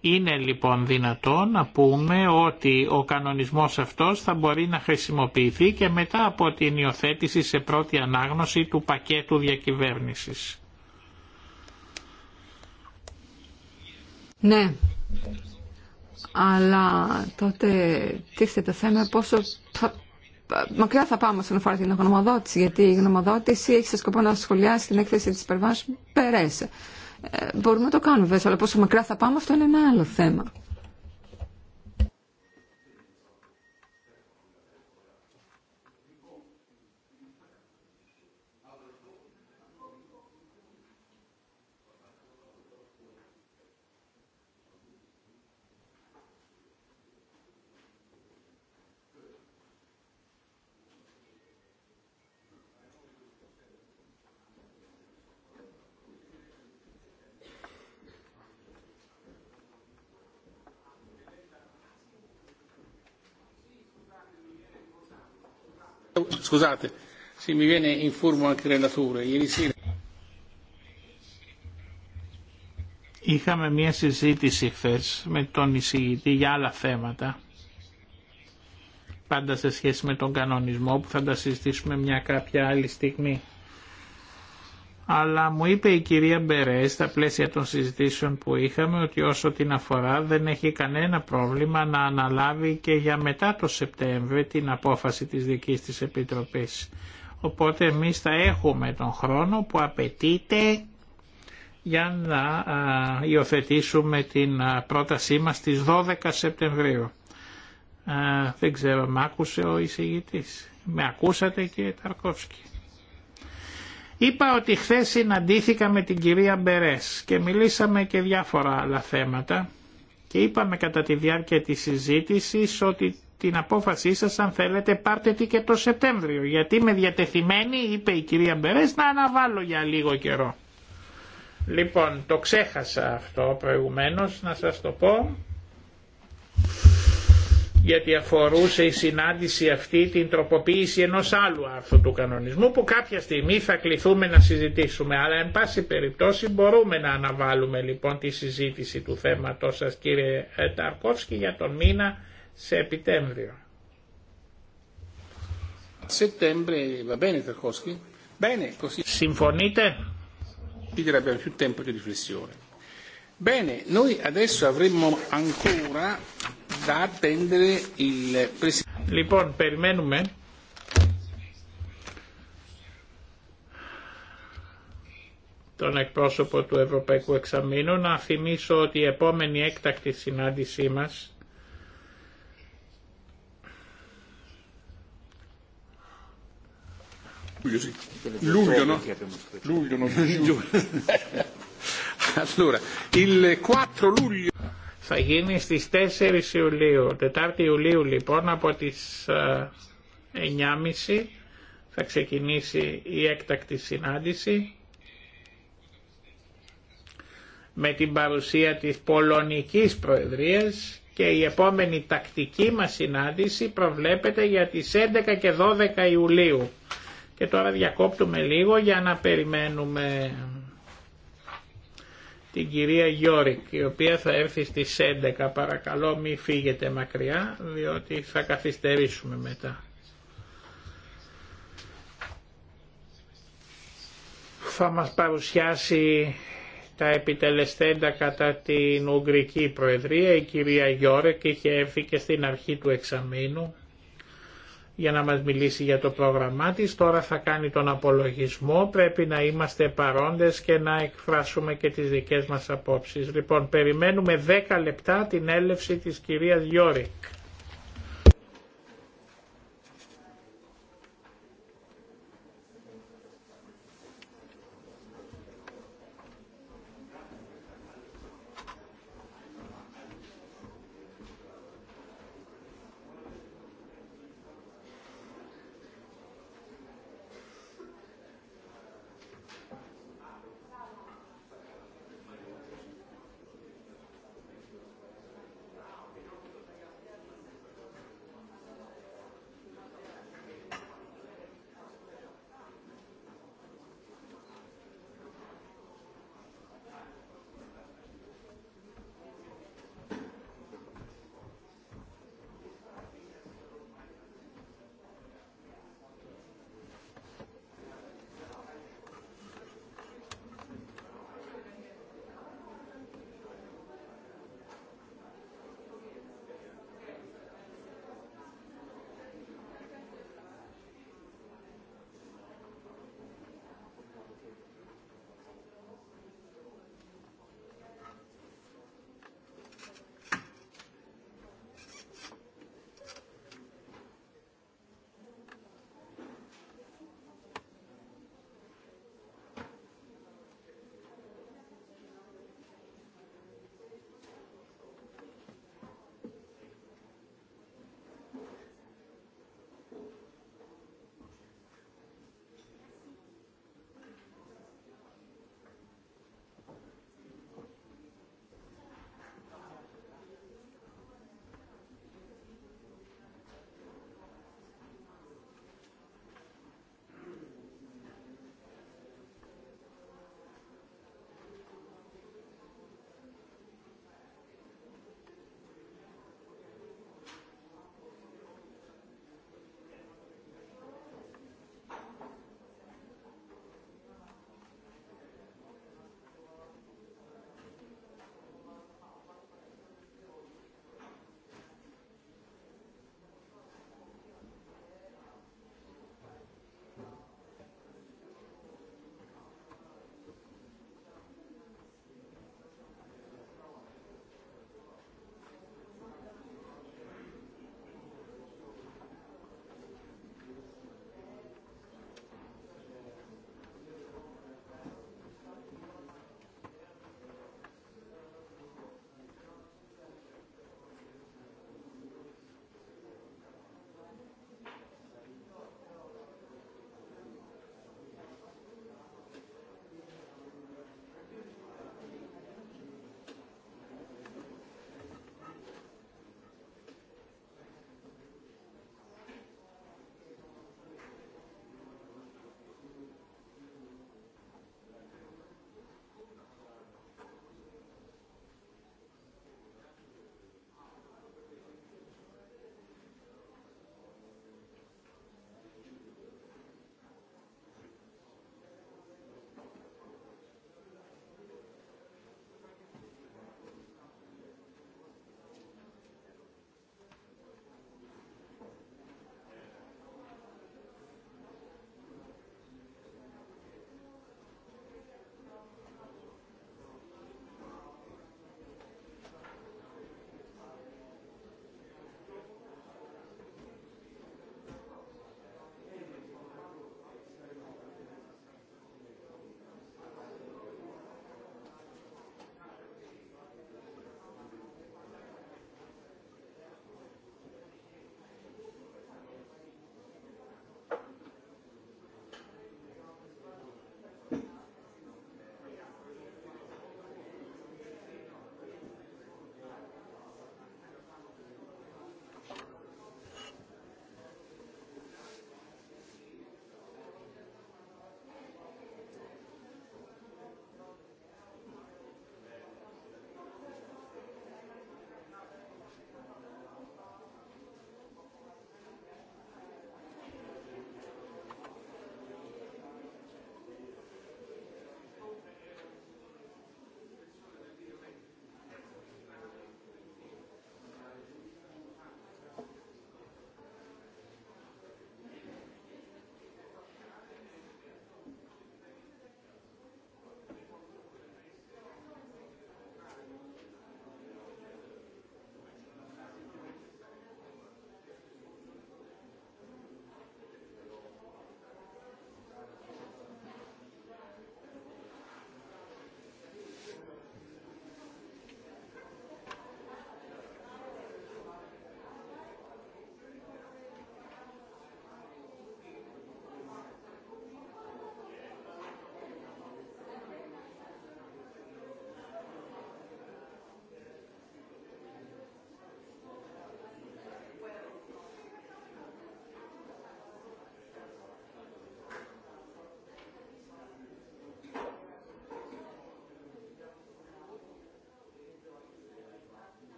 [SPEAKER 2] Είναι λοιπόν δυνατό να πούμε ότι ο κανονισμός αυτός θα μπορεί να χρησιμοποιηθεί και μετά από την υιοθέτηση σε πρώτη ανάγνωση του πακέτου διακυβέρνησης.
[SPEAKER 4] Ναι, αλλά τότε τίθεται το θέμα πόσο μακριά θα πάμε όσον αφορά την γνωμοδότηση, γιατί η γνωμοδότηση έχει σε σκοπό να σχολιάσει την έκθεση της υπερβάσεω. Περέσε. μπορούμε να το κάνουμε βέβαια, αλλά πόσο μακριά θα πάμε αυτό είναι ένα άλλο θέμα.
[SPEAKER 2] Είχαμε μία συζήτηση χθε με τον εισηγητή για άλλα θέματα, πάντα σε σχέση με τον κανονισμό που θα τα συζητήσουμε μια κάποια άλλη στιγμή αλλά μου είπε η κυρία Μπερέ στα πλαίσια των συζητήσεων που είχαμε ότι όσο την αφορά δεν έχει κανένα πρόβλημα να αναλάβει και για μετά το Σεπτέμβριο την απόφαση της δικής της Επιτροπής. Οπότε εμείς θα έχουμε τον χρόνο που απαιτείται για να υιοθετήσουμε την πρότασή μας στις 12 Σεπτεμβρίου. Δεν ξέρω, μ' άκουσε ο εισηγητής. Με ακούσατε κύριε Ταρκόφσκι. Είπα ότι χθε συναντήθηκα με την κυρία Μπερές και μιλήσαμε και διάφορα άλλα θέματα και είπαμε κατά τη διάρκεια της συζήτησης ότι την απόφασή σας αν θέλετε πάρτε τη και το Σεπτέμβριο γιατί με διατεθειμένη είπε η κυρία Μπερές να αναβάλω για λίγο καιρό. Λοιπόν το ξέχασα αυτό προηγουμένως να σας το πω γιατί αφορούσε η συνάντηση αυτή την τροποποίηση ενός άλλου άρθρου του κανονισμού που κάποια στιγμή θα κληθούμε να συζητήσουμε. Αλλά εν πάση περιπτώσει μπορούμε να αναβάλουμε λοιπόν τη συζήτηση του θέματος σας κύριε Ταρκόφσκι για τον μήνα σε επιτέμβριο.
[SPEAKER 1] Συμφωνείτε? Bene, noi adesso avremmo ancora Λοιπόν, περιμένουμε.
[SPEAKER 2] τον εκπρόσωπο του Ευρωπαϊκού Εξαμήνου να θυμίσω ότι η επόμενη έκτακτη συνάντησή μας Λούλιο, θα γίνει στις 4 Ιουλίου, Τετάρτη Ιουλίου λοιπόν από τις 9.30 ε, θα ξεκινήσει η έκτακτη συνάντηση με την παρουσία της Πολωνικής Προεδρίας και η επόμενη τακτική μας συνάντηση προβλέπεται για τις 11 και 12 Ιουλίου. Και τώρα διακόπτουμε λίγο για να περιμένουμε την κυρία Γιώρικ, η οποία θα έρθει στις 11. Παρακαλώ μη φύγετε μακριά, διότι θα καθυστερήσουμε μετά. Θα μας παρουσιάσει τα επιτελεστέντα κατά την Ουγγρική Προεδρία. Η κυρία Γιώρεκ είχε έρθει και στην αρχή του εξαμήνου για να μας μιλήσει για το πρόγραμμά της. Τώρα θα κάνει τον απολογισμό, πρέπει να είμαστε παρόντες και να εκφράσουμε και τις δικές μας απόψεις. Λοιπόν, περιμένουμε 10 λεπτά την έλευση της κυρίας Γιώρικ.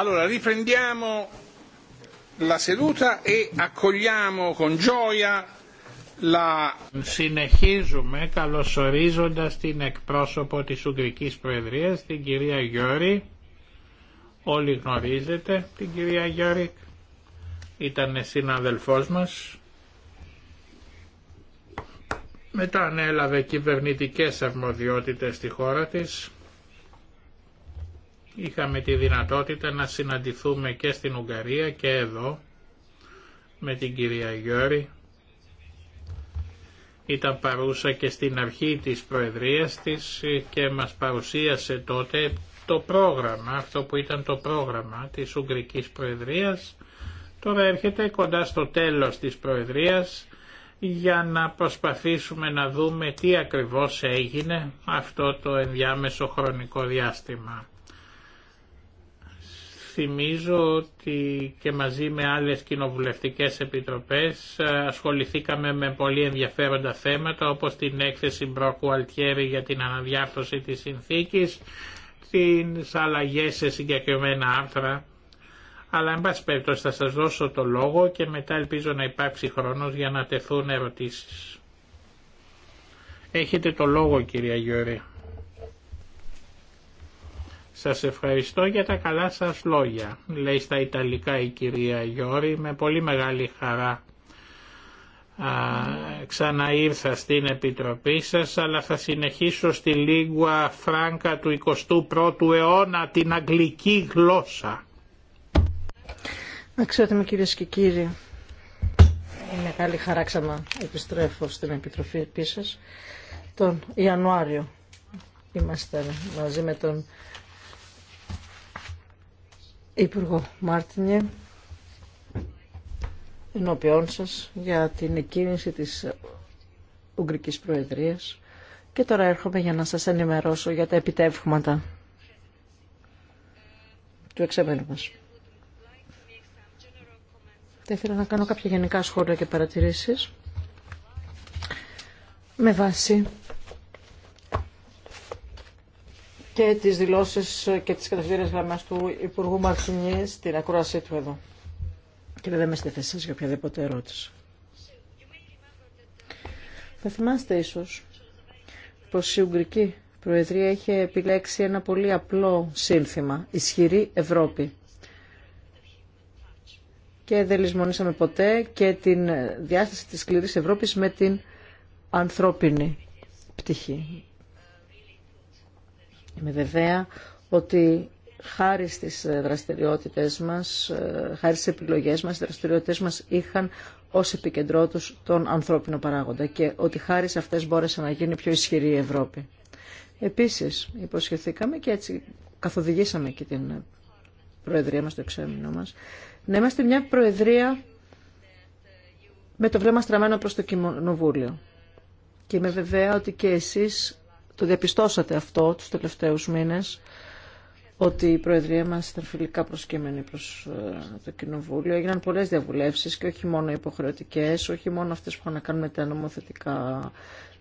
[SPEAKER 1] Allora riprendiamo la seduta e accogliamo con gioia la...
[SPEAKER 2] Συνεχίζουμε καλωσορίζοντας την εκπρόσωπο της Ουγγρικής Προεδρίας, την κυρία Γιώρη. Όλοι γνωρίζετε την κυρία Γιώρη. Ήταν συναδελφός μας. Μετά ανέλαβε κυβερνητικές αρμοδιότητες στη χώρα της Είχαμε τη δυνατότητα να συναντηθούμε και στην Ουγγαρία και εδώ με την κυρία Γιώρη. Ήταν παρούσα και στην αρχή της Προεδρίας της και μας παρουσίασε τότε το πρόγραμμα, αυτό που ήταν το πρόγραμμα της Ουγγρικής Προεδρίας. Τώρα έρχεται κοντά στο τέλος της Προεδρίας για να προσπαθήσουμε να δούμε τι ακριβώς έγινε αυτό το ενδιάμεσο χρονικό διάστημα θυμίζω ότι και μαζί με άλλες κοινοβουλευτικές επιτροπές ε, ασχοληθήκαμε με πολύ ενδιαφέροντα θέματα όπως την έκθεση Μπρόκου Αλτιέρη για την αναδιάρθρωση της συνθήκης, την αλλαγές σε συγκεκριμένα άρθρα. Αλλά εν πάση περιπτώσει θα σας δώσω το λόγο και μετά ελπίζω να υπάρξει χρόνος για να τεθούν ερωτήσεις. Έχετε το λόγο κυρία Γιώργη. Σας ευχαριστώ για τα καλά σας λόγια, λέει στα Ιταλικά η κυρία Γιώρη. Με πολύ μεγάλη χαρά α, ξαναήρθα στην Επιτροπή σας, αλλά θα συνεχίσω στη λίγουα φράγκα του 21ου αιώνα, την αγγλική γλώσσα.
[SPEAKER 3] με κυρίε και κύριοι, με μεγάλη χαρά ξανά επιστρέφω στην Επιτροπή επίσης. Τον Ιανουάριο είμαστε μαζί με τον Υπουργό Μάρτινε ενώπιόν σας για την εκκίνηση της Ουγγρικής Προεδρίας και τώρα έρχομαι για να σας ενημερώσω για τα επιτεύγματα του εξαμένου μας. Θα ήθελα να κάνω κάποια γενικά σχόλια και παρατηρήσεις με βάση και τις δηλώσεις και τις κατευθύνες γραμμές του Υπουργού Μαρτσινή στην ακρόασή του εδώ. Και βέβαια είμαστε θέση σας για οποιαδήποτε ερώτηση. Θα θυμάστε ίσως πως η Ουγγρική Προεδρία είχε επιλέξει ένα πολύ απλό σύνθημα, ισχυρή Ευρώπη. Και δεν λησμονήσαμε ποτέ και την διάσταση της σκληρής Ευρώπης με την ανθρώπινη πτυχή. Είμαι βεβαία ότι χάρη στις δραστηριότητες μας, ε, χάρη στις επιλογές μας, οι δραστηριότητες μας είχαν ως επικεντρό τον ανθρώπινο παράγοντα και ότι χάρη σε αυτές μπόρεσε να γίνει πιο ισχυρή η Ευρώπη. Επίσης, υποσχεθήκαμε και έτσι καθοδηγήσαμε και την Προεδρία μας, το εξέμεινο μας, να είμαστε μια Προεδρία με το βλέμμα στραμμένο προς το Κοινοβούλιο. Και είμαι βεβαία ότι και εσείς το διαπιστώσατε αυτό τους τελευταίους μήνες ότι η Προεδρία μας ήταν φιλικά προσκύμενη προς ε, το Κοινοβούλιο. Έγιναν πολλές διαβουλεύσεις και όχι μόνο υποχρεωτικές, όχι μόνο αυτές που είχαν να κάνουν με τα νομοθετικά,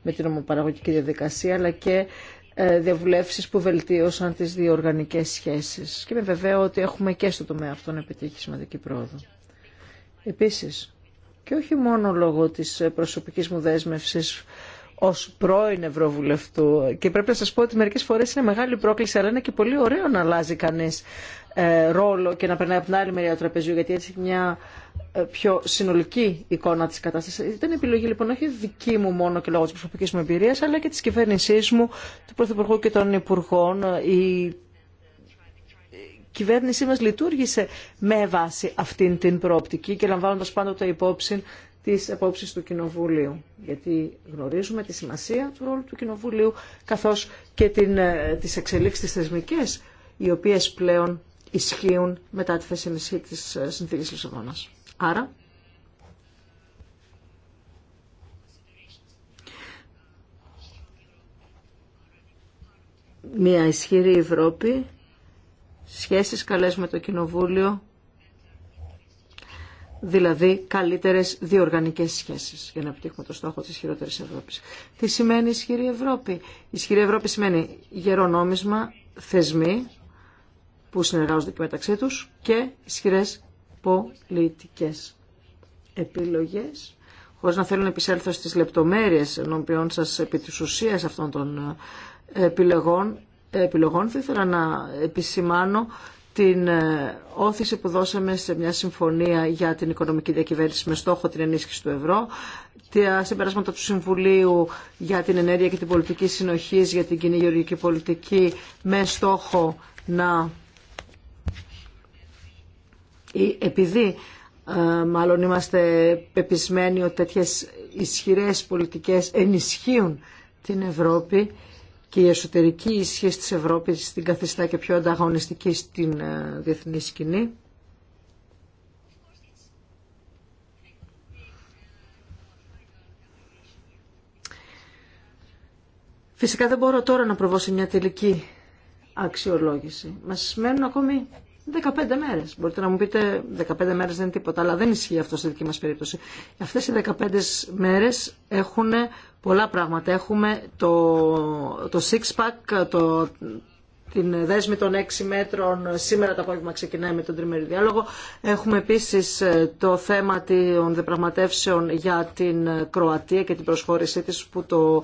[SPEAKER 3] με την νομοπαραγωγική διαδικασία, αλλά και ε, διαβουλεύσεις που βελτίωσαν τις διοργανικές σχέσεις. Και είμαι βεβαίω ότι έχουμε και στο τομέα αυτό να επιτύχει σημαντική πρόοδο. Επίσης, και όχι μόνο λόγω της προσωπικής μου δέσμευσης ως πρώην Ευρωβουλευτού και πρέπει να σας πω ότι μερικές φορές είναι μεγάλη πρόκληση αλλά είναι και πολύ ωραίο να αλλάζει κανείς ε, ρόλο και να περνάει από την άλλη μεριά του τραπεζιού γιατί έτσι έχει μια ε, πιο συνολική εικόνα της κατάστασης. Ήταν επιλογή λοιπόν όχι δική μου μόνο και λόγω της προσωπική μου εμπειρία, αλλά και της κυβέρνησή μου, του Πρωθυπουργού και των Υπουργών. Η κυβέρνησή μας λειτουργήσε με βάση αυτήν την προοπτική και λαμβάνοντας πάντοτε υπόψη της απόψεις του Κοινοβουλίου. Γιατί γνωρίζουμε τη σημασία του ρόλου του Κοινοβουλίου καθώς και την, ε, τις εξελίξεις θεσμικές οι οποίες πλέον ισχύουν μετά τη θέση ενισχύ της ε, Συνθήκης Λισαβόνας. Άρα, μια ισχυρή Ευρώπη, σχέσεις καλές με το Κοινοβούλιο, δηλαδή καλύτερες διοργανικές σχέσεις για να επιτύχουμε το στόχο της χειρότερης Ευρώπης. Τι σημαίνει ισχυρή Ευρώπη. Η ισχυρή Ευρώπη σημαίνει γερονόμισμα, θεσμοί που συνεργάζονται και μεταξύ του και ισχυρε πολιτικές επιλογές χωρί να θέλω να επισέλθω στις λεπτομέρειες ενώπιον σας επί τη ουσία αυτών των επιλογών, επιλογών θα ήθελα να επισημάνω την ε, όθηση που δώσαμε σε μια συμφωνία για την οικονομική διακυβέρνηση με στόχο την ενίσχυση του ευρώ, τα συμπεράσματα του Συμβουλίου για την ενέργεια και την πολιτική συνοχή για την κοινή γεωργική πολιτική με στόχο να. Επειδή ε, μάλλον είμαστε πεπισμένοι ότι τέτοιες ισχυρές πολιτικές ενισχύουν την Ευρώπη, και η εσωτερική σχέση της Ευρώπης την καθιστά και πιο ανταγωνιστική στην ε, διεθνή σκηνή. Φυσικά δεν μπορώ τώρα να προβώ σε μια τελική αξιολόγηση. Μας μένουν ακόμη 15 μέρες. Μπορείτε να μου πείτε 15 μέρες δεν είναι τίποτα, αλλά δεν ισχύει αυτό στη δική μας περίπτωση. Αυτές οι 15 μέρες έχουν πολλά πράγματα. Έχουμε το, το six pack, το, την δέσμη των έξι μέτρων. Σήμερα το απόγευμα ξεκινάει με τον τριμερή διάλογο. Έχουμε επίσης ε, το θέμα των διαπραγματεύσεων για την Κροατία και την προσχώρησή της που το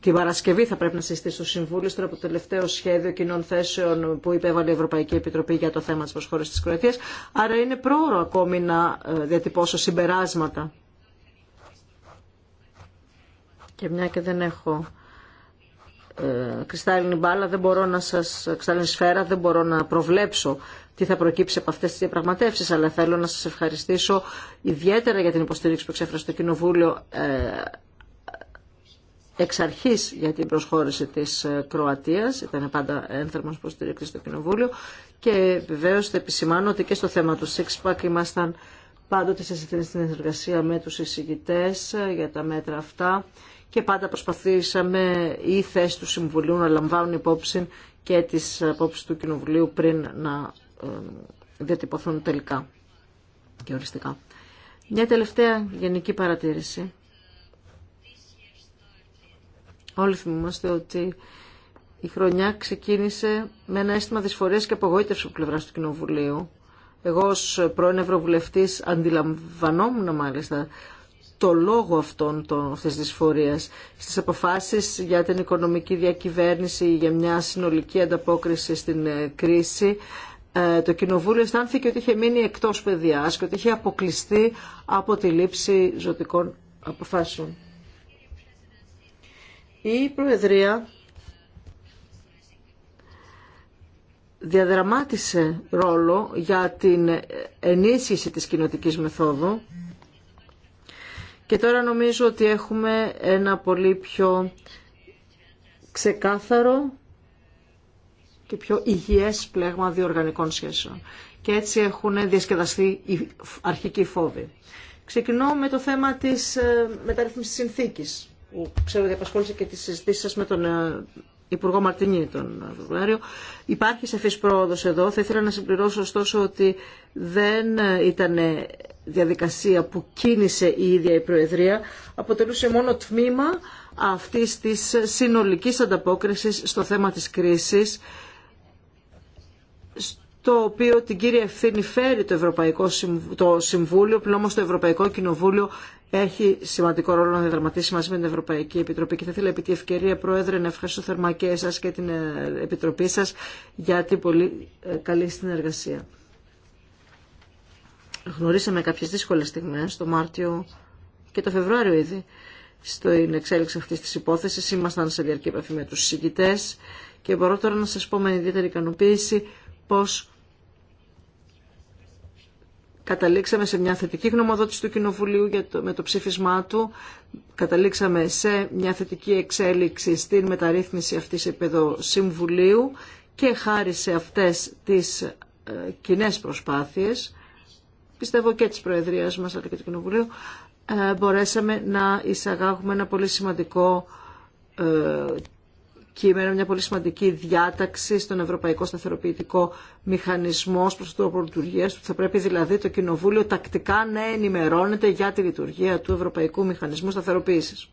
[SPEAKER 3] την Παρασκευή θα πρέπει να συστήσει στο Συμβούλιο στο τελευταίο σχέδιο κοινών θέσεων που υπέβαλε η Ευρωπαϊκή Επιτροπή για το θέμα της προσχώρησης της Κροατίας. Άρα είναι πρόωρο ακόμη να ε, διατυπώσω συμπεράσματα και μια και δεν έχω ε, κρυστάλλινη μπάλα, δεν μπορώ να κρυστάλλινη σφαίρα, δεν μπορώ να προβλέψω τι θα προκύψει από αυτέ τι διαπραγματεύσει, αλλά θέλω να σα ευχαριστήσω ιδιαίτερα για την υποστήριξη που εξέφρασε το Κοινοβούλιο ε, εξ αρχή για την προσχώρηση της ε, Κροατία. ήταν πάντα ένθερμο υποστήριξη στο Κοινοβούλιο και βεβαίω θα επισημάνω ότι και στο θέμα του ΣΥΚΣΠΑΚ ήμασταν πάντοτε σε συνεργασία με τους εισηγητές ε, για τα μέτρα αυτά και πάντα προσπαθήσαμε οι θέσει του Συμβουλίου να λαμβάνουν υπόψη και τις απόψεις του Κοινοβουλίου πριν να ε, διατυπωθούν τελικά και οριστικά. Μια τελευταία γενική παρατήρηση. Όλοι θυμόμαστε ότι η χρονιά ξεκίνησε με ένα αίσθημα δυσφορίας και απογοήτευση από πλευρά του Κοινοβουλίου. Εγώ ως πρώην Ευρωβουλευτής αντιλαμβανόμουν μάλιστα το λόγο αυτών των, αυτής της στις αποφάσεις για την οικονομική διακυβέρνηση για μια συνολική ανταπόκριση στην ε, κρίση ε, το Κοινοβούλιο αισθάνθηκε ότι είχε μείνει εκτός παιδιάς και ότι είχε αποκλειστεί από τη λήψη ζωτικών αποφάσεων. Η Προεδρία διαδραμάτισε ρόλο για την ενίσχυση της κοινοτικής μεθόδου και τώρα νομίζω ότι έχουμε ένα πολύ πιο ξεκάθαρο και πιο υγιές πλέγμα διοργανικών σχέσεων. Και έτσι έχουν διασκεδαστεί οι αρχικοί φόβοι. Ξεκινώ με το θέμα της ε, μεταρρύθμισης συνθήκης, που ξέρω ότι απασχόλησε και τις συζητήσεις με τον ε, Υπουργό Μαρτινή τον Φεβρουάριο. Υπάρχει σαφή πρόοδο εδώ. Θα ήθελα να συμπληρώσω ωστόσο ότι δεν ήταν διαδικασία που κίνησε η ίδια η Προεδρία. Αποτελούσε μόνο τμήμα αυτή τη συνολική ανταπόκριση στο θέμα της κρίσης το οποίο την κύρια ευθύνη φέρει το, Ευρωπαϊκό, το Συμβούλιο, πλέον το Ευρωπαϊκό Κοινοβούλιο έχει σημαντικό ρόλο να διαδραματίσει μαζί με την Ευρωπαϊκή Επιτροπή. Και θα ήθελα επί τη ευκαιρία, Πρόεδρε, να ευχαριστώ θερμά και και την ε, Επιτροπή σα για την πολύ ε, καλή συνεργασία. Γνωρίσαμε κάποιε δύσκολε στιγμέ το Μάρτιο και το Φεβρουάριο ήδη στην εξέλιξη αυτή τη υπόθεση. Ήμασταν σε διαρκή επαφή με του συγκητέ και μπορώ τώρα να σα πω με ιδιαίτερη ικανοποίηση πως Καταλήξαμε σε μια θετική γνωμοδότηση του Κοινοβουλίου για το, με το ψήφισμά του. Καταλήξαμε σε μια θετική εξέλιξη στην μεταρρύθμιση αυτής επίπεδο Συμβουλίου και χάρη σε αυτές τις ε, κοινέ προσπάθειες, πιστεύω και της Προεδρίας μας αλλά και του Κοινοβουλίου, ε, μπορέσαμε να εισαγάγουμε ένα πολύ σημαντικό ε, κείμενο, μια πολύ σημαντική διάταξη στον Ευρωπαϊκό Σταθεροποιητικό Μηχανισμό προ το τρόπο λειτουργία του. Θα πρέπει δηλαδή το Κοινοβούλιο τακτικά να ενημερώνεται για τη λειτουργία του Ευρωπαϊκού Μηχανισμού Σταθεροποίηση.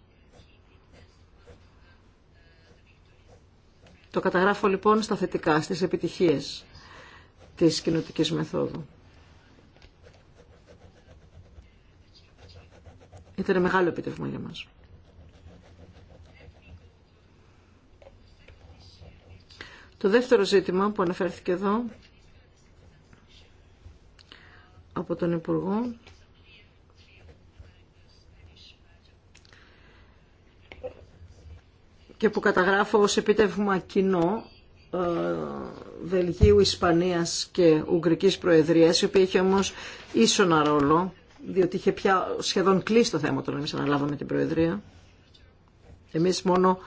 [SPEAKER 3] Το καταγράφω λοιπόν στα θετικά, στις επιτυχίες της κοινοτική μεθόδου. Ήταν μεγάλο επίτευγμα για μας. Το δεύτερο ζήτημα που αναφέρθηκε εδώ από τον Υπουργό και που καταγράφω ως επίτευγμα κοινό ε, Βελγίου, Ισπανίας και Ουγγρικής Προεδρίας, η οποία είχε όμως ίσονα ρόλο, διότι είχε πια σχεδόν κλείσει το θέμα όταν εμείς αναλάβαμε την Προεδρία. Εμείς μόνο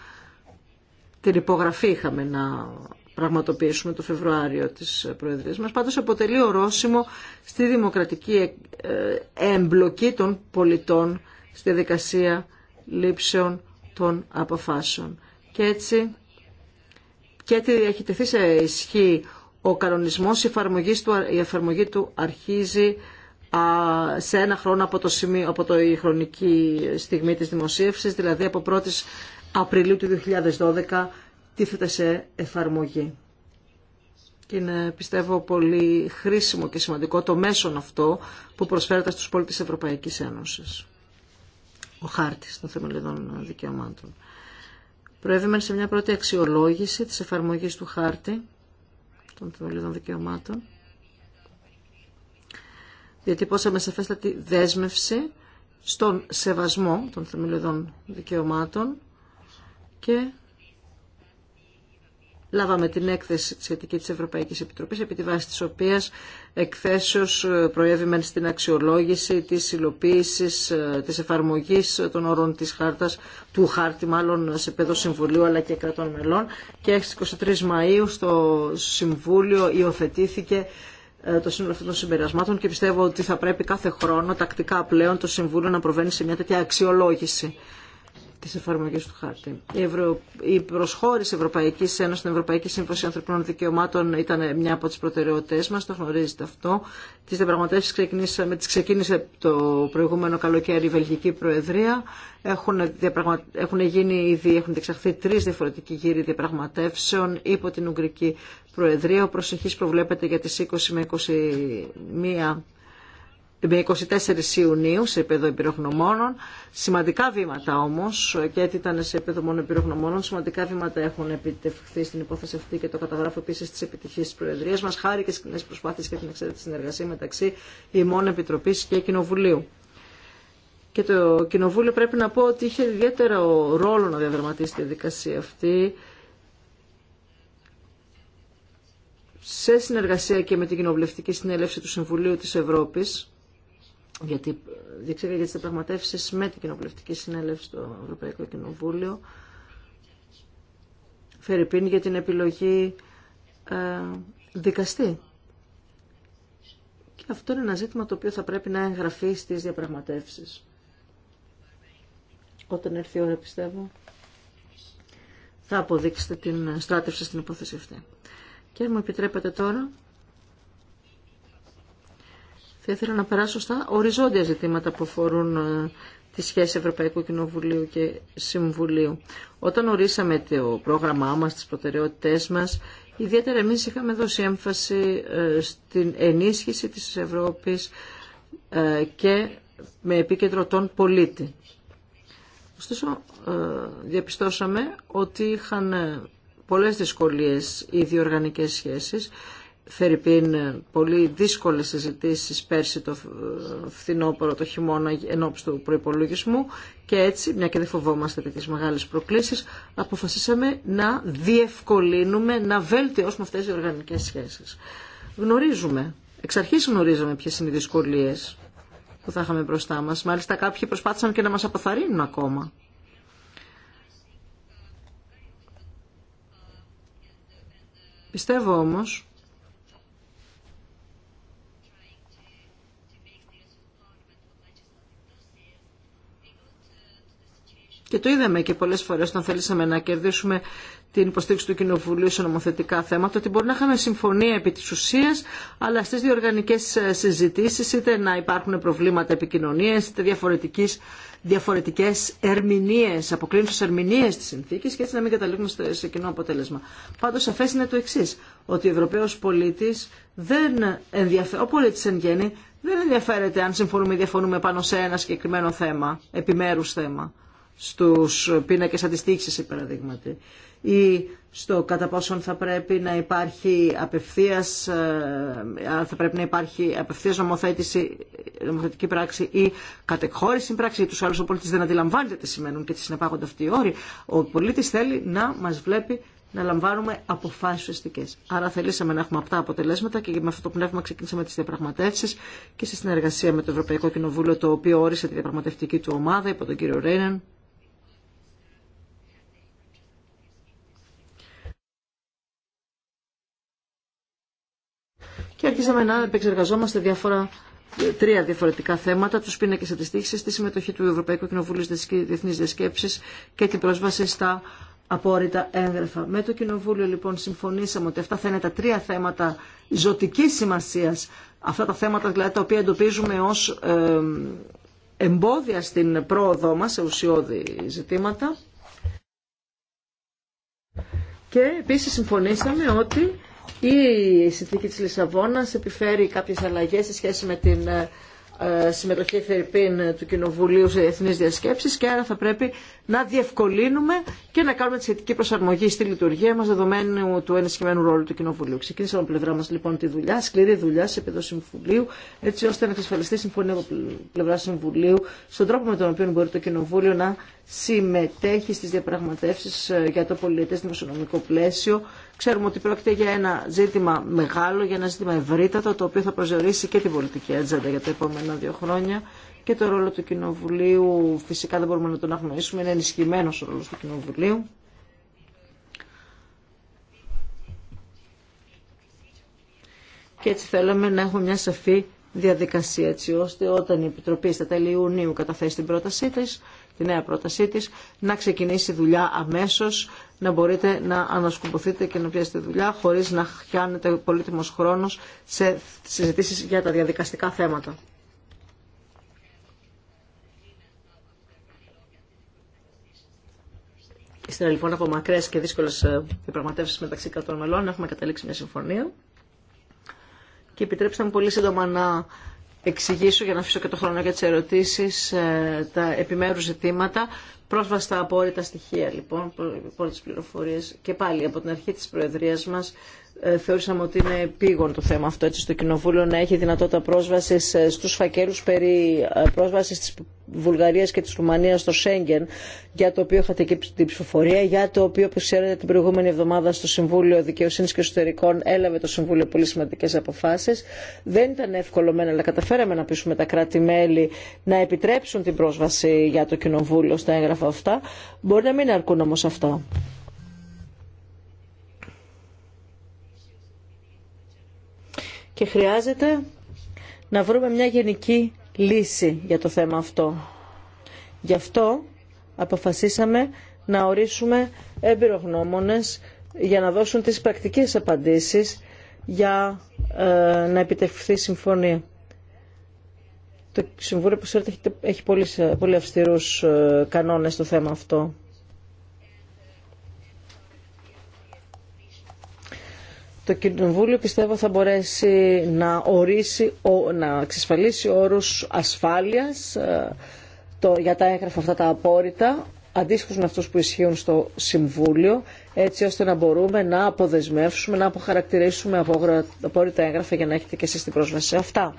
[SPEAKER 3] την υπογραφή είχαμε να πραγματοποιήσουμε το Φεβρουάριο της Προεδρίας μας. Πάντως αποτελεί ορόσημο στη δημοκρατική ε, εμπλοκή των πολιτών στη δικασία λήψεων των αποφάσεων. Και έτσι, και έτσι έχει τεθεί σε ισχύ ο κανονισμός, η εφαρμογή του, του αρχίζει σε ένα χρόνο από το, σημείο, από το η χρονική στιγμή της δημοσίευσης, δηλαδή από 1η Απριλίου του 2012 τίθεται σε εφαρμογή. Και είναι πιστεύω πολύ χρήσιμο και σημαντικό το μέσον αυτό που προσφέρεται στους πολίτες της Ευρωπαϊκής Ένωσης. Ο χάρτης των θεμελιδών δικαιωμάτων. Προέβημεν σε μια πρώτη αξιολόγηση της εφαρμογής του χάρτη των θεμελιδών δικαιωμάτων. Διατυπώσαμε σαφέστατη δέσμευση στον σεβασμό των θεμελιδών δικαιωμάτων και λάβαμε την έκθεση σχετική της Ευρωπαϊκής Επιτροπής, επί τη βάση της οποίας εκθέσεως ε, προέβημεν στην αξιολόγηση της υλοποίησης, ε, της εφαρμογής των όρων της χάρτας, του χάρτη μάλλον σε πεδίο Συμβουλίου αλλά και κρατών μελών και στις 23 Μαΐου στο Συμβούλιο υιοθετήθηκε ε, το σύνολο αυτών των συμπερασμάτων και πιστεύω ότι θα πρέπει κάθε χρόνο τακτικά πλέον το Συμβούλιο να προβαίνει σε μια τέτοια αξιολόγηση. Τη εφαρμογή του χάρτη. Η, Ευρω... η προσχώρηση Ευρωπαϊκή Ένωση, στην Ευρωπαϊκή Σύμφωση Ανθρωπίνων Δικαιωμάτων ήταν μια από τι προτεραιότητε μα, το γνωρίζετε αυτό. Τι διαπραγματεύσει ξεκίνησε τις ξεκίνησε το προηγούμενο καλοκαίρι η Βελγική Προεδρία. Έχουν, έχουν γίνει ήδη, έχουν διεξαχθεί τρει διαφορετικοί γύροι διαπραγματεύσεων υπό την Ουγγρική Προεδρία. Ο προσεχή προβλέπεται για τι 20 με 21 με 24 Ιουνίου σε επίπεδο εμπειρογνωμόνων. Σημαντικά βήματα όμω, και έτσι ήταν σε επίπεδο μόνο εμπειρογνωμόνων, σημαντικά βήματα έχουν επιτευχθεί στην υπόθεση αυτή και το καταγράφω επίση τη επιτυχία τη Προεδρία μα, χάρη και στι κοινέ προσπάθειε και την εξαίρετη συνεργασία μεταξύ ημών Επιτροπή και Κοινοβουλίου. Και το Κοινοβούλιο πρέπει να πω ότι είχε ιδιαίτερο ρόλο να διαδραματίσει τη διαδικασία αυτή. σε συνεργασία και με την Κοινοβουλευτική Συνέλευση του Συμβουλίου της Ευρώπης, γιατί διεξήγαγε τις διαπραγματεύσεις με την Κοινοβουλευτική Συνέλευση στο Ευρωπαϊκό Κοινοβούλιο Φερρυπίν για την επιλογή ε, δικαστή. Και αυτό είναι ένα ζήτημα το οποίο θα πρέπει να εγγραφεί στις διαπραγματεύσεις. Όταν έρθει η ώρα, πιστεύω, θα αποδείξετε την στράτευση στην υπόθεση αυτή. Και αν μου επιτρέπετε τώρα, θα ήθελα να περάσω στα οριζόντια ζητήματα που αφορούν ε, τη σχέση Ευρωπαϊκού Κοινοβουλίου και Συμβουλίου. Όταν ορίσαμε το πρόγραμμά μας, τις προτεραιότητές μας, ιδιαίτερα εμείς είχαμε δώσει έμφαση ε, στην ενίσχυση της Ευρώπης ε, και με επίκεντρο τον πολίτη. Ωστόσο, διαπιστώσαμε ότι είχαν πολλές δυσκολίες οι διοργανικές σχέσεις Φερρυπίν πολύ δύσκολες συζητήσει πέρσι το φθινόπωρο το χειμώνα εν του προϋπολογισμού και έτσι, μια και δεν φοβόμαστε τέτοιες μεγάλες προκλήσεις, αποφασίσαμε να διευκολύνουμε, να βελτιώσουμε αυτές οι οργανικές σχέσεις. Γνωρίζουμε, εξ αρχής γνωρίζαμε ποιες είναι οι δυσκολίες που θα είχαμε μπροστά μας. Μάλιστα κάποιοι προσπάθησαν και να μας αποθαρρύνουν ακόμα. Πιστεύω όμως Και το είδαμε και πολλέ φορέ όταν θέλησαμε να κερδίσουμε την υποστήριξη του Κοινοβουλίου σε νομοθετικά θέματα, ότι μπορεί να είχαμε συμφωνία επί τη ουσία, αλλά στι διοργανικέ ε, συζητήσει, είτε να υπάρχουν προβλήματα επικοινωνία είτε διαφορετικές διαφορετικέ ερμηνείε, αποκλίνουσε ερμηνείε τη συνθήκη και έτσι να μην καταλήγουμε σε κοινό αποτέλεσμα. Πάντω, σαφέ είναι το εξή, ότι ο Ευρωπαίο ο πολίτη εν γέννη, δεν ενδιαφέρεται αν συμφωνούμε ή διαφωνούμε πάνω σε ένα συγκεκριμένο θέμα, επιμέρου θέμα στους πίνακες αντιστήξης, επί παραδείγματι, ή στο κατά πόσον θα πρέπει να υπάρχει απευθείας, ε, θα πρέπει να υπάρχει απευθείας νομοθέτηση, νομοθετική πράξη ή κατεχώρηση πράξη, του άλλους ο πολίτης δεν αντιλαμβάνεται τι σημαίνουν και τι συνεπάγονται αυτοί οι όροι. Ο πολίτης θέλει να μας βλέπει να λαμβάνουμε αποφάσει ουσιαστικέ. Άρα θελήσαμε να έχουμε αυτά αποτελέσματα και με αυτό το πνεύμα ξεκίνησαμε τι διαπραγματεύσει και σε συνεργασία με το Ευρωπαϊκό Κοινοβούλιο, το οποίο όρισε τη διαπραγματευτική του ομάδα υπό τον κύριο Ρέινεν και αρχίσαμε να επεξεργαζόμαστε διάφορα τρία διαφορετικά θέματα, του πίνακε αντιστοίχηση, τη συμμετοχή του Ευρωπαϊκού Κοινοβουλίου στι διεθνεί διασκέψει και την πρόσβαση στα απόρριτα έγγραφα. Με το Κοινοβούλιο λοιπόν συμφωνήσαμε ότι αυτά θα είναι τα τρία θέματα ζωτική σημασία. Αυτά τα θέματα δηλαδή τα οποία εντοπίζουμε ω εμπόδια στην πρόοδό μα σε ουσιώδη ζητήματα. Και επίσης συμφωνήσαμε ότι η συνθήκη της Λισαβόνας επιφέρει κάποιες αλλαγές σε σχέση με την ε, συμμετοχή Φερρυπίν του Κοινοβουλίου σε διεθνείς διασκέψεις και άρα θα πρέπει να διευκολύνουμε και να κάνουμε τη σχετική προσαρμογή στη λειτουργία μας δεδομένου του ενισχυμένου ρόλου του Κοινοβουλίου. Ξεκίνησα από πλευρά μας λοιπόν τη δουλειά, σκληρή δουλειά σε επίπεδο Συμβουλίου έτσι ώστε να εξασφαλιστεί συμφωνία από πλευρά Συμβουλίου στον τρόπο με τον οποίο μπορεί το Κοινοβούλιο να συμμετέχει στις διαπραγματεύσεις ε, για το πολιετές δημοσιονομικό πλαίσιο Ξέρουμε ότι πρόκειται για ένα ζήτημα μεγάλο, για ένα ζήτημα ευρύτατο, το οποίο θα προσδιορίσει και την πολιτική ατζέντα για τα επόμενα δύο χρόνια και το ρόλο του Κοινοβουλίου. Φυσικά δεν μπορούμε να τον αγνοήσουμε, είναι ενισχυμένο ο ρόλο του Κοινοβουλίου. Και έτσι θέλαμε να έχουμε μια σαφή διαδικασία έτσι ώστε όταν η Επιτροπή στα τέλη Ιουνίου καταθέσει την πρότασή της, τη νέα πρότασή της, να ξεκινήσει δουλειά αμέσως να μπορείτε να ανασκουμποθείτε και να πιάσετε δουλειά χωρίς να χιάνετε πολύτιμος χρόνος σε συζητήσεις για τα διαδικαστικά θέματα. Ύστερα λοιπόν από μακρές και δύσκολες ε, διαπραγματεύσεις μεταξύ κρατών μελών έχουμε καταλήξει μια συμφωνία και επιτρέψτε μου πολύ σύντομα να εξηγήσω για να αφήσω και το χρόνο για τις ερωτήσεις ε, τα επιμέρους ζητήματα Πρόσβαση στα απόρριτα στοιχεία λοιπόν, από τις πληροφορίες και πάλι από την αρχή της Προεδρίας μας ε, θεωρήσαμε ότι είναι πήγον το θέμα αυτό έτσι στο Κοινοβούλιο να έχει δυνατότητα πρόσβαση ε, στους φακέλους περί ε, πρόσβασης της Βουλγαρίας και της Ρουμανίας στο Σέγγεν για το οποίο είχατε και την ψηφοφορία, για το οποίο όπως ξέρετε την προηγούμενη εβδομάδα στο Συμβούλιο Δικαιοσύνης και Εσωτερικών έλαβε το Συμβούλιο πολύ σημαντικέ αποφάσεις. Δεν ήταν εύκολο μένα, αλλά καταφέραμε να πείσουμε τα κράτη-μέλη να επιτρέψουν την πρόσβαση για το Κοινοβούλιο στα έγγραφα αυτά. Μπορεί να μην αρκούν όμω αυτά. και χρειάζεται να βρούμε μια γενική λύση για το θέμα αυτό. Γι' αυτό αποφασίσαμε να ορίσουμε εμπειρογνώμονες για να δώσουν τις πρακτικές απαντήσεις για ε, να επιτευχθεί η συμφωνία. Το Συμβούλιο, που ξέρετε, έχει πολύ, πολύ αυστηρούς ε, κανόνες στο θέμα αυτό. το Κοινοβούλιο πιστεύω θα μπορέσει να, ορίσει, να εξασφαλίσει όρους ασφάλειας ε, το, για τα έγγραφα αυτά τα απόρριτα, αντίστοιχους με αυτούς που ισχύουν στο Συμβούλιο, έτσι ώστε να μπορούμε να αποδεσμεύσουμε, να αποχαρακτηρίσουμε απόρριτα έγγραφα για να έχετε και εσείς την πρόσβαση σε αυτά.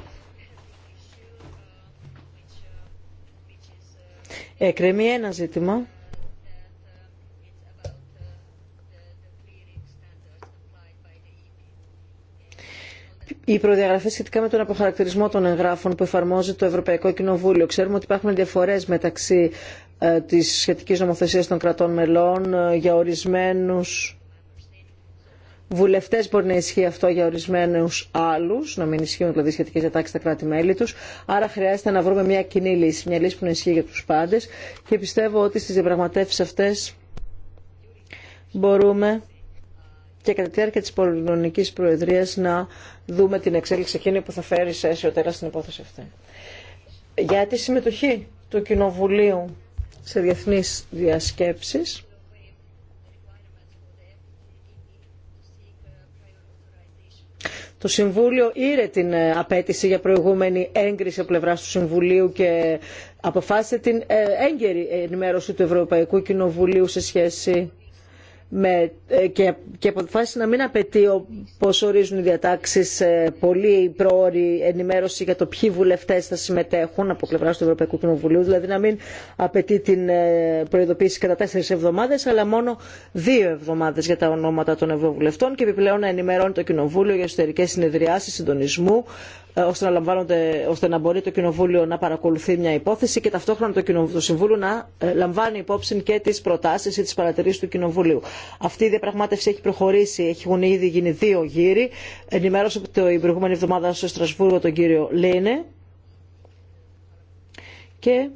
[SPEAKER 3] Εκκρεμεί ένα ζήτημα οι προδιαγραφέ σχετικά με τον αποχαρακτηρισμό των εγγράφων που εφαρμόζει το Ευρωπαϊκό Κοινοβούλιο. Ξέρουμε ότι υπάρχουν διαφορέ μεταξύ ε, τη σχετική νομοθεσία των κρατών μελών ε, για ορισμένου βουλευτέ μπορεί να ισχύει αυτό για ορισμένου άλλου, να μην ισχύουν δηλαδή σχετικέ διατάξει στα κράτη-μέλη του. Άρα χρειάζεται να βρούμε μια κοινή λύση, μια λύση που να ισχύει για του πάντε και πιστεύω ότι στι διαπραγματεύσει αυτέ μπορούμε και κατά τη διάρκεια τη Προεδρίας να δούμε την εξέλιξη εκείνη που θα φέρει σε αισιότερα στην υπόθεση αυτή. Για τη συμμετοχή του Κοινοβουλίου σε διεθνείς διασκέψεις, Το Συμβούλιο ήρε την ε, απέτηση για προηγούμενη έγκριση από πλευρά του Συμβουλίου και αποφάσισε την ε, έγκαιρη ενημέρωση του Ευρωπαϊκού Κοινοβουλίου σε σχέση με, ε, και, και αποφάσισε να μην απαιτεί όπω ορίζουν οι διατάξεις ε, πολύ προώρη ενημέρωση για το ποιοι βουλευτέ θα συμμετέχουν από πλευρά του Ευρωπαϊκού Κοινοβουλίου, δηλαδή να μην απαιτεί την ε, προειδοποίηση κατά τέσσερι εβδομάδες, αλλά μόνο δύο εβδομάδες για τα ονόματα των Ευρωβουλευτών και επιπλέον να ενημερώνει το Κοινοβούλιο για εσωτερικέ συνεδριάσεις συντονισμού, ε, ώστε να, μπορεί το Κοινοβούλιο να παρακολουθεί μια υπόθεση και ταυτόχρονα το, Συμβούλιο να ε, λαμβάνει υπόψη και τι προτάσει ή τι παρατηρήσει του Κοινοβουλίου. Αυτή η διαπραγμάτευση έχει προχωρήσει, έχουν ήδη γίνει δύο γύροι. Ενημέρωσα την προηγούμενη εβδομάδα στο Στρασβούργο τον κύριο Λίνε και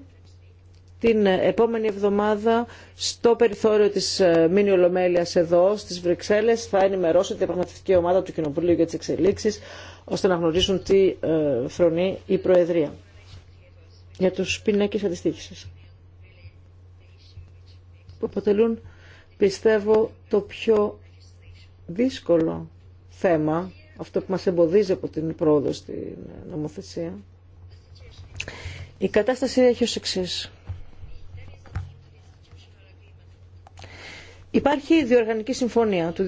[SPEAKER 3] την ε, επόμενη εβδομάδα στο περιθώριο της Μήνυ Ολομέλειας εδώ στις Βρυξέλλες θα ενημερώσω τη διαπραγματευτική ομάδα του Κοινοβουλίου για τις εξελίξεις ώστε να γνωρίζουν τι ε, φρονεί η Προεδρία για τους πινέκες αντιστοίχησης που αποτελούν πιστεύω το πιο δύσκολο θέμα αυτό που μας εμποδίζει από την πρόοδο στην νομοθεσία η κατάσταση έχει ως εξής Υπάρχει η διοργανική συμφωνία του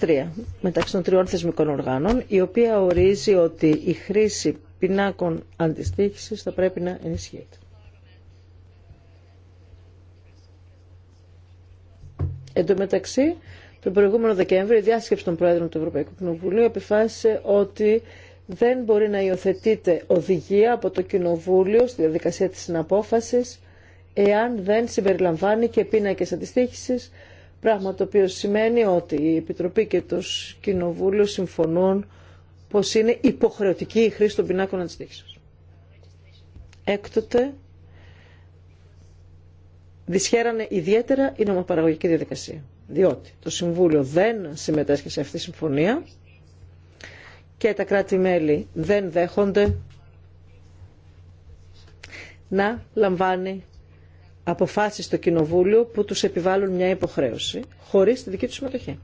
[SPEAKER 3] 2003 μεταξύ των τριών θεσμικών οργάνων, η οποία ορίζει ότι η χρήση πινάκων αντιστοίχησης θα πρέπει να ενισχύεται. Εν τω μεταξύ, τον προηγούμενο Δεκέμβρη, η διάσκεψη των Πρόεδρων του Ευρωπαϊκού Κοινοβουλίου επιφάσισε ότι δεν μπορεί να υιοθετείται οδηγία από το Κοινοβούλιο στη διαδικασία της συναπόφασης εάν δεν συμπεριλαμβάνει και πίνακες αντιστοίχησης Πράγμα το οποίο σημαίνει ότι η Επιτροπή και το Κοινοβούλιο συμφωνούν πως είναι υποχρεωτική η χρήση των πινάκων αντιστοίχησης. Έκτοτε δυσχέρανε ιδιαίτερα η νομοπαραγωγική διαδικασία. Διότι το Συμβούλιο δεν συμμετέσχει σε αυτή τη συμφωνία και τα κράτη-μέλη δεν δέχονται να λαμβάνει αποφάσεις στο Κοινοβούλιο που τους επιβάλλουν μια υποχρέωση χωρίς τη δική τους συμμετοχή.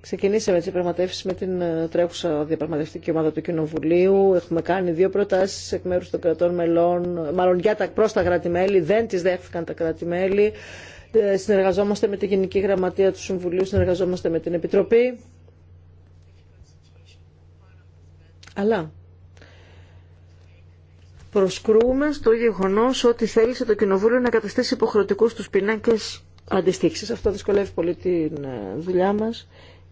[SPEAKER 3] Ξεκινήσαμε τι διαπραγματεύσει με την ε, τρέχουσα διαπραγματευτική ομάδα του Κοινοβουλίου. Έχουμε κάνει δύο προτάσει εκ μέρου των κρατών μελών, μάλλον για τα, προ τα κράτη-μέλη. Δεν τι δέχθηκαν τα κράτη-μέλη. Ε, συνεργαζόμαστε με τη Γενική Γραμματεία του Συμβουλίου, συνεργαζόμαστε με την Επιτροπή. Αλλά προσκρούμε στο γεγονό ότι θέλησε το Κοινοβούλιο να καταστήσει υποχρεωτικού του πίνακε αντιστήξεις. Αυτό δυσκολεύει πολύ τη ε, δουλειά μα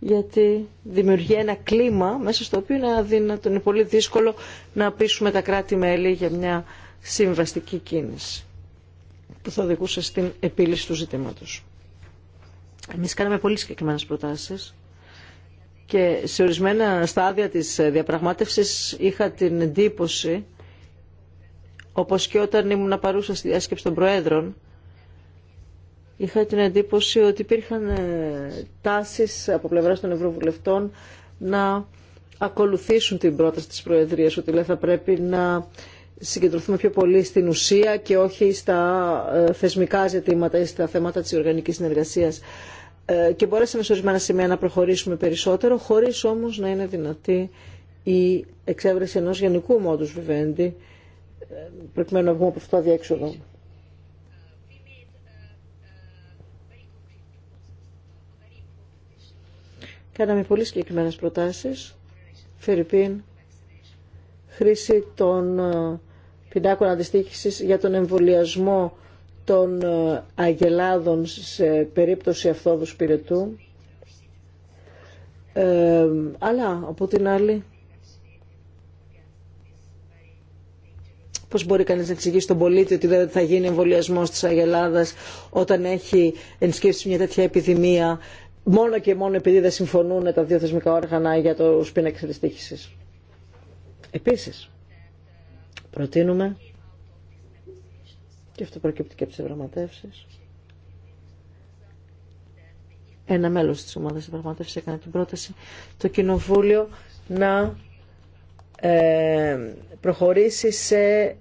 [SPEAKER 3] γιατί δημιουργεί ένα κλίμα μέσα στο οποίο είναι, αδύνατο, είναι πολύ δύσκολο να πείσουμε τα κράτη-μέλη για μια συμβαστική κίνηση που θα οδηγούσε στην επίλυση του ζητήματο. Εμεί κάναμε πολύ συγκεκριμένε προτάσει. και σε ορισμένα στάδια της διαπραγμάτευσης είχα την εντύπωση όπως και όταν ήμουν παρούσα στη διάσκεψη των Προέδρων, είχα την εντύπωση ότι υπήρχαν ε, τάσεις από πλευράς των Ευρωβουλευτών να ακολουθήσουν την πρόταση της Προεδρίας, ότι λέει, θα πρέπει να συγκεντρωθούμε πιο πολύ στην ουσία και όχι στα ε, θεσμικά ζητήματα ή στα θέματα της οργανικής συνεργασίας. Ε, και μπορέσαμε σε ορισμένα σημεία να προχωρήσουμε περισσότερο, χωρίς όμως να είναι δυνατή η εξέβρεση ενός γενικού μόντους βιβέντη, προκειμένου να βγούμε από αυτό το διέξοδο. Κάναμε πολύ συγκεκριμένες προτάσεις. Φερρυπίν, χρήση των ε, πινάκων αντιστοίχησης για τον εμβολιασμό των ε, αγελάδων σε περίπτωση αυτόδους πυρετού. Ε, αλλά από την άλλη Πώ μπορεί κανεί να εξηγήσει τον πολίτη ότι δεν θα γίνει εμβολιασμό τη Αγελάδα όταν έχει ενσκέψει μια τέτοια επιδημία, μόνο και μόνο επειδή δεν συμφωνούν τα δύο θεσμικά όργανα για το σπίναξ τη τύχηση. Επίση, προτείνουμε, και αυτό προκύπτει και από τι διαπραγματεύσει, ένα μέλος της ομάδας διαπραγματεύσεις έκανε την πρόταση το κοινοβούλιο να ε, προχωρήσει σε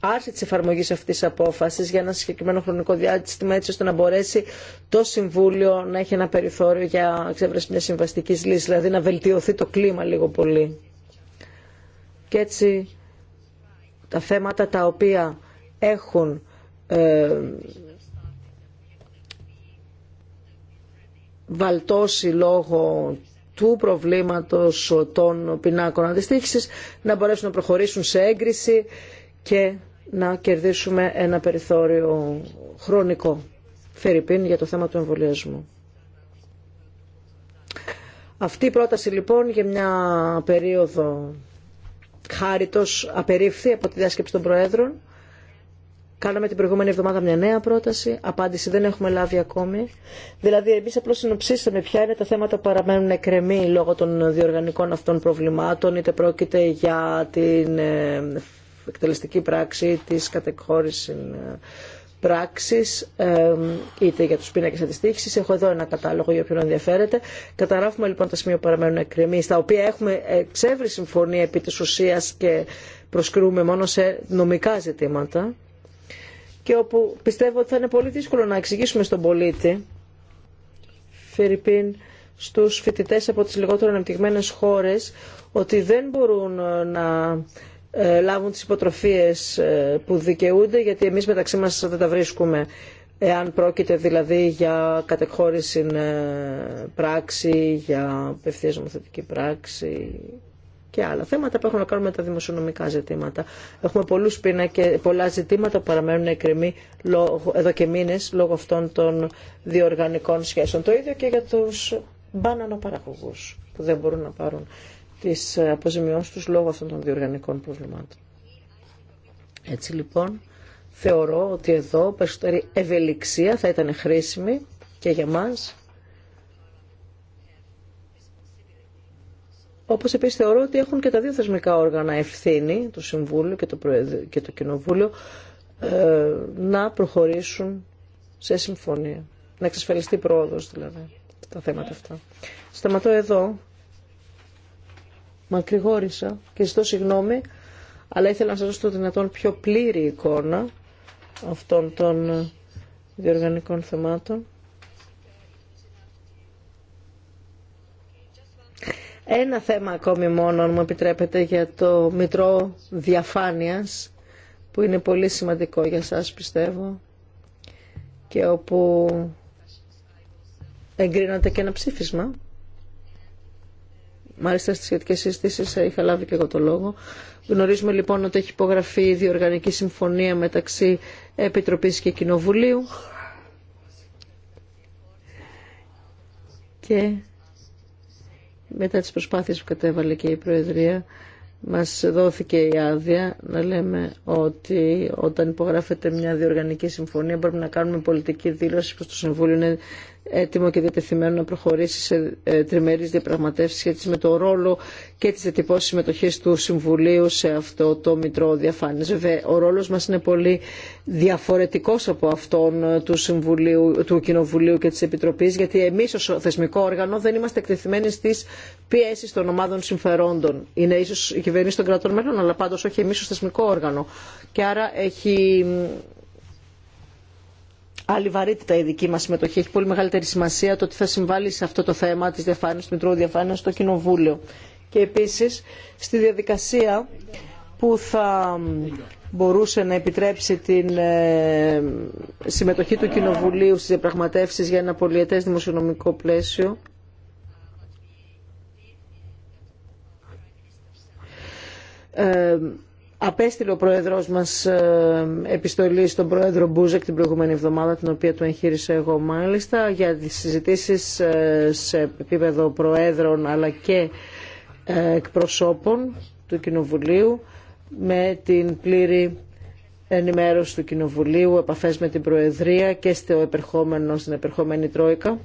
[SPEAKER 3] άρση τη εφαρμογή αυτής τη απόφασης για ένα συγκεκριμένο χρονικό διάστημα έτσι ώστε να μπορέσει το Συμβούλιο να έχει ένα περιθώριο για εξέβρεση μια συμβαστική λύση, δηλαδή να βελτιωθεί το κλίμα λίγο πολύ. Και έτσι τα θέματα τα οποία έχουν ε, βαλτώσει λόγω του προβλήματος των πινάκων αντιστοίχησης να μπορέσουν να προχωρήσουν σε έγκριση και να κερδίσουμε ένα περιθώριο χρονικό, φερρυπίν, για το θέμα του εμβολιασμού. Αυτή η πρόταση λοιπόν για μια περίοδο χάριτος απερίφθη από τη διάσκεψη των Προέδρων. Κάναμε την προηγούμενη εβδομάδα μια νέα πρόταση. Απάντηση δεν έχουμε λάβει ακόμη. Δηλαδή, εμεί απλώ συνοψίσαμε ποια είναι τα θέματα που παραμένουν εκκρεμοί λόγω των διοργανικών αυτών προβλημάτων, είτε πρόκειται για την ε, εκτελεστική πράξη της κατεχώρηση ε, πράξης, είτε για τους πίνακες αντιστοίχησης. Έχω εδώ ένα κατάλογο για όποιον ενδιαφέρεται. Καταγράφουμε λοιπόν τα σημεία που παραμένουν εκκρεμή, στα οποία έχουμε εξεύρει συμφωνία επί της ουσίας και προσκρούμε μόνο σε νομικά ζητήματα και όπου πιστεύω ότι θα είναι πολύ δύσκολο να εξηγήσουμε στον πολίτη, Φιρυπίν, στους φοιτητές από τις λιγότερο αναπτυγμένες χώρες, ότι δεν μπορούν να ε, λάβουν τις υποτροφίες ε, που δικαιούνται γιατί εμείς μεταξύ μας δεν τα βρίσκουμε. Εάν πρόκειται δηλαδή για κατεχώρηση ε, πράξη, για απευθείας νομοθετική πράξη και άλλα θέματα που έχουν να κάνουν με τα δημοσιονομικά ζητήματα. Έχουμε πολλούς και πολλά ζητήματα που παραμένουν εκκρεμή εδώ και μήνες λόγω αυτών των διοργανικών σχέσεων. Το ίδιο και για τους μπάνανο παραγωγούς που δεν μπορούν να πάρουν τις αποζημιώσεις τους λόγω αυτών των διοργανικών προβλημάτων. Έτσι λοιπόν θεωρώ ότι εδώ περισσότερη ευελιξία θα ήταν χρήσιμη και για μας. Όπως επίσης θεωρώ ότι έχουν και τα δύο θεσμικά όργανα ευθύνη, το Συμβούλιο και το, και το Κοινοβούλιο, ε, να προχωρήσουν σε συμφωνία. Να εξασφαλιστεί πρόοδος δηλαδή τα θέματα αυτά. Σταματώ εδώ μακρηγόρησα και ζητώ συγγνώμη, αλλά ήθελα να σας δώσω το δυνατόν πιο πλήρη εικόνα αυτών των διοργανικών θεμάτων. Ένα θέμα ακόμη μόνο, μου επιτρέπετε, για το Μητρό Διαφάνειας, που είναι πολύ σημαντικό για σας, πιστεύω, και όπου εγκρίνατε και ένα ψήφισμα. Μάλιστα στις σχετικές συζητήσει ε, είχα λάβει και εγώ το λόγο. Γνωρίζουμε λοιπόν ότι έχει υπογραφεί η διοργανική συμφωνία μεταξύ Επιτροπής και Κοινοβουλίου. Και μετά τις προσπάθειες που κατέβαλε και η Προεδρία μας δόθηκε η άδεια να λέμε ότι όταν υπογράφεται μια διοργανική συμφωνία πρέπει να κάνουμε πολιτική δήλωση προς το Συμβούλιο είναι έτοιμο και διατεθειμένο να προχωρήσει σε ε, τριμερείς διαπραγματεύσεις σχετικά με το ρόλο και τις ετυπώσεις συμμετοχή του Συμβουλίου σε αυτό το Μητρό Διαφάνειας. Βέβαια, ο ρόλος μας είναι πολύ διαφορετικός από αυτόν του, Συμβουλίου, του Κοινοβουλίου και της Επιτροπής, γιατί εμείς ως θεσμικό όργανο δεν είμαστε εκτεθειμένοι στις πιέσεις των ομάδων συμφερόντων. Είναι ίσως η κυβέρνηση των κρατών μέλων, αλλά πάντως όχι εμείς ως θεσμικό όργανο. Και άρα έχει άλλη βαρύτητα η δική μα συμμετοχή. Έχει πολύ μεγαλύτερη σημασία το ότι θα συμβάλλει σε αυτό το θέμα τη διαφάνεια, του Μητρώου Διαφάνεια, στο Κοινοβούλιο. Και επίση στη διαδικασία που θα μπορούσε να επιτρέψει την ε, συμμετοχή του Κοινοβουλίου στις διαπραγματεύσεις για ένα πολιετές δημοσιονομικό πλαίσιο. Ε, Απέστειλε ο πρόεδρός μας ε, επιστολή στον πρόεδρο Μπούζεκ την προηγούμενη εβδομάδα, την οποία του εγχείρησα εγώ μάλιστα, για τις συζητήσεις ε, σε επίπεδο προέδρων αλλά και ε, εκπροσώπων του Κοινοβουλίου με την πλήρη ενημέρωση του Κοινοβουλίου, επαφές με την Προεδρία και στο επερχόμενο, στην επερχόμενη Τρόικα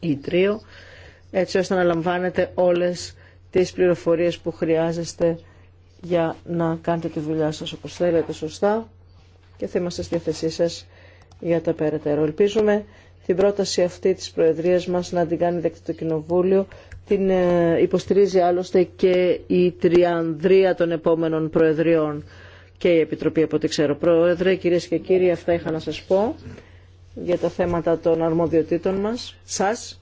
[SPEAKER 3] ή Τρίο, έτσι ώστε να λαμβάνετε όλες τις πληροφορίες που χρειάζεστε για να κάνετε τη δουλειά σας όπως θέλετε σωστά και θα είμαστε στη διάθεσή σας για τα περαιτέρω. Ελπίζουμε την πρόταση αυτή της Προεδρίας μας να την κάνει δεκτή το Κοινοβούλιο. Την ε, υποστηρίζει άλλωστε και η τριανδρία των επόμενων Προεδριών και η Επιτροπή από ό,τι ξέρω. Πρόεδρε, κυρίες και κύριοι, αυτά είχα να σας πω για τα θέματα των αρμοδιοτήτων μας, σας,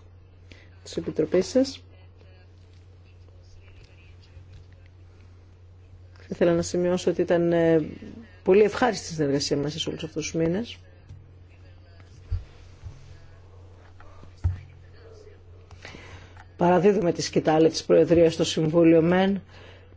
[SPEAKER 3] της Επιτροπής σας. Ήθελα να σημειώσω ότι ήταν ε, πολύ ευχάριστη η συνεργασία μας σε όλους αυτούς τους μήνες. Παραδίδουμε τη σκητάλη της Προεδρίας στο Συμβούλιο ΜΕΝ.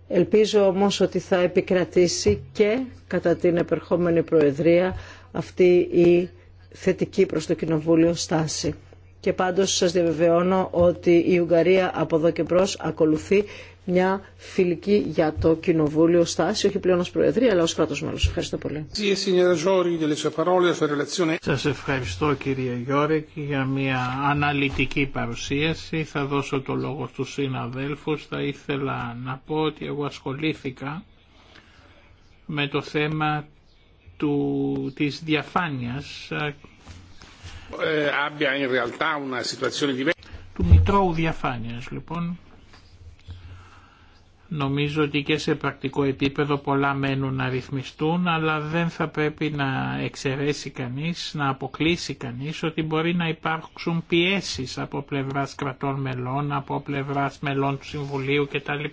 [SPEAKER 3] Ελπίζω όμως ότι θα επικρατήσει και κατά την επερχόμενη Προεδρία αυτή η θετική προς το Κοινοβούλιο στάση. Και πάντως σας διαβεβαιώνω ότι η Ουγγαρία από εδώ και μπρος ακολουθεί μια φιλική για το Κοινοβούλιο στάση, όχι πλέον ως Προεδρία, αλλά ω κράτος μέλο. Ευχαριστώ πολύ.
[SPEAKER 1] Σα ευχαριστώ κύριε Γιώργη για μια αναλυτική
[SPEAKER 2] παρουσίαση. Θα δώσω το λόγο στου συναδέλφου. Θα ήθελα να πω ότι εγώ ασχολήθηκα με το θέμα
[SPEAKER 1] του,
[SPEAKER 2] της διαφάνειας ε, ε, του Μητρώου Διαφάνειας λοιπόν Νομίζω ότι και σε πρακτικό επίπεδο πολλά μένουν να ρυθμιστούν, αλλά δεν θα πρέπει να εξαιρέσει κανείς, να αποκλείσει κανείς ότι μπορεί να υπάρξουν πιέσεις από πλευράς κρατών μελών, από πλευράς μελών του Συμβουλίου κτλ.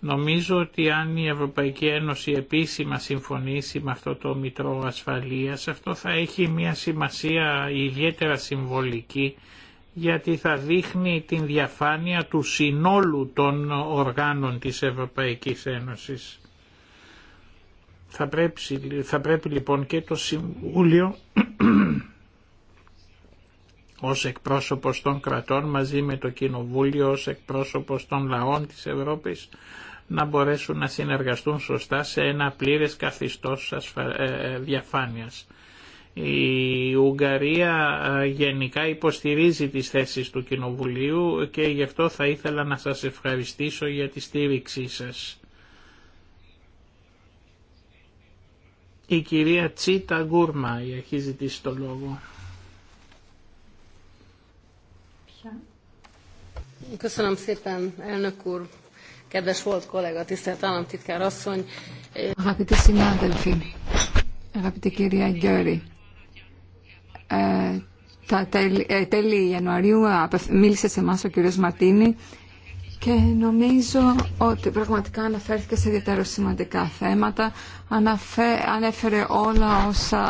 [SPEAKER 2] Νομίζω ότι αν η Ευρωπαϊκή Ένωση επίσημα συμφωνήσει με αυτό το Μητρό Ασφαλείας, αυτό θα έχει μια σημασία ιδιαίτερα συμβολική γιατί θα δείχνει την διαφάνεια του συνόλου των οργάνων της Ευρωπαϊκής Ένωσης.
[SPEAKER 1] Θα πρέπει, θα πρέπει
[SPEAKER 2] λοιπόν και το Συμβούλιο *clears throat* ως εκπρόσωπος των κρατών μαζί με το Κοινοβούλιο ως εκπρόσωπος των λαών της Ευρώπης να μπορέσουν να συνεργαστούν σωστά σε ένα πλήρες καθιστός ε, διαφάνειας. Η Ουγγαρία γενικά υποστηρίζει τις θέσεις του Κοινοβουλίου και γι' αυτό θα ήθελα να σας ευχαριστήσω για τη στήριξή σας. Η κυρία Τσίτα Γκούρμα έχει ζητήσει το λόγο.
[SPEAKER 3] Αγαπητοί συνάδελφοι,
[SPEAKER 4] αγαπητή κυρία Γκέρι, ε, τα τέλη, ε, Ιανουαρίου ε, μίλησε σε εμάς ο κύριος Μαρτίνη και νομίζω ότι πραγματικά αναφέρθηκε σε ιδιαίτερα σημαντικά θέματα. ανέφερε όλα όσα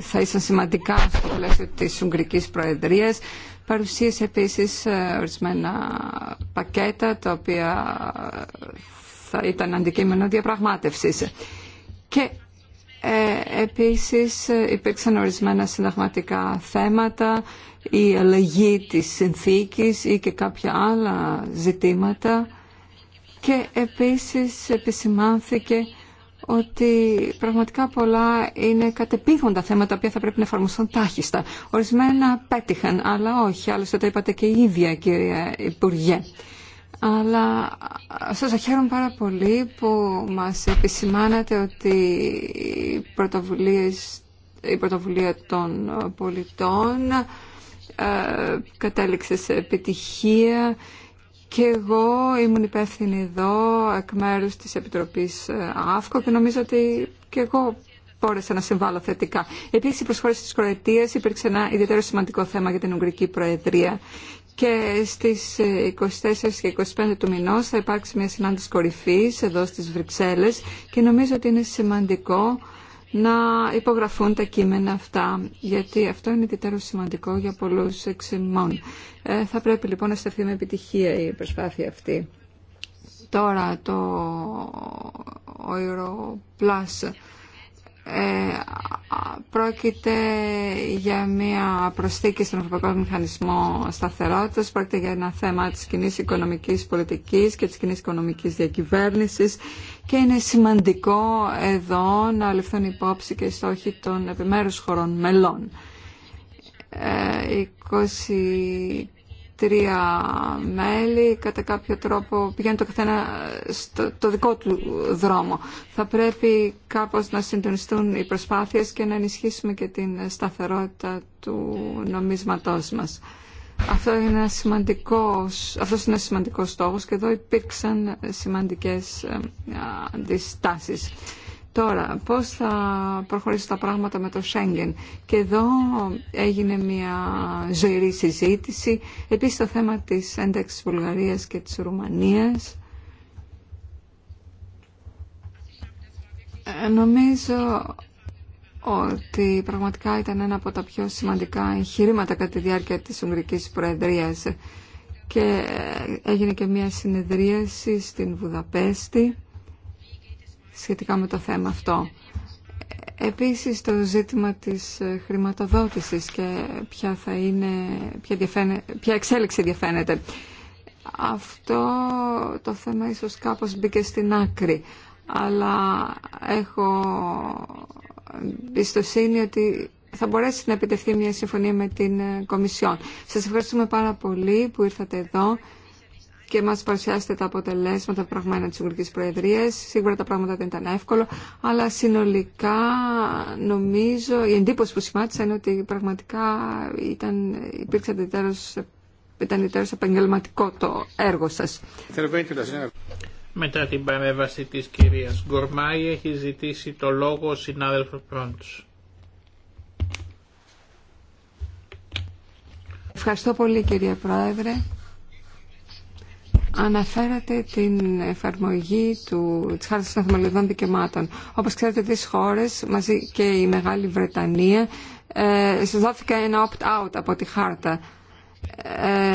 [SPEAKER 4] θα ήσαν σημαντικά στο πλαίσιο της Ουγγρικής Προεδρίας. Παρουσίασε επίσης ορισμένα πακέτα τα οποία θα ήταν αντικείμενο διαπραγμάτευσης. Και ε, επίσης υπήρξαν ορισμένα συνταγματικά θέματα, η αλλαγή της συνθήκης ή και κάποια άλλα ζητήματα και επίσης επισημάνθηκε ότι πραγματικά πολλά είναι κατεπήγοντα θέματα που θα πρέπει να εφαρμοστούν τάχιστα. Ορισμένα πέτυχαν, αλλά όχι. Άλλωστε τα είπατε και η ίδια, κυρία Υπουργέ αλλά σας χαίρομαι πάρα πολύ που μας επισημάνατε ότι πρωτοβουλίες, η πρωτοβουλία των πολιτών ε, κατέληξε σε επιτυχία και εγώ ήμουν υπεύθυνη εδώ εκ μέρους της Επιτροπής ε, ΑΦΚΟ και νομίζω ότι και εγώ μπόρεσα να συμβάλλω θετικά. Επίση, η προσχώρηση τη Κροατία υπήρξε ένα ιδιαίτερο σημαντικό θέμα για την Ουγγρική Προεδρία και στις 24 ε, και 25 του μηνός θα υπάρξει μια συνάντηση κορυφής εδώ στις Βρυξέλλες και νομίζω ότι είναι σημαντικό να υπογραφούν τα κείμενα αυτά, γιατί αυτό είναι ιδιαίτερο σημαντικό για πολλούς εξημών. Ε, θα πρέπει λοιπόν να στεφθεί με επιτυχία η προσπάθεια αυτή. Τώρα το Europlus ε, πρόκειται για μια προσθήκη στον Ευρωπαϊκό Μηχανισμό Σταθερότητας, πρόκειται για ένα θέμα της κοινή οικονομικής πολιτικής και της κοινή οικονομικής διακυβέρνησης και είναι σημαντικό εδώ να ληφθούν υπόψη και οι στόχοι των επιμέρους χωρών μελών. Ε, τρία μέλη, κατά κάποιο τρόπο πηγαίνει το καθένα στο το δικό του δρόμο. Θα πρέπει κάπως να συντονιστούν οι προσπάθειες και να ενισχύσουμε και την σταθερότητα του νομίσματός μας. Αυτό είναι ένα σημαντικός, αυτός είναι ένα σημαντικός στόχος και εδώ υπήρξαν σημαντικές ε, αντιστάσεις. Τώρα, πώς θα προχωρήσουν τα πράγματα με το Σέγγεν. Και εδώ έγινε μια ζωηρή συζήτηση. Επίσης το θέμα της ένταξης της Βουλγαρίας και της Ρουμανίας. Ε, νομίζω ότι πραγματικά ήταν ένα από τα πιο σημαντικά εγχειρήματα κατά τη διάρκεια της Ουγγρικής Προεδρίας και ε, έγινε και μια συνεδρίαση στην Βουδαπέστη σχετικά με το θέμα αυτό. Επίσης το ζήτημα της ε, χρηματοδότησης και ποια, θα είναι, ποια, διαφαίνε, ποια εξέλιξη διαφαίνεται. Αυτό το θέμα ίσως κάπως μπήκε στην άκρη, αλλά έχω πιστοσύνη ότι θα μπορέσει να επιτευχθεί μια συμφωνία με την ε, Κομισιόν. Σας ευχαριστούμε πάρα πολύ που ήρθατε εδώ και μας παρουσιάσετε τα αποτελέσματα πραγμένα της Ουγγρικής Προεδρίας. Σίγουρα τα πράγματα δεν ήταν εύκολο, αλλά συνολικά νομίζω η εντύπωση που σημάτισα είναι ότι πραγματικά ήταν, υπήρξε τετέρως επαγγελματικό το έργο σας.
[SPEAKER 2] Μετά την παρέμβαση της κυρίας Γκορμάη έχει ζητήσει το λόγο ο συνάδελφος Πρόντς.
[SPEAKER 4] Ευχαριστώ πολύ κύριε Πρόεδρε. Αναφέρατε την εφαρμογή του, της Χάρτας των Θεμελιωδών Δικαιωμάτων. Όπως ξέρετε, τις χώρες, μαζί και η Μεγάλη Βρετανία, ε, σας δόθηκε ένα opt-out από τη Χάρτα. Ε,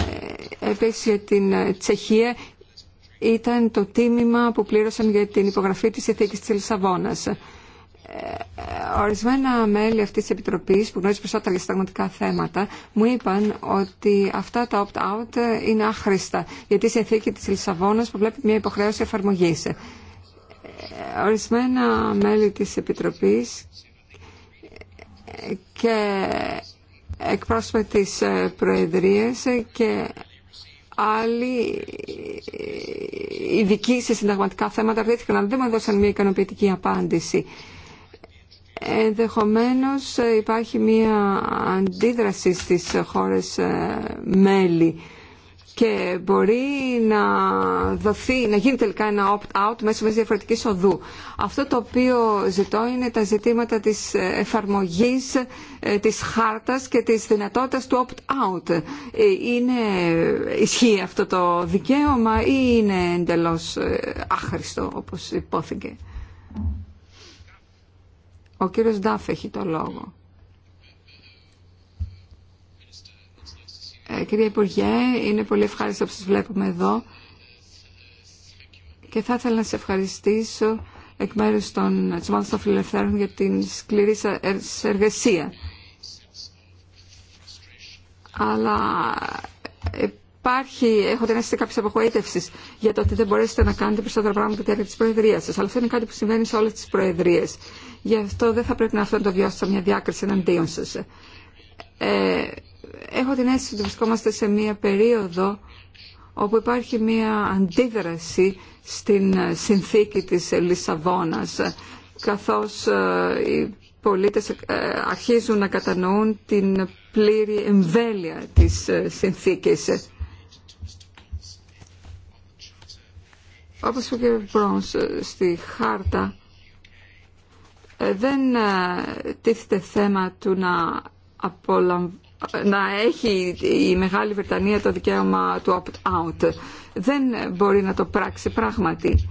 [SPEAKER 4] επίσης, για την Τσεχία ήταν το τίμημα που πλήρωσαν για την υπογραφή της Εθήκης της Λισαβόνας ορισμένα μέλη αυτής της Επιτροπής που γνωρίζει περισσότερα για συνταγματικά θέματα μου είπαν ότι αυτά τα opt-out είναι άχρηστα γιατί η συνθήκη της Λισαβόνας που βλέπει μια υποχρέωση εφαρμογής. Ε, ορισμένα μέλη της Επιτροπής και εκπρόσωποι της ε, Προεδρίας και άλλοι ε, ειδικοί σε συνταγματικά θέματα αρνήθηκαν να δεν μου έδωσαν μια ικανοποιητική απάντηση ενδεχομένως ε, υπάρχει μία αντίδραση στις χώρες ε, μέλη και μπορεί να, δοθεί, να γίνει τελικά ένα opt-out μέσω μιας διαφορετικής οδού. Αυτό το οποίο ζητώ είναι τα ζητήματα της ε, εφαρμογής της χάρτας και της δυνατότητας του opt-out. Είναι ισχύει αυτό το δικαίωμα ή είναι εντελώς άχρηστο όπως υπόθηκε. Ο κύριος Ντάφ έχει το λόγο. Ε, κύριε Υπουργέ, είναι πολύ ευχάριστο που σας βλέπουμε εδώ και θα ήθελα να σας ευχαριστήσω εκ μέρους των, της των φιλελευθέρων για την σκληρή ε, εργασία. Αλλά υπάρχει, έχω την αίσθηση κάποια απογοήτευση για το ότι δεν μπορέσετε να κάνετε περισσότερα πράγματα κατά τη Προεδρία σα. Αλλά αυτό είναι κάτι που συμβαίνει σε όλε τι Προεδρίε. Γι' αυτό δεν θα πρέπει να αυτό να το μια διάκριση εναντίον σα. Ε, έχω την αίσθηση ότι βρισκόμαστε σε μια περίοδο όπου υπάρχει μια αντίδραση στην συνθήκη της Λισαβόνας, καθώς ε, οι πολίτες ε, αρχίζουν να κατανοούν την πλήρη εμβέλεια της συνθήκης. Όπως είπε ο κ. Μπρόνς, στη χάρτα ε, δεν ε, τίθεται θέμα του να, να έχει η Μεγάλη Βρετανία το δικαίωμα του opt-out. Δεν μπορεί να το πράξει πράγματι.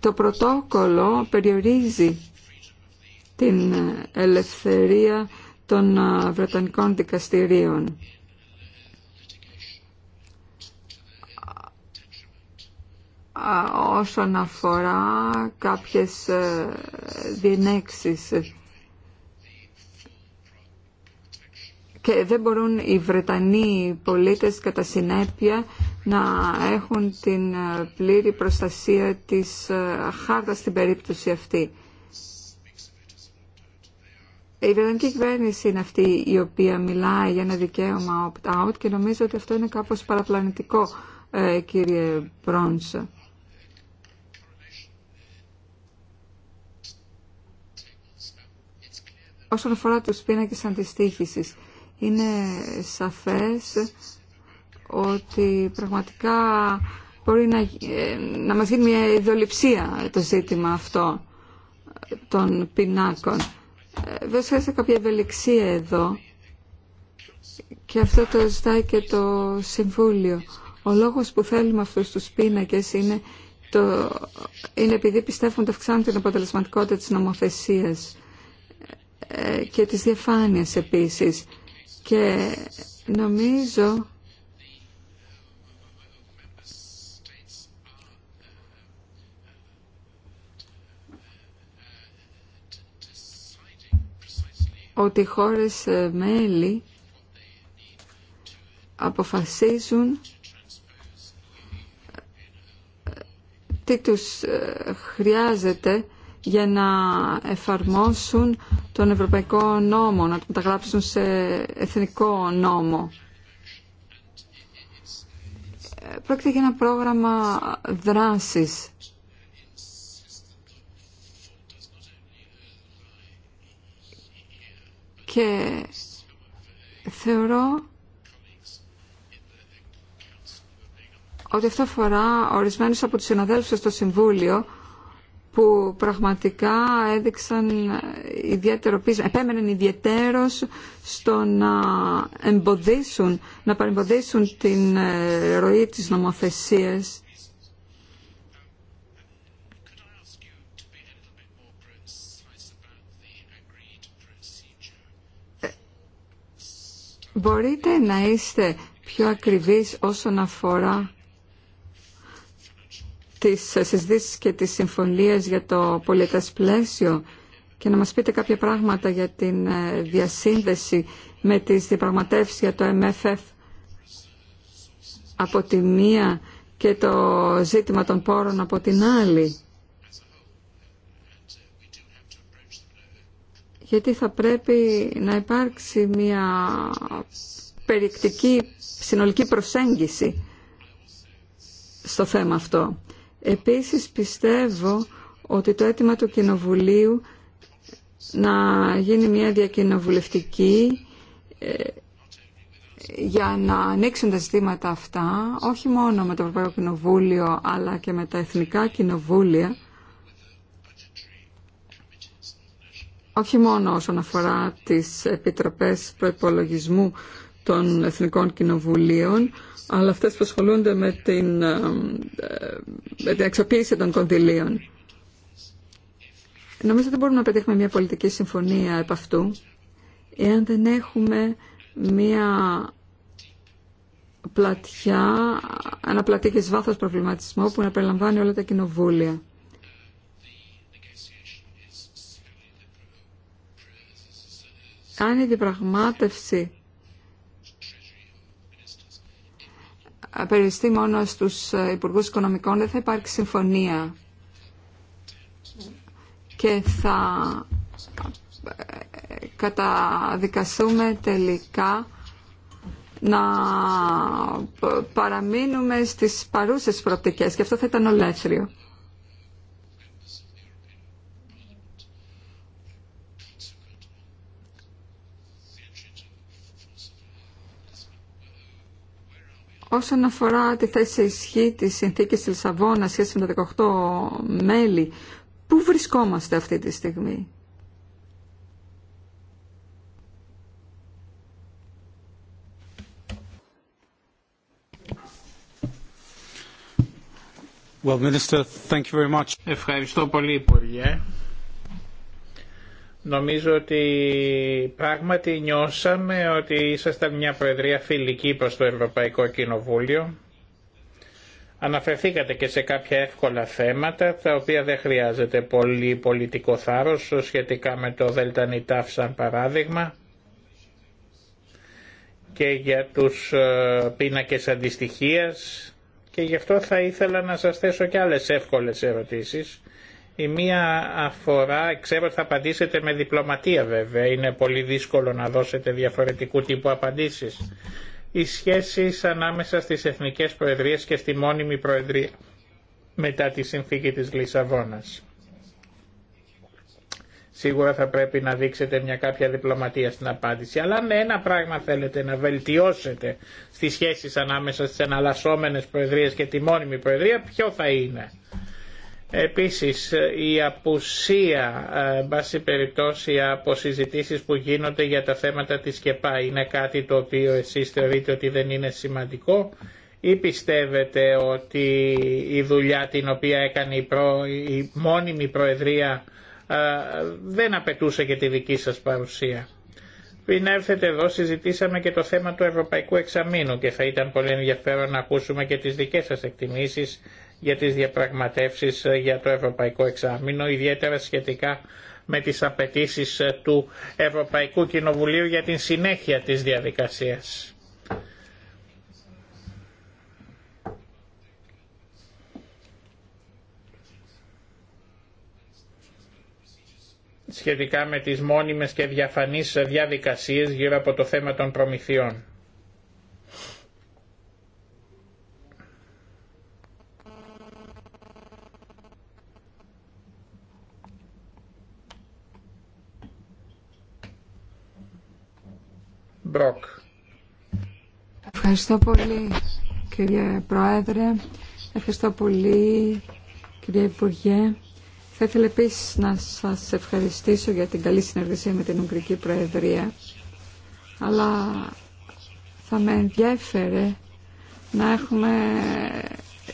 [SPEAKER 4] Το πρωτόκολλο περιορίζει την ε, ελευθερία των Βρετανικών δικαστηρίων όσον αφορά κάποιες ε, διενέξεις και δεν μπορούν οι Βρετανοί πολίτες κατά συνέπεια να έχουν την ε, πλήρη προστασία της ε, χάρτας στην περίπτωση αυτή. Η Βρετανική κυβέρνηση είναι αυτή η οποία μιλάει για ένα δικαίωμα opt-out και νομίζω ότι αυτό είναι κάπως παραπλανητικό, κύριε Πρόντσο. Όσον αφορά τους πίνακες αντιστοίχησης, είναι σαφές ότι πραγματικά μπορεί να, ε, να μας γίνει μια ειδωληψία το ζήτημα αυτό των πινάκων. Ε, βέβαια χρειάζεται κάποια ευελιξία εδώ και αυτό το ζητάει και το Συμβούλιο. Ο λόγος που θέλουμε αυτούς τους πίνακες είναι, είναι επειδή πιστεύουν ότι αυξάνουν την αποτελεσματικότητα της νομοθεσίας ε, και τις διαφάνειας επίσης. Και νομίζω ότι οι χώρες ε, μέλη αποφασίζουν ε, τι τους χρειάζεται για να εφαρμόσουν τον ευρωπαϊκό νόμο, να το μεταγράψουν σε εθνικό νόμο. Πρόκειται για ένα πρόγραμμα δράσης. Και θεωρώ ότι αυτό αφορά ορισμένους από τους συναδέλφους στο Συμβούλιο που πραγματικά έδειξαν ιδιαίτερο πείσμα, επέμεναν ιδιαίτερος στο να εμποδίσουν, να παρεμποδίσουν την ε, ροή της νομοθεσίας. Ε, μπορείτε να είστε πιο ακριβείς όσον αφορά τις συζητήσεις και τις συμφωνίες για το πολιτές πλαίσιο και να μας πείτε κάποια πράγματα για την ε, διασύνδεση με τις διαπραγματεύσεις για το MFF από τη μία και το ζήτημα των πόρων από την άλλη. Γιατί θα πρέπει να υπάρξει μια περιεκτική συνολική προσέγγιση στο θέμα αυτό. Επίσης πιστεύω ότι το αίτημα του Κοινοβουλίου να γίνει μια διακοινοβουλευτική ε, για να ανοίξουν τα ζητήματα αυτά, όχι μόνο με το Ευρωπαϊκό Κοινοβούλιο, αλλά και με τα Εθνικά Κοινοβούλια, όχι μόνο όσον αφορά τις επιτροπές προϋπολογισμού των Εθνικών Κοινοβουλίων, αλλά αυτές που ασχολούνται με την, ε, με αξιοποίηση των κονδυλίων. Νομίζω ότι μπορούμε να πετύχουμε μια πολιτική συμφωνία επ' αυτού, εάν δεν έχουμε μια πλατιά, ένα πλατή και βάθος προβληματισμό που να περιλαμβάνει όλα τα κοινοβούλια. Αν η διαπραγμάτευση περιοριστεί μόνο στους ε, Υπουργούς Οικονομικών δεν θα υπάρξει συμφωνία και θα ε, καταδικαστούμε τελικά να ε, παραμείνουμε στις παρούσες προοπτικές και αυτό θα ήταν ολέθριο. Όσον αφορά τη θέση ισχύ της συνθήκης της Λισαβόνα σχέση με τα 18 μέλη, πού βρισκόμαστε αυτή τη στιγμή.
[SPEAKER 1] Well, Minister,
[SPEAKER 2] thank you very much. Ευχαριστώ πολύ, Υπουργέ. Νομίζω ότι πράγματι νιώσαμε ότι ήσασταν μια Προεδρία φιλική προς το Ευρωπαϊκό Κοινοβούλιο. Αναφερθήκατε και σε κάποια εύκολα θέματα, τα οποία δεν χρειάζεται πολύ πολιτικό θάρρος, σχετικά με το Δελτανιτάφ σαν παράδειγμα και για τους ε, πίνακες αντιστοιχίας και γι' αυτό θα ήθελα να σας θέσω και άλλες εύκολες ερωτήσεις η μία αφορά, ξέρω ότι θα απαντήσετε με διπλωματία βέβαια, είναι πολύ δύσκολο να δώσετε διαφορετικού τύπου απαντήσεις. Οι σχέσεις ανάμεσα στις Εθνικές Προεδρίες και στη Μόνιμη Προεδρία μετά τη συνθήκη της Λισαβόνας. Σίγουρα θα πρέπει να δείξετε μια κάποια διπλωματία στην απάντηση. Αλλά αν ένα πράγμα θέλετε να βελτιώσετε στις σχέσεις ανάμεσα στις εναλλασσόμενες προεδρίες και τη μόνιμη προεδρία, ποιο θα είναι. Επίσης η απουσία, ε, εν πάση περιπτώσει, από συζητήσεις που γίνονται για τα θέματα της ΚΕΠΑ είναι κάτι το οποίο εσείς θεωρείτε ότι δεν είναι σημαντικό ή πιστεύετε ότι η δουλειά την οποία έκανε η, προ, μόνιμη Προεδρία ε, δεν απαιτούσε και τη δική σας παρουσία. Πριν έρθετε εδώ συζητήσαμε και το θέμα του Ευρωπαϊκού Εξαμήνου και θα ήταν πολύ ενδιαφέρον να ακούσουμε και τις δικές σας εκτιμήσεις για τις διαπραγματεύσεις ε, για το Ευρωπαϊκό Εξάμεινο, ιδιαίτερα σχετικά με τις απαιτήσεις ε, του Ευρωπαϊκού Κοινοβουλίου για την συνέχεια της διαδικασίας. σχετικά με τις μόνιμες και διαφανείς ε, διαδικασίες γύρω από το θέμα των προμηθειών.
[SPEAKER 4] Ευχαριστώ πολύ κύριε Πρόεδρε. Ευχαριστώ πολύ κύριε Υπουργέ. Θα ήθελα επίση να σας ευχαριστήσω για την καλή συνεργασία με την Ουγγρική Προεδρία. Αλλά θα με ενδιέφερε να έχουμε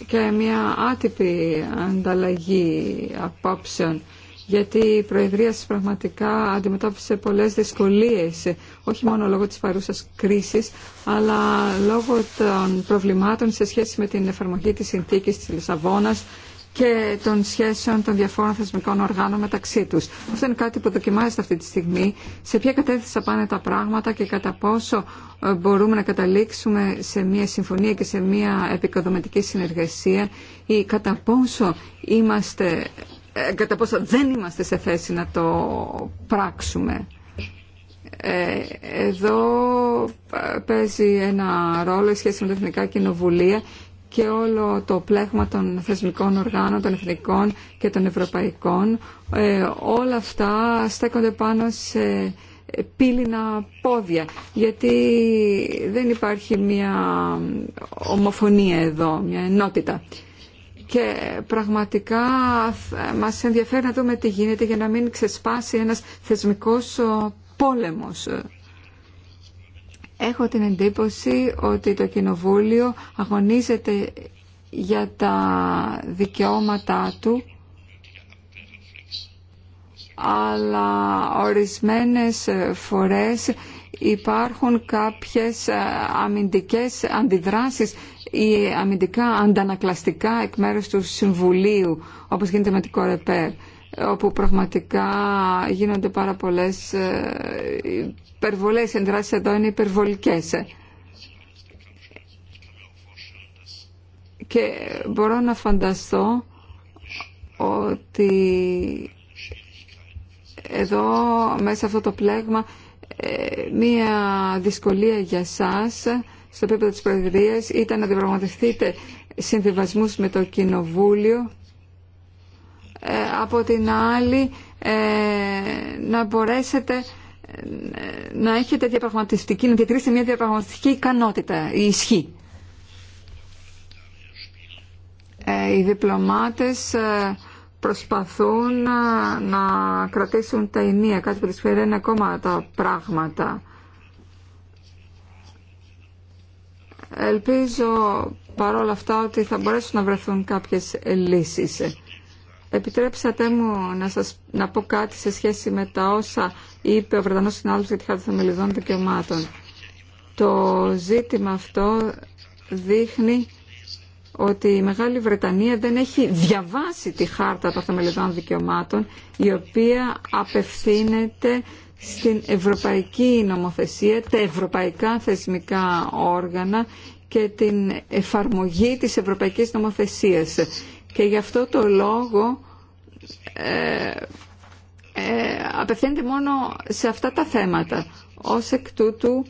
[SPEAKER 4] και μια άτυπη ανταλλαγή απόψεων γιατί η Προεδρία σας πραγματικά αντιμετώπισε πολλές δυσκολίες όχι μόνο λόγω της παρούσας κρίσης, αλλά λόγω των προβλημάτων σε σχέση με την εφαρμογή της συνθήκης της Λισαβόνας και των σχέσεων των διαφόρων θεσμικών οργάνων μεταξύ τους. Αυτό είναι κάτι που δοκιμάζεται αυτή τη στιγμή. Σε ποια κατεύθυνση θα πάνε τα πράγματα και κατά πόσο ε, μπορούμε να καταλήξουμε σε μια συμφωνία και σε μια επικοδομητική συνεργασία ή κατά πόσο, είμαστε, ε, κατά πόσο δεν είμαστε σε θέση να το πράξουμε. Ε, εδώ παίζει ένα ρόλο η σχέση με τα εθνικά κοινοβουλία και όλο το πλέγμα των θεσμικών οργάνων, των εθνικών και των ευρωπαϊκών. Ε, όλα αυτά στέκονται πάνω σε πύληνα πόδια, γιατί δεν υπάρχει μια ομοφωνία εδώ, μια ενότητα. Και πραγματικά μας ενδιαφέρει να δούμε τι γίνεται για να μην ξεσπάσει ένας θεσμικός πόλεμος. Έχω την εντύπωση ότι το Κοινοβούλιο αγωνίζεται για τα δικαιώματά του αλλά ορισμένες φορές υπάρχουν κάποιες αμυντικές αντιδράσεις ή αμυντικά αντανακλαστικά εκ μέρους του Συμβουλίου, όπως γίνεται με την Κορεπέρ όπου πραγματικά γίνονται πάρα πολλές ε, υπερβολές, οι ενδράσεις εδώ είναι υπερβολικές. Και μπορώ να φανταστώ ότι εδώ μέσα σε αυτό το πλέγμα ε, μία δυσκολία για σας στο επίπεδο της Προεδρίας ήταν να διαπραγματευτείτε συνδυασμούς με το Κοινοβούλιο ε, από την άλλη ε, να μπορέσετε ε, να έχετε διαπραγματιστική να διατηρήσετε μια διαπραγματευτική ικανότητα, η ισχύ. οι διπλωμάτες προσπαθούν να κρατήσουν τα ενία, κάτι που τους φέρνει ακόμα τα πράγματα. Ελπίζω παρόλα αυτά ότι θα μπορέσουν να βρεθούν κάποιες λύσεις. Επιτρέψατε μου να, σας, να πω κάτι σε σχέση με τα όσα είπε ο Βρετανός συνάδελφος για τη Χάρτα Θεμελιδών Δικαιωμάτων. Το ζήτημα αυτό δείχνει ότι η Μεγάλη Βρετανία δεν έχει διαβάσει τη Χάρτα των Θεμελιδών Δικαιωμάτων η οποία απευθύνεται στην ευρωπαϊκή νομοθεσία, τα ευρωπαϊκά θεσμικά όργανα και την εφαρμογή της ευρωπαϊκής νομοθεσίας και γι' αυτό το λόγο ε, ε, απευθύνεται μόνο σε αυτά τα θέματα. Ως εκ τούτου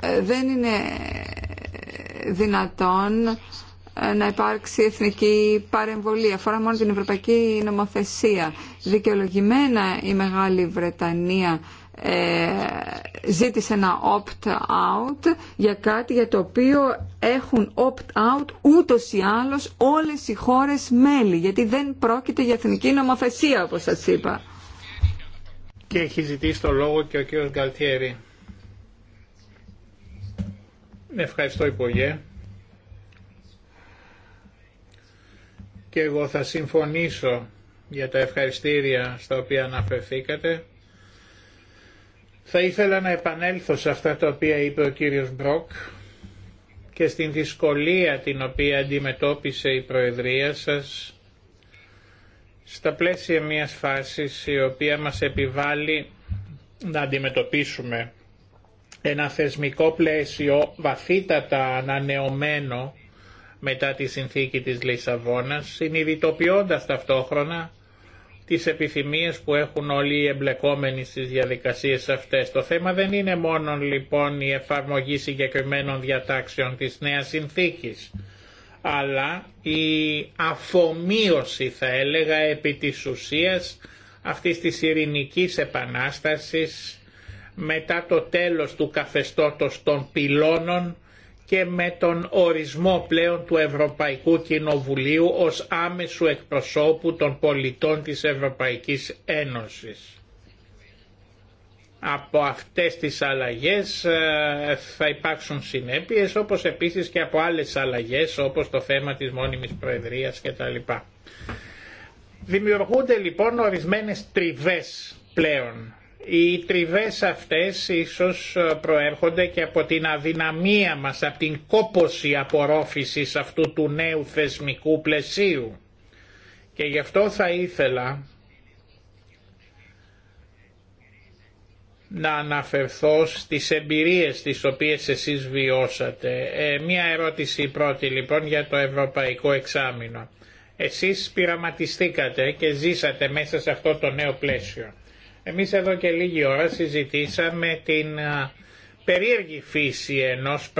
[SPEAKER 4] ε, δεν είναι δυνατόν ε, να υπάρξει εθνική παρεμβολή. Αφορά μόνο την Ευρωπαϊκή Νομοθεσία. Δικαιολογημένα η Μεγάλη Βρετανία ε, ζήτησε ένα opt-out για κάτι για το οποίο έχουν opt-out ούτως ή άλλως όλες οι χώρες μέλη γιατί δεν πρόκειται για εθνική νομοθεσία όπως σας είπα.
[SPEAKER 2] Και έχει ζητήσει το λόγο και ο κύριος Γκαλτιέρη. Ευχαριστώ Υπουργέ. Και εγώ θα συμφωνήσω για τα ευχαριστήρια στα οποία αναφερθήκατε θα ήθελα να επανέλθω σε αυτά τα οποία είπε ο κύριος Μπροκ και στην δυσκολία την οποία αντιμετώπισε η Προεδρία σας στα πλαίσια μιας φάσης η οποία μας επιβάλλει να αντιμετωπίσουμε ένα θεσμικό πλαίσιο βαθύτατα ανανεωμένο μετά τη συνθήκη της Λισαβόνας, συνειδητοποιώντα ταυτόχρονα τις επιθυμίες που έχουν όλοι οι εμπλεκόμενοι στις διαδικασίες αυτές. Το θέμα δεν είναι μόνο λοιπόν η εφαρμογή συγκεκριμένων διατάξεων της νέας συνθήκης, αλλά η αφομοίωση θα έλεγα επί της ουσίας αυτής της ειρηνικής επανάστασης μετά το τέλος του καθεστώτος των πυλώνων και με τον ορισμό πλέον του Ευρωπαϊκού Κοινοβουλίου ως άμεσου εκπροσώπου των πολιτών της Ευρωπαϊκής Ένωσης. Από αυτές τις αλλαγές ε, θα υπάρξουν συνέπειες όπως επίσης και από άλλες αλλαγές όπως το θέμα της μόνιμης προεδρίας κτλ. Δημιουργούνται λοιπόν ορισμένες τριβές πλέον οι τριβές αυτές ίσως ε, προέρχονται και από την αδυναμία μας, από την κόποση απορρόφησης αυτού του νέου θεσμικού πλαισίου. Και γι' αυτό θα ήθελα να αναφερθώ στις εμπειρίες τις οποίες εσείς βιώσατε. Ε, μία ερώτηση πρώτη λοιπόν για το Ευρωπαϊκό Εξάμεινο. Εσείς πειραματιστήκατε και ζήσατε μέσα σε αυτό το νέο πλαίσιο εμείς εδώ και λίγη ώρα συζητήσαμε την περίεργη φύση ενός,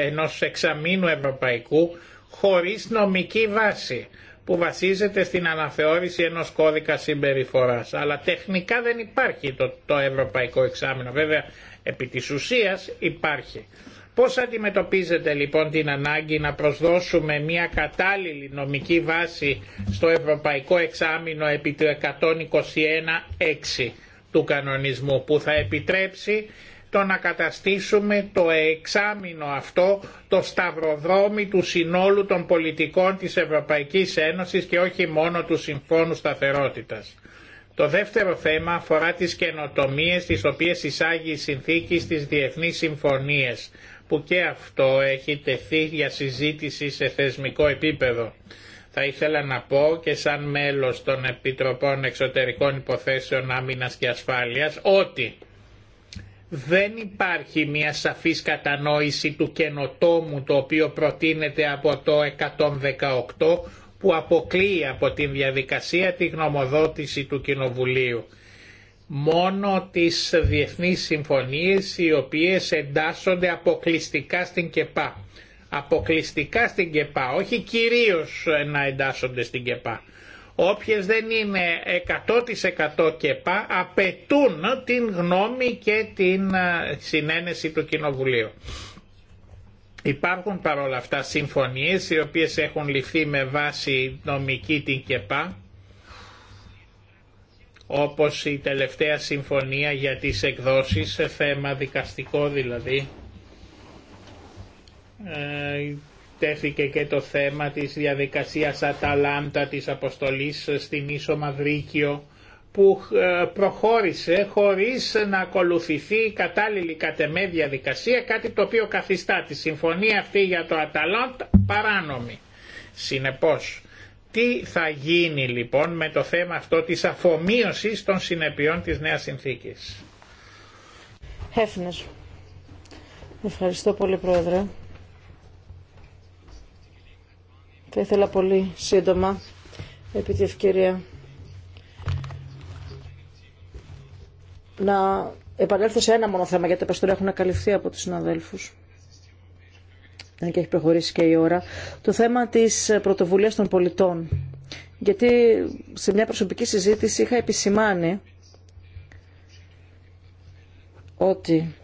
[SPEAKER 2] ενός εξαμήνου ευρωπαϊκού χωρίς νομική βάση που βασίζεται στην αναθεώρηση ενός κώδικα συμπεριφοράς. Αλλά τεχνικά δεν υπάρχει το, το ευρωπαϊκό εξάμεινο. Βέβαια, επί της ουσίας υπάρχει. Πώς αντιμετωπίζετε λοιπόν την ανάγκη να προσδώσουμε μια κατάλληλη νομική βάση στο ευρωπαϊκό εξάμεινο επί του 121.6 του κανονισμού που θα επιτρέψει το να καταστήσουμε το εξάμεινο αυτό το σταυροδρόμι του συνόλου των πολιτικών της Ευρωπαϊκής Ένωσης και όχι μόνο του Συμφώνου Σταθερότητας. Το δεύτερο θέμα αφορά τις καινοτομίες τις οποίες εισάγει η συνθήκη στις διεθνείς συμφωνίες που και αυτό έχει τεθεί για συζήτηση σε θεσμικό επίπεδο. Θα ήθελα να πω και σαν μέλος των Επιτροπών Εξωτερικών Υποθέσεων Άμυνας και Ασφάλειας ότι δεν υπάρχει μια σαφής κατανόηση του καινοτόμου το οποίο προτείνεται από το 118 που αποκλείει από τη διαδικασία τη γνωμοδότηση του Κοινοβουλίου. Μόνο τις διεθνείς συμφωνίες οι οποίες εντάσσονται αποκλειστικά στην ΚΕΠΑ αποκλειστικά στην ΚΕΠΑ, όχι κυρίως ε, να εντάσσονται στην ΚΕΠΑ. Όποιες δεν είναι 100% ΚΕΠΑ απαιτούν την γνώμη και την ε, συνένεση του Κοινοβουλίου. Υπάρχουν παρόλα αυτά συμφωνίες οι οποίες έχουν ληφθεί με βάση νομική την ΚΕΠΑ όπως η τελευταία συμφωνία για τις εκδόσεις σε θέμα δικαστικό δηλαδή ε, τέθηκε και το θέμα της διαδικασίας Αταλάντα της αποστολής στην Ίσο Μαυρίκιο που ε, προχώρησε χωρίς να ακολουθηθεί κατάλληλη κατεμέ διαδικασία, κάτι το οποίο καθιστά τη συμφωνία αυτή για το Αταλάντα παράνομη. Συνεπώς, τι θα γίνει λοιπόν με το θέμα αυτό της αφομοίωσης των συνεπειών της νέας συνθήκης. Χέφνες.
[SPEAKER 3] Ευχαριστώ πολύ Πρόεδρε. Θα ήθελα πολύ σύντομα, επί τη ευκαιρία, να επανέλθω σε ένα μόνο θέμα, γιατί τα παστορία έχουν καλυφθεί από τους συναδέλφους. Και έχει προχωρήσει και η ώρα. Το θέμα της πρωτοβουλίας των πολιτών. Γιατί σε μια προσωπική συζήτηση είχα επισημάνει ότι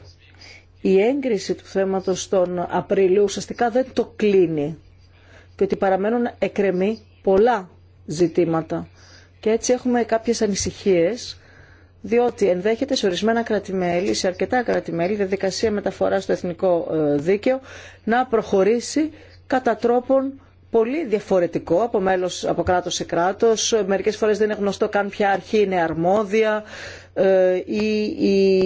[SPEAKER 3] η έγκριση του θέματος τον Απριλίου ουσιαστικά δεν το κλείνει και ότι παραμένουν εκρεμή πολλά ζητήματα. Και έτσι έχουμε κάποιες ανησυχίες, διότι ενδέχεται σε ορισμένα κρατημέλη, σε αρκετά κρατημέλη, η διαδικασία μεταφοράς στο εθνικό ε, δίκαιο να προχωρήσει κατά τρόπον πολύ διαφορετικό από, μέλος, από κράτος σε κράτος. Μερικές φορές δεν είναι γνωστό καν ποια αρχή είναι αρμόδια ε, ή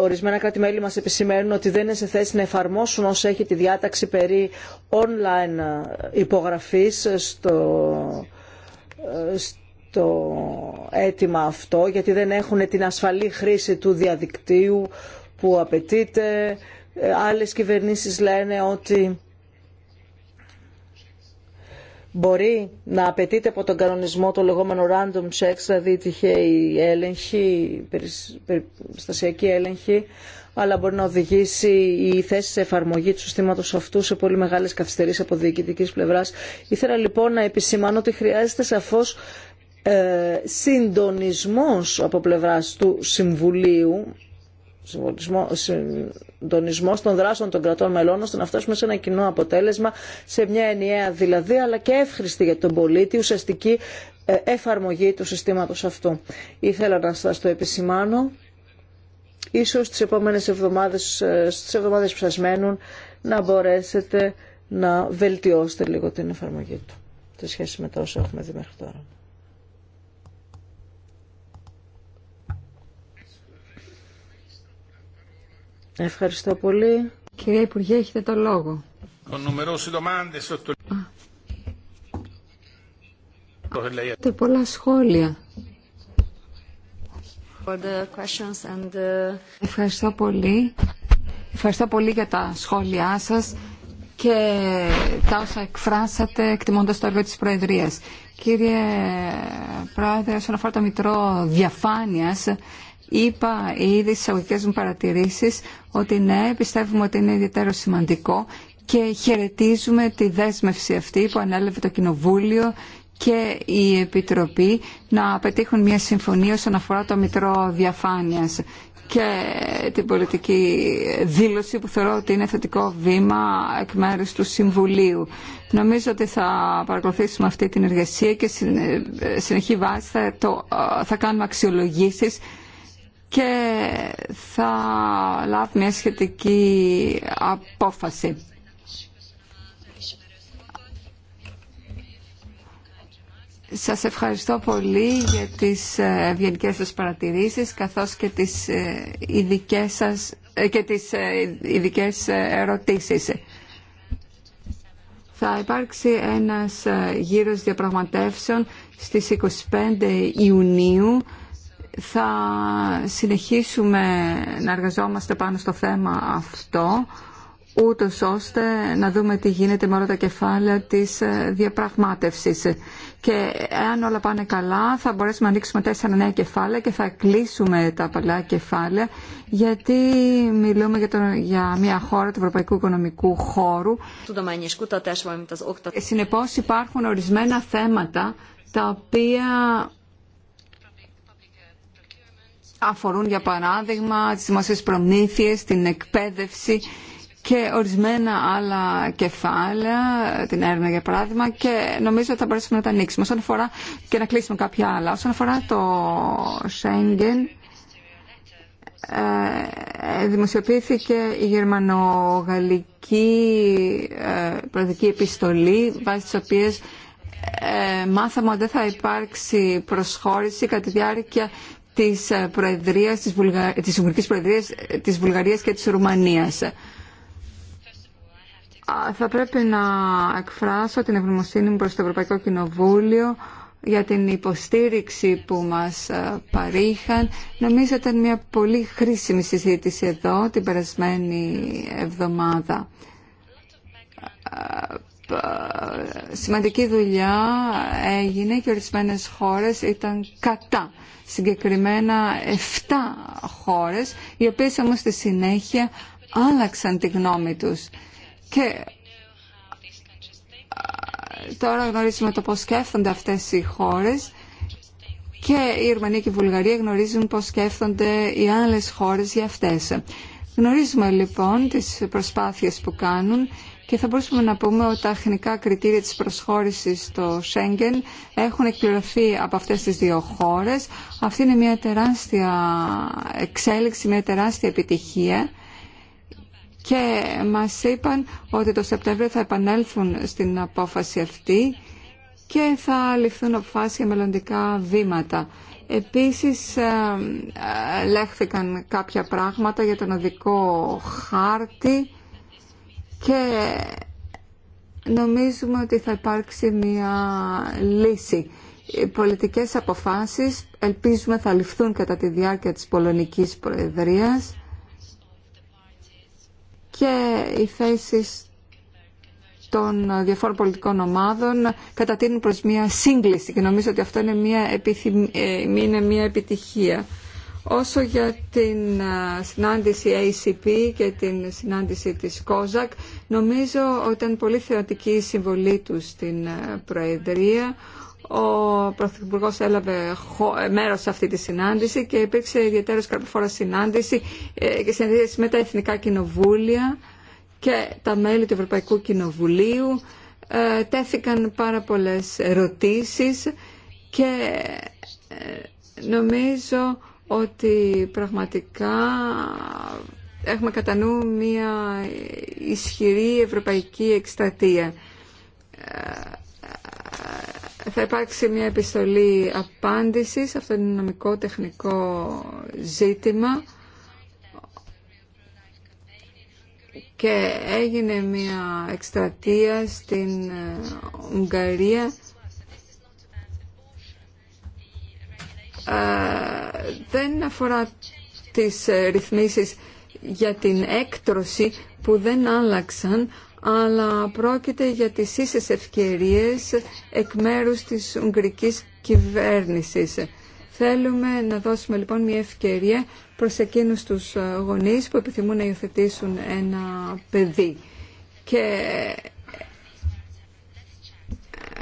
[SPEAKER 3] ορισμένα κράτη-μέλη μας επισημαίνουν ότι δεν είναι σε θέση να εφαρμόσουν όσο έχει τη διάταξη περί online υπογραφής στο, στο αίτημα αυτό, γιατί δεν έχουν την ασφαλή χρήση του διαδικτύου που απαιτείται. Ε, άλλες κυβερνήσεις λένε ότι μπορεί να απαιτείται από τον κανονισμό το λεγόμενο random checks, δηλαδή τυχαίοι έλεγχοι, περιστασιακή έλεγχη, αλλά μπορεί να οδηγήσει η θέση σε εφαρμογή του συστήματος αυτού σε πολύ μεγάλες καθυστερήσεις από διοικητικής πλευράς. Ήθελα λοιπόν να επισημάνω ότι χρειάζεται σαφώς ε, συντονισμός από πλευράς του Συμβουλίου συντονισμό των δράσεων των κρατών μελών ώστε να φτάσουμε σε ένα κοινό αποτέλεσμα, σε μια ενιαία δηλαδή, αλλά και εύχρηστη για τον πολίτη, ουσιαστική ε, εφαρμογή του συστήματος αυτού. Ήθελα να σας το επισημάνω. Ίσως τις επόμενες εβδομάδες, ε, στις εβδομάδες που σας μένουν, να μπορέσετε να βελτιώσετε λίγο την εφαρμογή του σε σχέση με τα όσα έχουμε δει μέχρι τώρα. Ευχαριστώ πολύ. Κυρία Υπουργέ, έχετε το λόγο.
[SPEAKER 1] Έχετε
[SPEAKER 4] πολλά σχόλια. Ευχαριστώ πολύ. Ευχαριστώ πολύ για τα σχόλιά σας και τα όσα εκφράσατε εκτιμώντας το έργο της Προεδρίας. Κύριε Πρόεδρε, όσον αφορά το Μητρό Διαφάνειας, Είπα ήδη στις αγωγικές μου παρατηρήσει ότι ναι, πιστεύουμε ότι είναι ιδιαίτερο σημαντικό και χαιρετίζουμε τη δέσμευση αυτή που ανέλαβε το Κοινοβούλιο και η Επιτροπή να πετύχουν μια συμφωνία όσον αφορά το Μητρό Διαφάνειας και την πολιτική δήλωση που θεωρώ ότι είναι θετικό βήμα εκ μέρους του Συμβουλίου. Νομίζω ότι θα παρακολουθήσουμε αυτή την εργασία και ε, συνεχή βάση θα, το, ε, θα κάνουμε αξιολογήσεις και θα λάβει μια σχετική απόφαση. Σας ευχαριστώ πολύ για τις ε, ευγενικέ σας παρατηρήσεις καθώς και τις ε, ειδικέ σας ε, και τις ειδικές ερωτήσεις. Θα υπάρξει ένας γύρος διαπραγματεύσεων στις 25 Ιουνίου θα συνεχίσουμε να εργαζόμαστε πάνω στο θέμα αυτό ούτω ώστε να δούμε τι γίνεται με όλα τα κεφάλαια της ε, διαπραγμάτευσης. Και εάν όλα πάνε καλά θα μπορέσουμε να ανοίξουμε τέσσερα νέα κεφάλαια και θα κλείσουμε τα παλιά κεφάλαια γιατί μιλούμε για, για μια χώρα του Ευρωπαϊκού Οικονομικού Χώρου. Συνεπώς υπάρχουν ορισμένα θέματα τα οποία αφορούν για παράδειγμα τις δημοσίες προμήθειες, την εκπαίδευση και ορισμένα άλλα κεφάλαια, την έρευνα για παράδειγμα και νομίζω ότι θα μπορέσουμε να τα ανοίξουμε όσον αφορά, και να κλείσουμε κάποια άλλα. Όσον αφορά το Schengen, ε, δημοσιοποιήθηκε η γερμανογαλλική ε, προεδρική επιστολή βάσει της οποίας ε, μάθαμε ότι δεν θα υπάρξει προσχώρηση κατά τη διάρκεια της, ε, προεδρίας, της, Βουλγα... της Ουγγρικής Προεδρίας ε, της Βουλγαρίας και της Ρουμανίας. Θα πρέπει να εκφράσω την ευγνωμοσύνη μου προς το Ευρωπαϊκό Κοινοβούλιο για την υποστήριξη που μας ε, παρήχαν. Νομίζω ήταν μια πολύ χρήσιμη συζήτηση εδώ την περασμένη εβδομάδα σημαντική δουλειά έγινε και ορισμένες χώρες ήταν κατά. Συγκεκριμένα 7 χώρες, οι οποίες όμως στη συνέχεια άλλαξαν τη γνώμη τους. Και τώρα γνωρίζουμε το πώς σκέφτονται αυτές οι χώρες και η Ιρμανία και η Βουλγαρία γνωρίζουν πώς σκέφτονται οι άλλες χώρες για αυτές. Γνωρίζουμε λοιπόν τις προσπάθειες που κάνουν και θα μπορούσαμε να πούμε ότι τα εθνικά κριτήρια της προσχώρησης στο Σέγγεν έχουν εκπληρωθεί από αυτές τις δύο χώρες. Αυτή είναι μια τεράστια εξέλιξη, μια τεράστια επιτυχία και μας είπαν ότι το Σεπτέμβριο θα επανέλθουν στην απόφαση αυτή και θα ληφθούν αποφάσεις για μελλοντικά βήματα. Επίσης ε, ε, λέχθηκαν κάποια πράγματα για τον οδικό χάρτη και νομίζουμε ότι θα υπάρξει μια λύση. Οι πολιτικές αποφάσεις ελπίζουμε θα ληφθούν κατά τη διάρκεια της Πολωνικής Προεδρίας και οι θέσεις των διαφόρων πολιτικών ομάδων κατατείνουν προς μια σύγκληση και νομίζω ότι αυτό είναι μια, επιθυμ... Ε, είναι μια επιτυχία. Όσο για την συνάντηση ACP και την συνάντηση της ΚΟΖΑΚ, νομίζω ότι ήταν πολύ θεατική η συμβολή του στην Προεδρία. Ο Πρωθυπουργό έλαβε μέρο σε αυτή τη συνάντηση και υπήρξε ιδιαίτερη καρποφόρα συνάντηση ε, και συνάντηση με τα Εθνικά Κοινοβούλια και τα μέλη του Ευρωπαϊκού Κοινοβουλίου. Ε, τέθηκαν πάρα πολλές ερωτήσεις και ε, νομίζω ότι πραγματικά έχουμε κατά νου μια ισχυρή ευρωπαϊκή εκστρατεία. Ε, θα υπάρξει μια επιστολή απάντησης, αυτό είναι νομικό τεχνικό ζήτημα και έγινε μια εκστρατεία στην Ουγγαρία δεν αφορά τις ε, ρυθμίσεις για την έκτρωση που δεν άλλαξαν αλλά πρόκειται για τις ίσες ευκαιρίες εκ μέρους της Ουγγρικής κυβέρνησης. Θέλουμε να δώσουμε λοιπόν μια ευκαιρία προς εκείνους τους ε, γονείς που επιθυμούν να υιοθετήσουν ένα παιδί. Και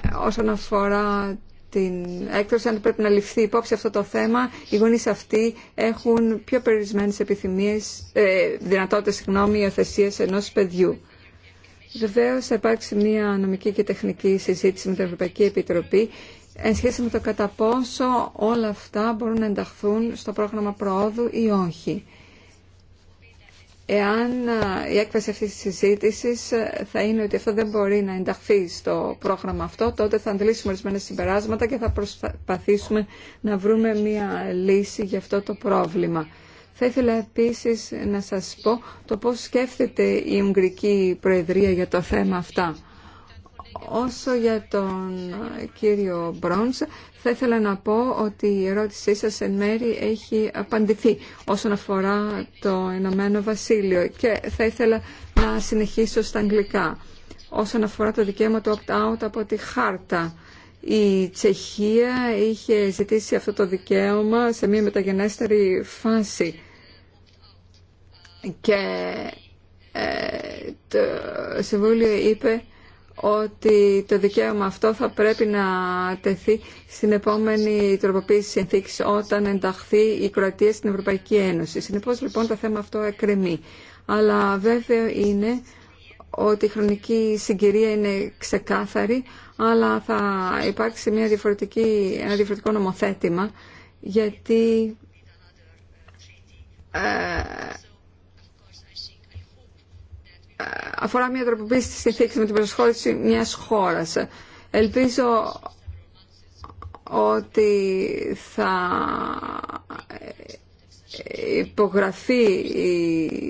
[SPEAKER 4] ε, όσον αφορά την έκδοση, αν πρέπει να ληφθεί υπόψη αυτό το θέμα, οι γονείς αυτοί έχουν πιο περιορισμένες επιθυμίες, ε, δυνατότητες συγγνώμη, υιοθεσίες ενός παιδιού. Βεβαίω θα υπάρξει μια νομική και τεχνική συζήτηση με την Ευρωπαϊκή Επιτροπή εν σχέση με το κατά πόσο όλα αυτά μπορούν να ενταχθούν στο πρόγραμμα προόδου ή όχι εάν ε, η έκβαση αυτής της συζήτησης ε, θα είναι ότι αυτό δεν μπορεί να ενταχθεί στο πρόγραμμα αυτό, τότε θα αντλήσουμε ορισμένα συμπεράσματα και θα προσπαθήσουμε να βρούμε μία λύση για αυτό το πρόβλημα. Θα ήθελα επίσης να σας πω το πώς σκέφτεται η Ουγγρική Προεδρία για το θέμα αυτά. Όσο για τον κύριο Μπρόντς, θα ήθελα να πω ότι η ερώτησή σας εν μέρη έχει απαντηθεί όσον αφορά το Ηνωμένο Βασίλειο και θα ήθελα να συνεχίσω στα αγγλικά. Όσον αφορά το δικαίωμα του opt-out από τη χάρτα, η Τσεχία είχε ζητήσει αυτό το δικαίωμα σε μια μεταγενέστερη φάση και ε, το Συμβούλιο είπε ότι το δικαίωμα αυτό θα πρέπει να τεθεί στην επόμενη τροποποίηση συνθήκης όταν ενταχθεί η Κροατία στην Ευρωπαϊκή Ένωση. Συνεπώς λοιπόν το θέμα αυτό εκκρεμεί. Αλλά βέβαιο είναι ότι η χρονική συγκυρία είναι ξεκάθαρη, αλλά θα υπάρξει μια διαφορετική, ένα διαφορετικό νομοθέτημα, γιατί ε, αφορά μια τροποποίηση της συνθήκης με την προσχώρηση μιας χώρας. Ελπίζω ότι θα υπογραφεί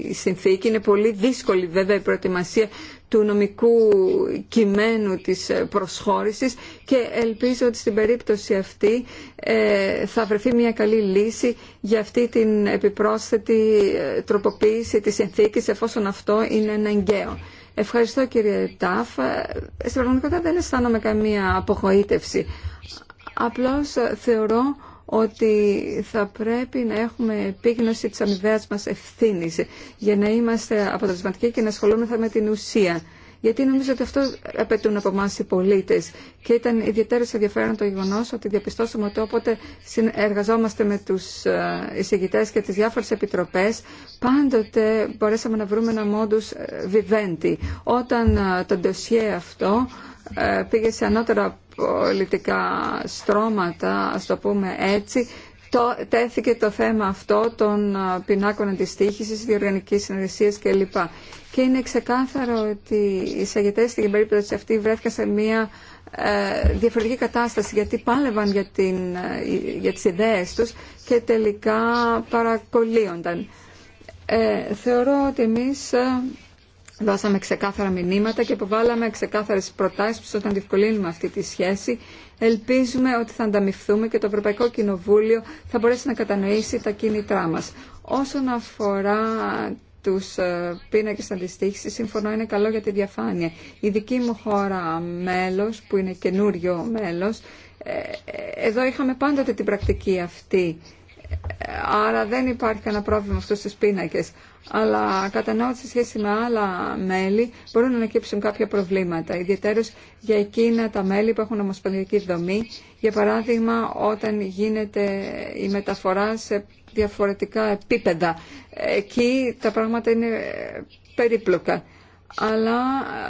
[SPEAKER 4] η συνθήκη. Είναι πολύ δύσκολη βέβαια η προετοιμασία του νομικού κειμένου της ε, προσχώρησης και ελπίζω ότι στην περίπτωση αυτή ε, θα βρεθεί μια καλή λύση για αυτή την επιπρόσθετη ε, τροποποίηση της συνθήκης εφόσον αυτό είναι αναγκαίο. Ευχαριστώ κύριε Τάφ. Στην πραγματικότητα δεν αισθάνομαι καμία απογοήτευση. Απλώς θεωρώ ότι θα πρέπει να έχουμε επίγνωση της αμοιβαίας μας ευθύνης για να είμαστε αποτελεσματικοί και να ασχολούμεθα με την ουσία. Γιατί νομίζω ότι αυτό απαιτούν από εμά οι πολίτε. Και ήταν ιδιαίτερα ενδιαφέρον το γεγονό ότι διαπιστώσαμε ότι όποτε συνεργαζόμαστε με του ε, εισηγητέ και τι διάφορε επιτροπέ, πάντοτε μπορέσαμε να βρούμε ένα μόντου βιβέντη. Ε, Όταν ε, το ντοσιέ αυτό πήγε σε ανώτερα πολιτικά στρώματα, ας το πούμε έτσι, τέθηκε το θέμα αυτό των πινάκων αντιστοίχησης, διοργανικής συνεργασίας κλπ. Και είναι ξεκάθαρο ότι οι εισαγητές στην περίπτωση αυτή βρέθηκαν σε μια ε, διαφορετική κατάσταση γιατί πάλευαν για, την, ε, για τις ιδέες τους και τελικά παρακολύονταν. Ε, θεωρώ ότι εμείς δώσαμε ξεκάθαρα μηνύματα και υποβάλαμε ξεκάθαρες προτάσεις που όταν διευκολύνουμε αυτή τη σχέση ελπίζουμε ότι θα ανταμυφθούμε και το Ευρωπαϊκό Κοινοβούλιο θα μπορέσει να κατανοήσει τα κίνητρά μας. Όσον αφορά τους ε, πίνακες αντιστοίχησης, συμφωνώ είναι καλό για τη διαφάνεια. Η δική μου χώρα μέλος, που είναι καινούριο μέλος, ε, ε, εδώ είχαμε πάντοτε την πρακτική αυτή. Άρα δεν υπάρχει κανένα πρόβλημα αυτούς τους πίνακες αλλά κατανοώ ότι σε σχέση με άλλα μέλη μπορούν να ανακύψουν κάποια προβλήματα, ιδιαίτερως για εκείνα τα μέλη που έχουν ομοσπονδιακή δομή, για παράδειγμα όταν γίνεται η μεταφορά σε διαφορετικά επίπεδα. Εκεί τα πράγματα είναι περίπλοκα αλλά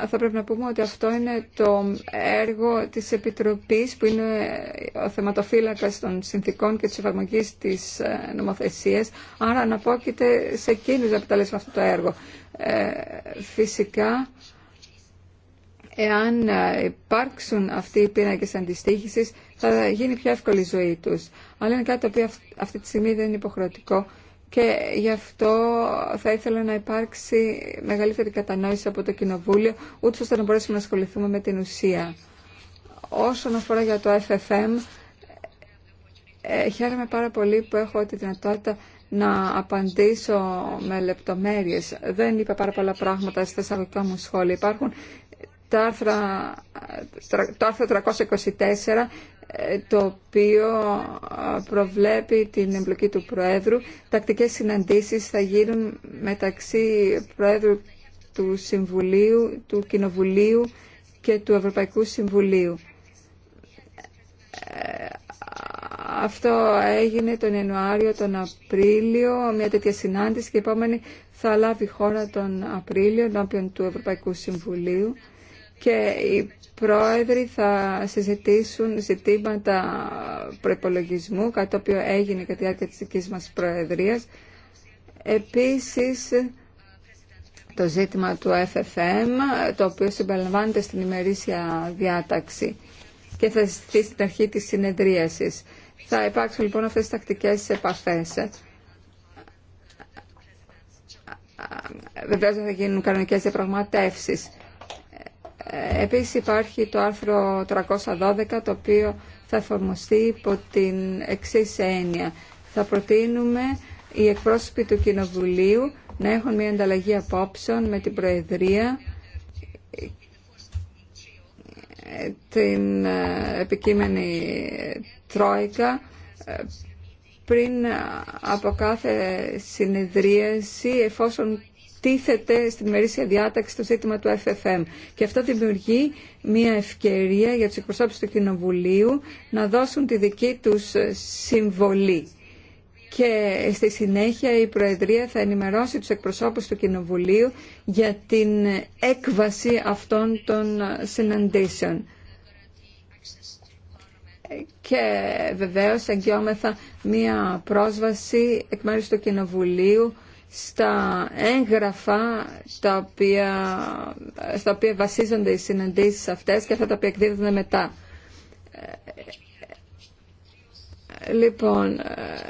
[SPEAKER 4] θα πρέπει να πούμε ότι αυτό είναι το έργο της Επιτροπής που είναι ο θεματοφύλακας των συνθήκων και της εφαρμογής της ε, νομοθεσίας, άρα αναπόκειται σε εκείνους να επιταλέσουμε αυτό το έργο. Ε, φυσικά, εάν ε, υπάρξουν αυτοί οι πίνακες αντιστοίχησης, θα γίνει πιο εύκολη η ζωή τους. Αλλά είναι κάτι το αυτή τη στιγμή δεν είναι υποχρεωτικό και γι' αυτό θα ήθελα να υπάρξει μεγαλύτερη κατανόηση από το Κοινοβούλιο, ούτω ώστε να μπορέσουμε να ασχοληθούμε με την ουσία. Όσον αφορά για το FFM, ε, χαίρομαι πάρα πολύ που έχω τη δυνατότητα να απαντήσω με λεπτομέρειες. Δεν είπα πάρα πολλά πράγματα στα εισαγωγικά μου σχόλια. Υπάρχουν το άρθρο 324 ε, το οποίο ε, προβλέπει την εμπλοκή του Προέδρου. Τακτικές συναντήσεις θα γίνουν μεταξύ Προέδρου του Συμβουλίου, του Κοινοβουλίου και του Ευρωπαϊκού Συμβουλίου. Ε, αυτό έγινε τον Ιανουάριο, τον Απρίλιο, μια τέτοια συνάντηση και η επόμενη θα λάβει χώρα τον Απρίλιο ενώπιον του Ευρωπαϊκού Συμβουλίου και οι πρόεδροι θα συζητήσουν ζητήματα προπολογισμού, κάτι το οποίο έγινε κατά τη διάρκεια της δικής μας προεδρίας. Επίσης, το ζήτημα του FFM, το οποίο συμπεριλαμβάνεται στην ημερήσια διάταξη και θα συζητηθεί στην αρχή της συνεδρίασης. Θα υπάρξουν λοιπόν αυτές τις τακτικές επαφές. Βεβαίως θα γίνουν κανονικές διαπραγματεύσεις. Ε, επίσης υπάρχει το άρθρο 312 το οποίο θα εφαρμοστεί υπό την εξή έννοια. Θα προτείνουμε οι εκπρόσωποι του Κοινοβουλίου να έχουν μια ανταλλαγή απόψεων με την Προεδρία ε, την ε, επικείμενη Τρόικα πριν από κάθε συνεδρίαση εφόσον τίθεται στην μερίσια διάταξη το ζήτημα του FFM. Και αυτό δημιουργεί μια ευκαιρία για τους εκπροσώπους του Κοινοβουλίου να δώσουν τη δική τους συμβολή. Και στη συνέχεια η Προεδρία θα ενημερώσει τους εκπροσώπους του Κοινοβουλίου για την έκβαση αυτών των συναντήσεων και βεβαίως εγγυόμεθα μία πρόσβαση εκ μέρους του Κοινοβουλίου στα έγγραφα τα οποία, στα οποία βασίζονται οι συναντήσεις αυτές και αυτά τα οποία εκδίδονται μετά. Λοιπόν,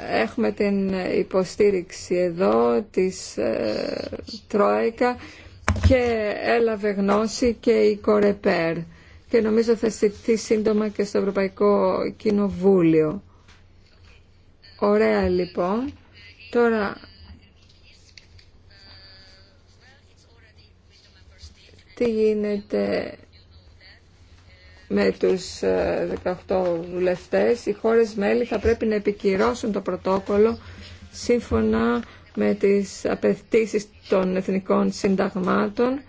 [SPEAKER 4] έχουμε την υποστήριξη εδώ της ε, Τρόικα και έλαβε γνώση και η Κορεπέρ και νομίζω θα στηθεί σύντομα και στο Ευρωπαϊκό Κοινοβούλιο. Ωραία λοιπόν. Τώρα τι γίνεται με τους 18 ε, βουλευτές. Οι χώρες μέλη θα πρέπει να επικυρώσουν το πρωτόκολλο σύμφωνα με τις απαιτήσει των εθνικών συνταγμάτων.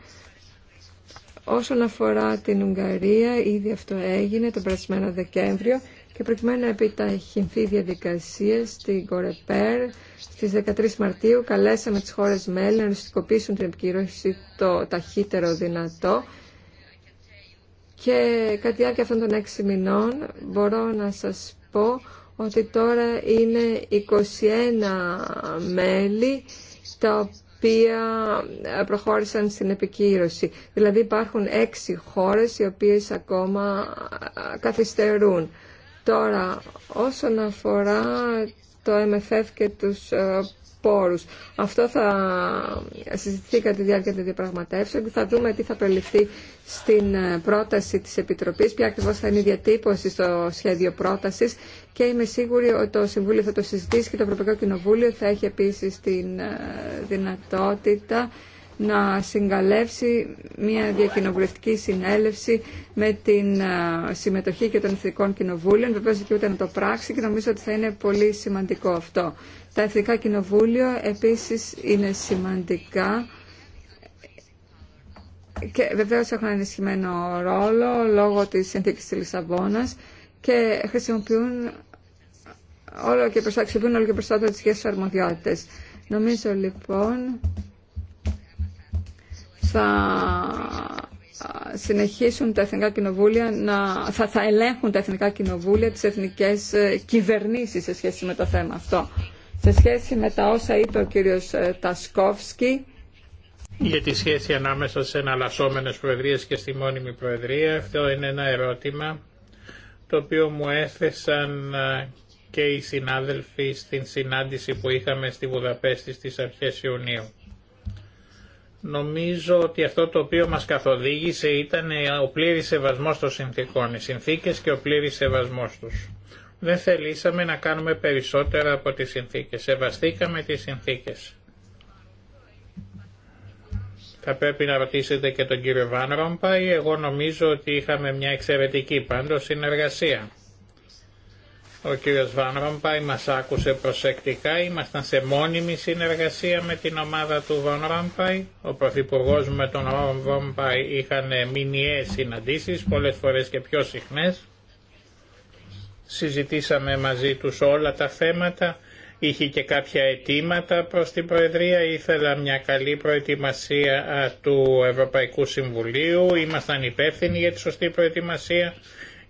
[SPEAKER 4] Όσον αφορά την Ουγγαρία, ήδη αυτό έγινε τον περασμένο Δεκέμβριο και προκειμένου να επιταχυνθεί η διαδικασία στην Κορεπέρ στι 13 Μαρτίου καλέσαμε τι χώρε μέλη να ρυστικοποιήσουν την επικυρώση το ταχύτερο δυνατό και κατά τη διάρκεια αυτών των έξι μηνών μπορώ να σα πω ότι τώρα είναι 21 μέλη τα οποία προχώρησαν στην επικύρωση. Δηλαδή υπάρχουν έξι χώρες οι οποίες ακόμα καθυστερούν. Τώρα, όσον αφορά το MFF και τους ε, πόρους, αυτό θα συζητηθεί κατά τη διάρκεια των διαπραγματεύσεων και θα δούμε τι θα περιληφθεί στην ε, πρόταση της Επιτροπής, ποια ακριβώς θα είναι η διατύπωση στο σχέδιο πρότασης και είμαι σίγουρη ότι το Συμβούλιο θα το συζητήσει και το Ευρωπαϊκό Κοινοβούλιο θα έχει επίσης την ε, δυνατότητα να συγκαλέψει μια διακοινοβουλευτική συνέλευση με την συμμετοχή και των εθνικών κοινοβούλων. Βεβαίως και ούτε να το πράξει και νομίζω ότι θα είναι πολύ σημαντικό αυτό. Τα εθνικά κοινοβούλια επίσης είναι σημαντικά και βεβαίως έχουν ενισχυμένο ρόλο λόγω της συνθήκης της Λισαβόνας και χρησιμοποιούν όλο και χρησιμοποιούν όλο και περισσότερο τις σχέσεις αρμοδιότητες. Νομίζω λοιπόν θα συνεχίσουν τα εθνικά κοινοβούλια να, θα, ελέγχουν τα εθνικά κοινοβούλια τις εθνικές ε, κυβερνήσεις σε σχέση με το θέμα αυτό. Σε σχέση με τα όσα είπε ο κύριος ε, Τασκόφσκι
[SPEAKER 2] για τη σχέση ανάμεσα σε εναλλασσόμενες προεδρίες και στη μόνιμη προεδρία αυτό είναι ένα ερώτημα το οποίο μου έθεσαν ε, και οι συνάδελφοι στην συνάντηση που είχαμε στη Βουδαπέστη στις αρχές Ιουνίου. Νομίζω ότι αυτό το οποίο μας καθοδήγησε ήταν ο πλήρης σεβασμός των συνθήκων, οι συνθήκες και ο πλήρης σεβασμός τους. Δεν θελήσαμε να κάνουμε περισσότερα από τις συνθήκες, σεβαστήκαμε τις συνθήκες. Θα πρέπει να ρωτήσετε και τον κύριο Βάν ή εγώ νομίζω ότι είχαμε μια εξαιρετική πάντως συνεργασία. Ο κύριος Βαν μας άκουσε προσεκτικά, ήμασταν σε μόνιμη συνεργασία με την ομάδα του Βαν Ο Πρωθυπουργό με τον Ρομπάι είχαν μηνιαίες συναντήσεις, πολλές φορές και πιο συχνές. Συζητήσαμε μαζί τους όλα τα θέματα, είχε και κάποια αιτήματα προς την Προεδρία, ήθελα μια καλή προετοιμασία του Ευρωπαϊκού Συμβουλίου, ήμασταν υπεύθυνοι για τη σωστή προετοιμασία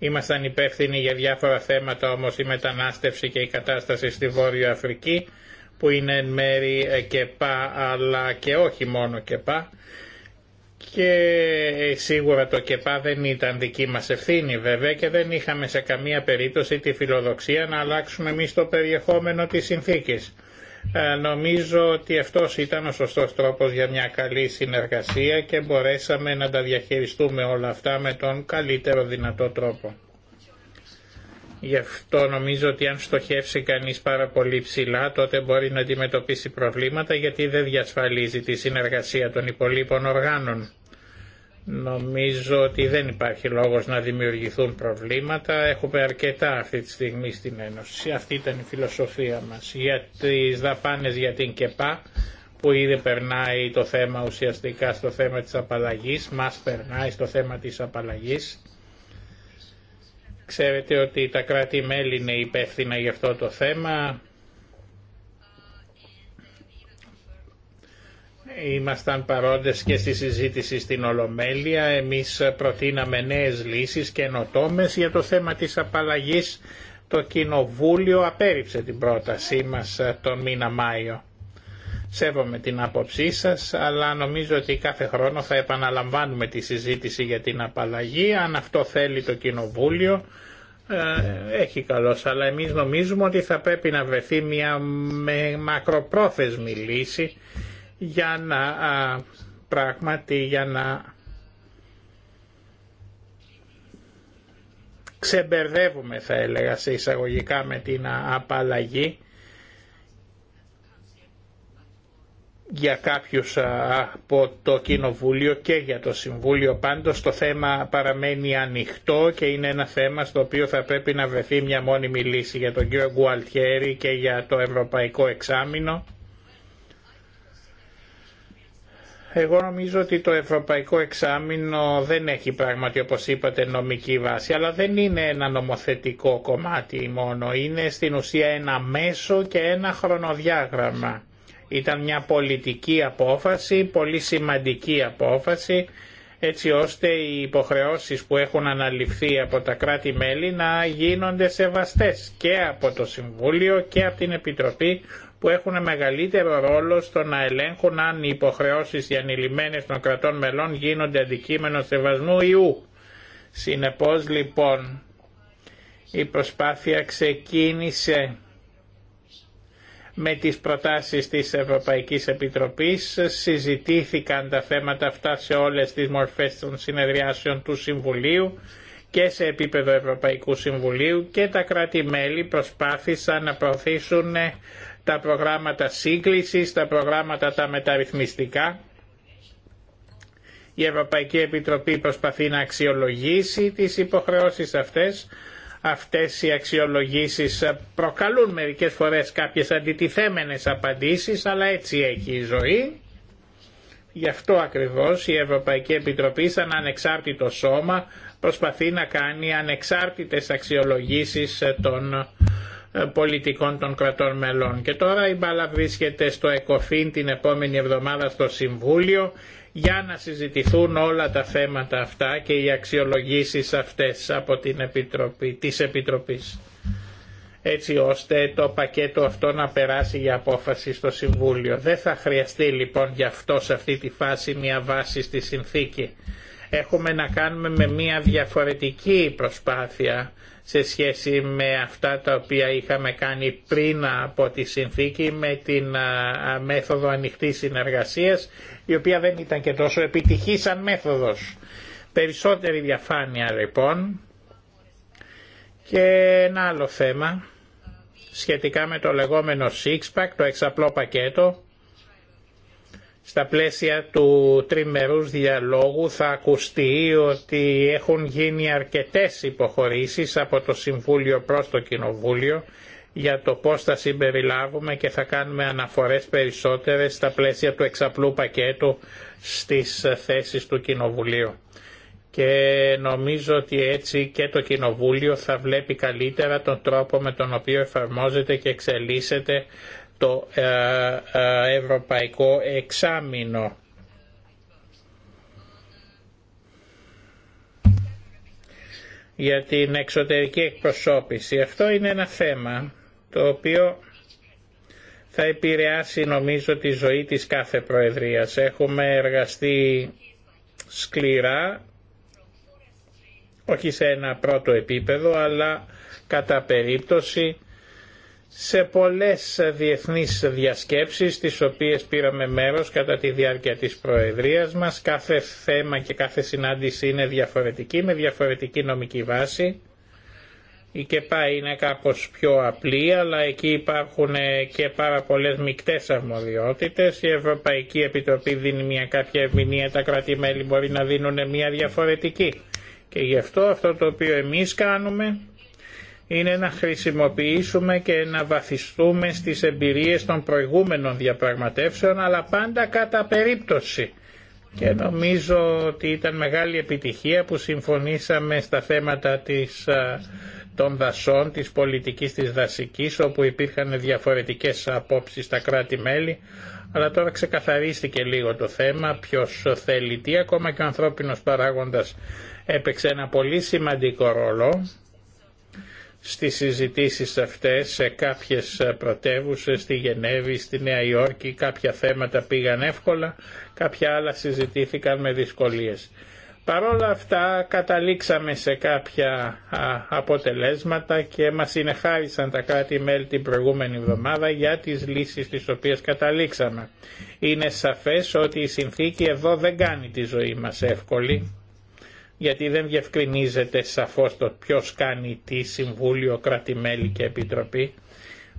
[SPEAKER 2] Ήμασταν υπεύθυνοι για διάφορα θέματα όμως η μετανάστευση και η κατάσταση στη Βόρεια Αφρική που είναι εν μέρη ε, ΚΕΠΑ αλλά και όχι μόνο ΚΕΠΑ και ε, σίγουρα το ΚΕΠΑ δεν ήταν δική μας ευθύνη βέβαια και δεν είχαμε σε καμία περίπτωση τη φιλοδοξία να αλλάξουμε εμεί το περιεχόμενο της συνθήκης. Ε, νομίζω ότι αυτός ήταν ο σωστός τρόπος για μια καλή συνεργασία και μπορέσαμε να τα διαχειριστούμε όλα αυτά με τον καλύτερο δυνατό τρόπο. Γι' αυτό νομίζω ότι αν στοχεύσει κανείς πάρα πολύ ψηλά τότε μπορεί να αντιμετωπίσει προβλήματα γιατί δεν διασφαλίζει τη συνεργασία των υπολείπων οργάνων. Νομίζω ότι δεν υπάρχει λόγος να δημιουργηθούν προβλήματα. Έχουμε αρκετά αυτή τη στιγμή στην Ένωση. Αυτή ήταν η φιλοσοφία μας. Για τις δαπάνες για την ΚΕΠΑ που ήδη περνάει το θέμα ουσιαστικά στο θέμα της απαλλαγής, μας περνάει στο θέμα της απαλλαγής. Ξέρετε ότι τα κράτη-μέλη είναι υπεύθυνα για αυτό το θέμα. ήμασταν παρόντες και στη συζήτηση στην Ολομέλεια. Εμείς προτείναμε νέες λύσεις και νοτόμες για το θέμα της απαλλαγής. Το Κοινοβούλιο απέριψε την πρότασή μας τον μήνα Μάιο. Σέβομαι την άποψή σας, αλλά νομίζω ότι κάθε χρόνο θα επαναλαμβάνουμε τη συζήτηση για την απαλλαγή. Αν αυτό θέλει το Κοινοβούλιο, ε, έχει καλό, αλλά εμείς νομίζουμε ότι θα πρέπει να βρεθεί μια μακροπρόθεσμη λύση για να πράγματι για να ξεμπερδεύουμε θα έλεγα σε εισαγωγικά με την απαλλαγή για κάποιους από το Κοινοβούλιο και για το Συμβούλιο πάντως το θέμα παραμένει ανοιχτό και είναι ένα θέμα στο οποίο θα πρέπει να βρεθεί μια μόνιμη λύση για τον κύριο Γκουαλτιέρη και για το Ευρωπαϊκό Εξάμεινο. Εγώ νομίζω ότι το Ευρωπαϊκό Εξάμεινο δεν έχει πράγματι όπως είπατε νομική βάση, αλλά δεν είναι ένα νομοθετικό κομμάτι μόνο, είναι στην ουσία ένα μέσο και ένα χρονοδιάγραμμα. Ήταν μια πολιτική απόφαση, πολύ σημαντική απόφαση, έτσι ώστε οι υποχρεώσεις που έχουν αναλυφθεί από τα κράτη-μέλη να γίνονται σεβαστές και από το Συμβούλιο και από την Επιτροπή που έχουν μεγαλύτερο ρόλο στο να ελέγχουν αν οι υποχρεώσεις οι ανηλυμένες των κρατών μελών γίνονται αντικείμενο σεβασμού ιού. Συνεπώς λοιπόν η προσπάθεια ξεκίνησε με τις προτάσεις της Ευρωπαϊκής Επιτροπής συζητήθηκαν τα θέματα αυτά σε όλες τις μορφές των συνεδριάσεων του Συμβουλίου και σε επίπεδο Ευρωπαϊκού Συμβουλίου και τα κράτη-μέλη προσπάθησαν να προωθήσουν τα προγράμματα σύγκλησης, τα προγράμματα τα μεταρρυθμιστικά. Η Ευρωπαϊκή Επιτροπή προσπαθεί να αξιολογήσει τις υποχρεώσεις αυτές. Αυτές οι αξιολογήσεις προκαλούν μερικές φορές κάποιες αντιτιθέμενες απαντήσεις, αλλά έτσι έχει η ζωή. Γι' αυτό ακριβώς η Ευρωπαϊκή Επιτροπή σαν ανεξάρτητο σώμα προσπαθεί να κάνει ανεξάρτητες αξιολογήσεις των ε, πολιτικών των κρατών μελών. Και τώρα η μπάλα βρίσκεται στο ΕΚΟΦΗΝ την επόμενη εβδομάδα στο Συμβούλιο για να συζητηθούν όλα τα θέματα αυτά και οι αξιολογήσεις αυτές από την Επιτροπή, της Επιτροπής έτσι ώστε το πακέτο αυτό να περάσει για απόφαση στο Συμβούλιο. Δεν θα χρειαστεί λοιπόν γι' αυτό σε αυτή τη φάση μια βάση στη συνθήκη. Έχουμε να κάνουμε με μια διαφορετική προσπάθεια σε σχέση με αυτά τα οποία είχαμε κάνει πριν από τη συνθήκη με την μέθοδο ανοιχτής συνεργασίας η οποία δεν ήταν και τόσο επιτυχή σαν μέθοδος. Περισσότερη διαφάνεια λοιπόν και ένα άλλο θέμα σχετικά με το λεγόμενο το εξαπλό πακέτο στα πλαίσια του τριμερούς διαλόγου θα ακουστεί ότι έχουν γίνει αρκετές υποχωρήσεις από το Συμβούλιο προς το Κοινοβούλιο για το πώς θα συμπεριλάβουμε και θα κάνουμε αναφορές περισσότερες στα πλαίσια του εξαπλού πακέτου στις θέσεις του Κοινοβουλίου. Και νομίζω ότι έτσι και το Κοινοβούλιο θα βλέπει καλύτερα τον τρόπο με τον οποίο εφαρμόζεται και εξελίσσεται το ε, ε, ευρωπαϊκό εξάμεινο. για την εξωτερική εκπροσώπηση. Αυτό είναι ένα θέμα το οποίο θα επηρεάσει νομίζω τη ζωή της κάθε Προεδρίας. Έχουμε εργαστεί σκληρά, όχι σε ένα πρώτο επίπεδο, αλλά κατά περίπτωση σε πολλές διεθνείς διασκέψεις τις οποίες πήραμε μέρος κατά τη διάρκεια της Προεδρίας μας. Κάθε θέμα και κάθε συνάντηση είναι διαφορετική με διαφορετική νομική βάση. Η ΚΕΠΑ είναι κάπως πιο απλή αλλά εκεί υπάρχουν και πάρα πολλές μικτές αρμοδιότητες. Η Ευρωπαϊκή Επιτροπή δίνει μια κάποια ερμηνεία, τα κράτη-μέλη μπορεί να δίνουν μια διαφορετική. Και γι' αυτό αυτό το οποίο εμείς κάνουμε είναι να χρησιμοποιήσουμε και να βαθιστούμε στις εμπειρίες των προηγούμενων διαπραγματεύσεων αλλά πάντα κατά περίπτωση. Και νομίζω ότι ήταν μεγάλη επιτυχία που συμφωνήσαμε στα θέματα της, των δασών, της πολιτικής της δασικής, όπου υπήρχαν διαφορετικές απόψεις στα κράτη-μέλη, αλλά τώρα ξεκαθαρίστηκε λίγο το θέμα, ποιος θέλει τι, ακόμα και ο ανθρώπινος παράγοντας έπαιξε ένα πολύ σημαντικό ρόλο στις συζητήσεις αυτές σε κάποιες πρωτεύουσες, στη Γενέβη, στη Νέα Υόρκη, κάποια θέματα πήγαν εύκολα, κάποια άλλα συζητήθηκαν με δυσκολίες. Παρόλα αυτά καταλήξαμε σε κάποια αποτελέσματα και μας συνεχάρισαν τα κράτη-μέλη την προηγούμενη εβδομάδα για τις λύσεις τις οποίες καταλήξαμε. Είναι σαφές ότι η συνθήκη εδώ δεν κάνει τη ζωή μας εύκολη γιατί δεν διευκρινίζεται σαφώς το ποιος κάνει τι Συμβούλιο, Κρατημέλη και Επιτροπή.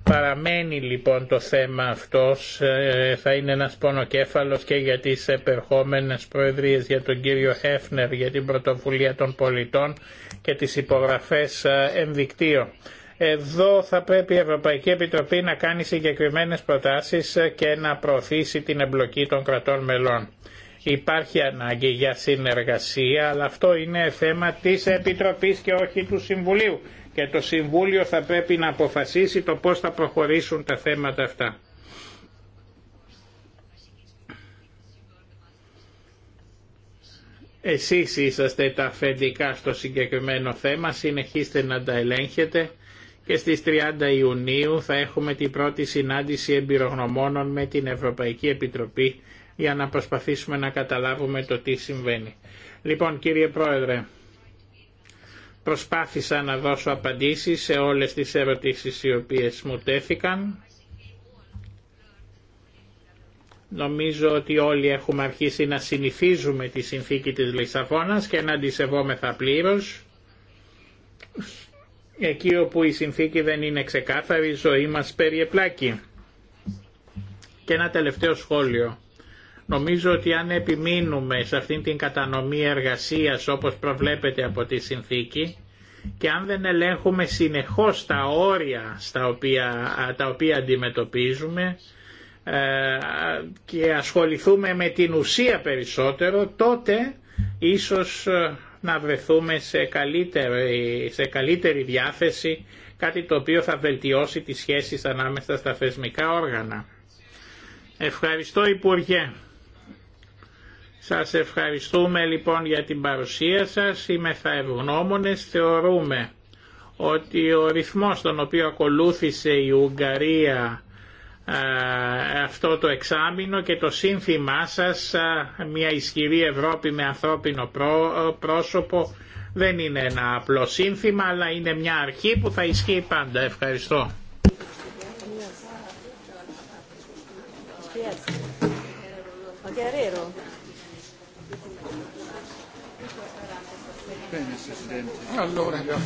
[SPEAKER 2] Παραμένει λοιπόν το θέμα αυτός, ε, θα είναι ένας πονοκέφαλος και για τις επερχόμενες προεδρίες για τον κύριο Έφνερ για την πρωτοβουλία των πολιτών και τις υπογραφές ε, ενδικτύων. Εδώ θα πρέπει η Ευρωπαϊκή Επιτροπή να κάνει συγκεκριμένες προτάσεις και να προωθήσει την εμπλοκή των κρατών μελών. Υπάρχει ανάγκη για συνεργασία, αλλά αυτό είναι θέμα της Επιτροπής και όχι του Συμβουλίου. Και το Συμβούλιο θα πρέπει να αποφασίσει το πώς θα προχωρήσουν τα θέματα αυτά. Εσείς είσαστε τα αφεντικά στο συγκεκριμένο θέμα, συνεχίστε να τα ελέγχετε και στις 30 Ιουνίου θα έχουμε την πρώτη συνάντηση εμπειρογνωμόνων με την Ευρωπαϊκή Επιτροπή για να προσπαθήσουμε να καταλάβουμε το τι συμβαίνει. Λοιπόν κύριε Πρόεδρε, προσπάθησα να δώσω απαντήσεις σε όλες τις ερωτήσεις οι οποίες μου τέθηκαν. Νομίζω ότι όλοι έχουμε αρχίσει να συνηθίζουμε τη συνθήκη της Λισαβόνας και να αντισεβόμεθα πλήρως. Εκεί όπου η συνθήκη δεν είναι ξεκάθαρη, η ζωή μας περιεπλάκει. Και ένα τελευταίο σχόλιο. Νομίζω ότι αν επιμείνουμε σε αυτήν την κατανομή εργασίας όπως προβλέπεται από τη συνθήκη και αν δεν ελέγχουμε συνεχώς τα όρια στα οποία, τα οποία αντιμετωπίζουμε ε, και ασχοληθούμε με την ουσία περισσότερο, τότε ίσως ε, να βρεθούμε σε καλύτερη, σε καλύτερη διάθεση, κάτι το οποίο θα βελτιώσει τις σχέσεις ανάμεσα στα θεσμικά όργανα. Ευχαριστώ Υπουργέ. Σας ευχαριστούμε λοιπόν για την παρουσία σας, είμαι θα ευγνώμονες, θεωρούμε ότι ο ρυθμός τον οποίο ακολούθησε η Ουγγαρία αυτό το εξάμεινο και το σύνθημά σας μια ισχυρή Ευρώπη με ανθρώπινο πρόσωπο δεν είναι ένα απλό σύνθημα αλλά είναι μια αρχή που θα ισχύει πάντα. Ευχαριστώ.
[SPEAKER 5] Bene, Allora.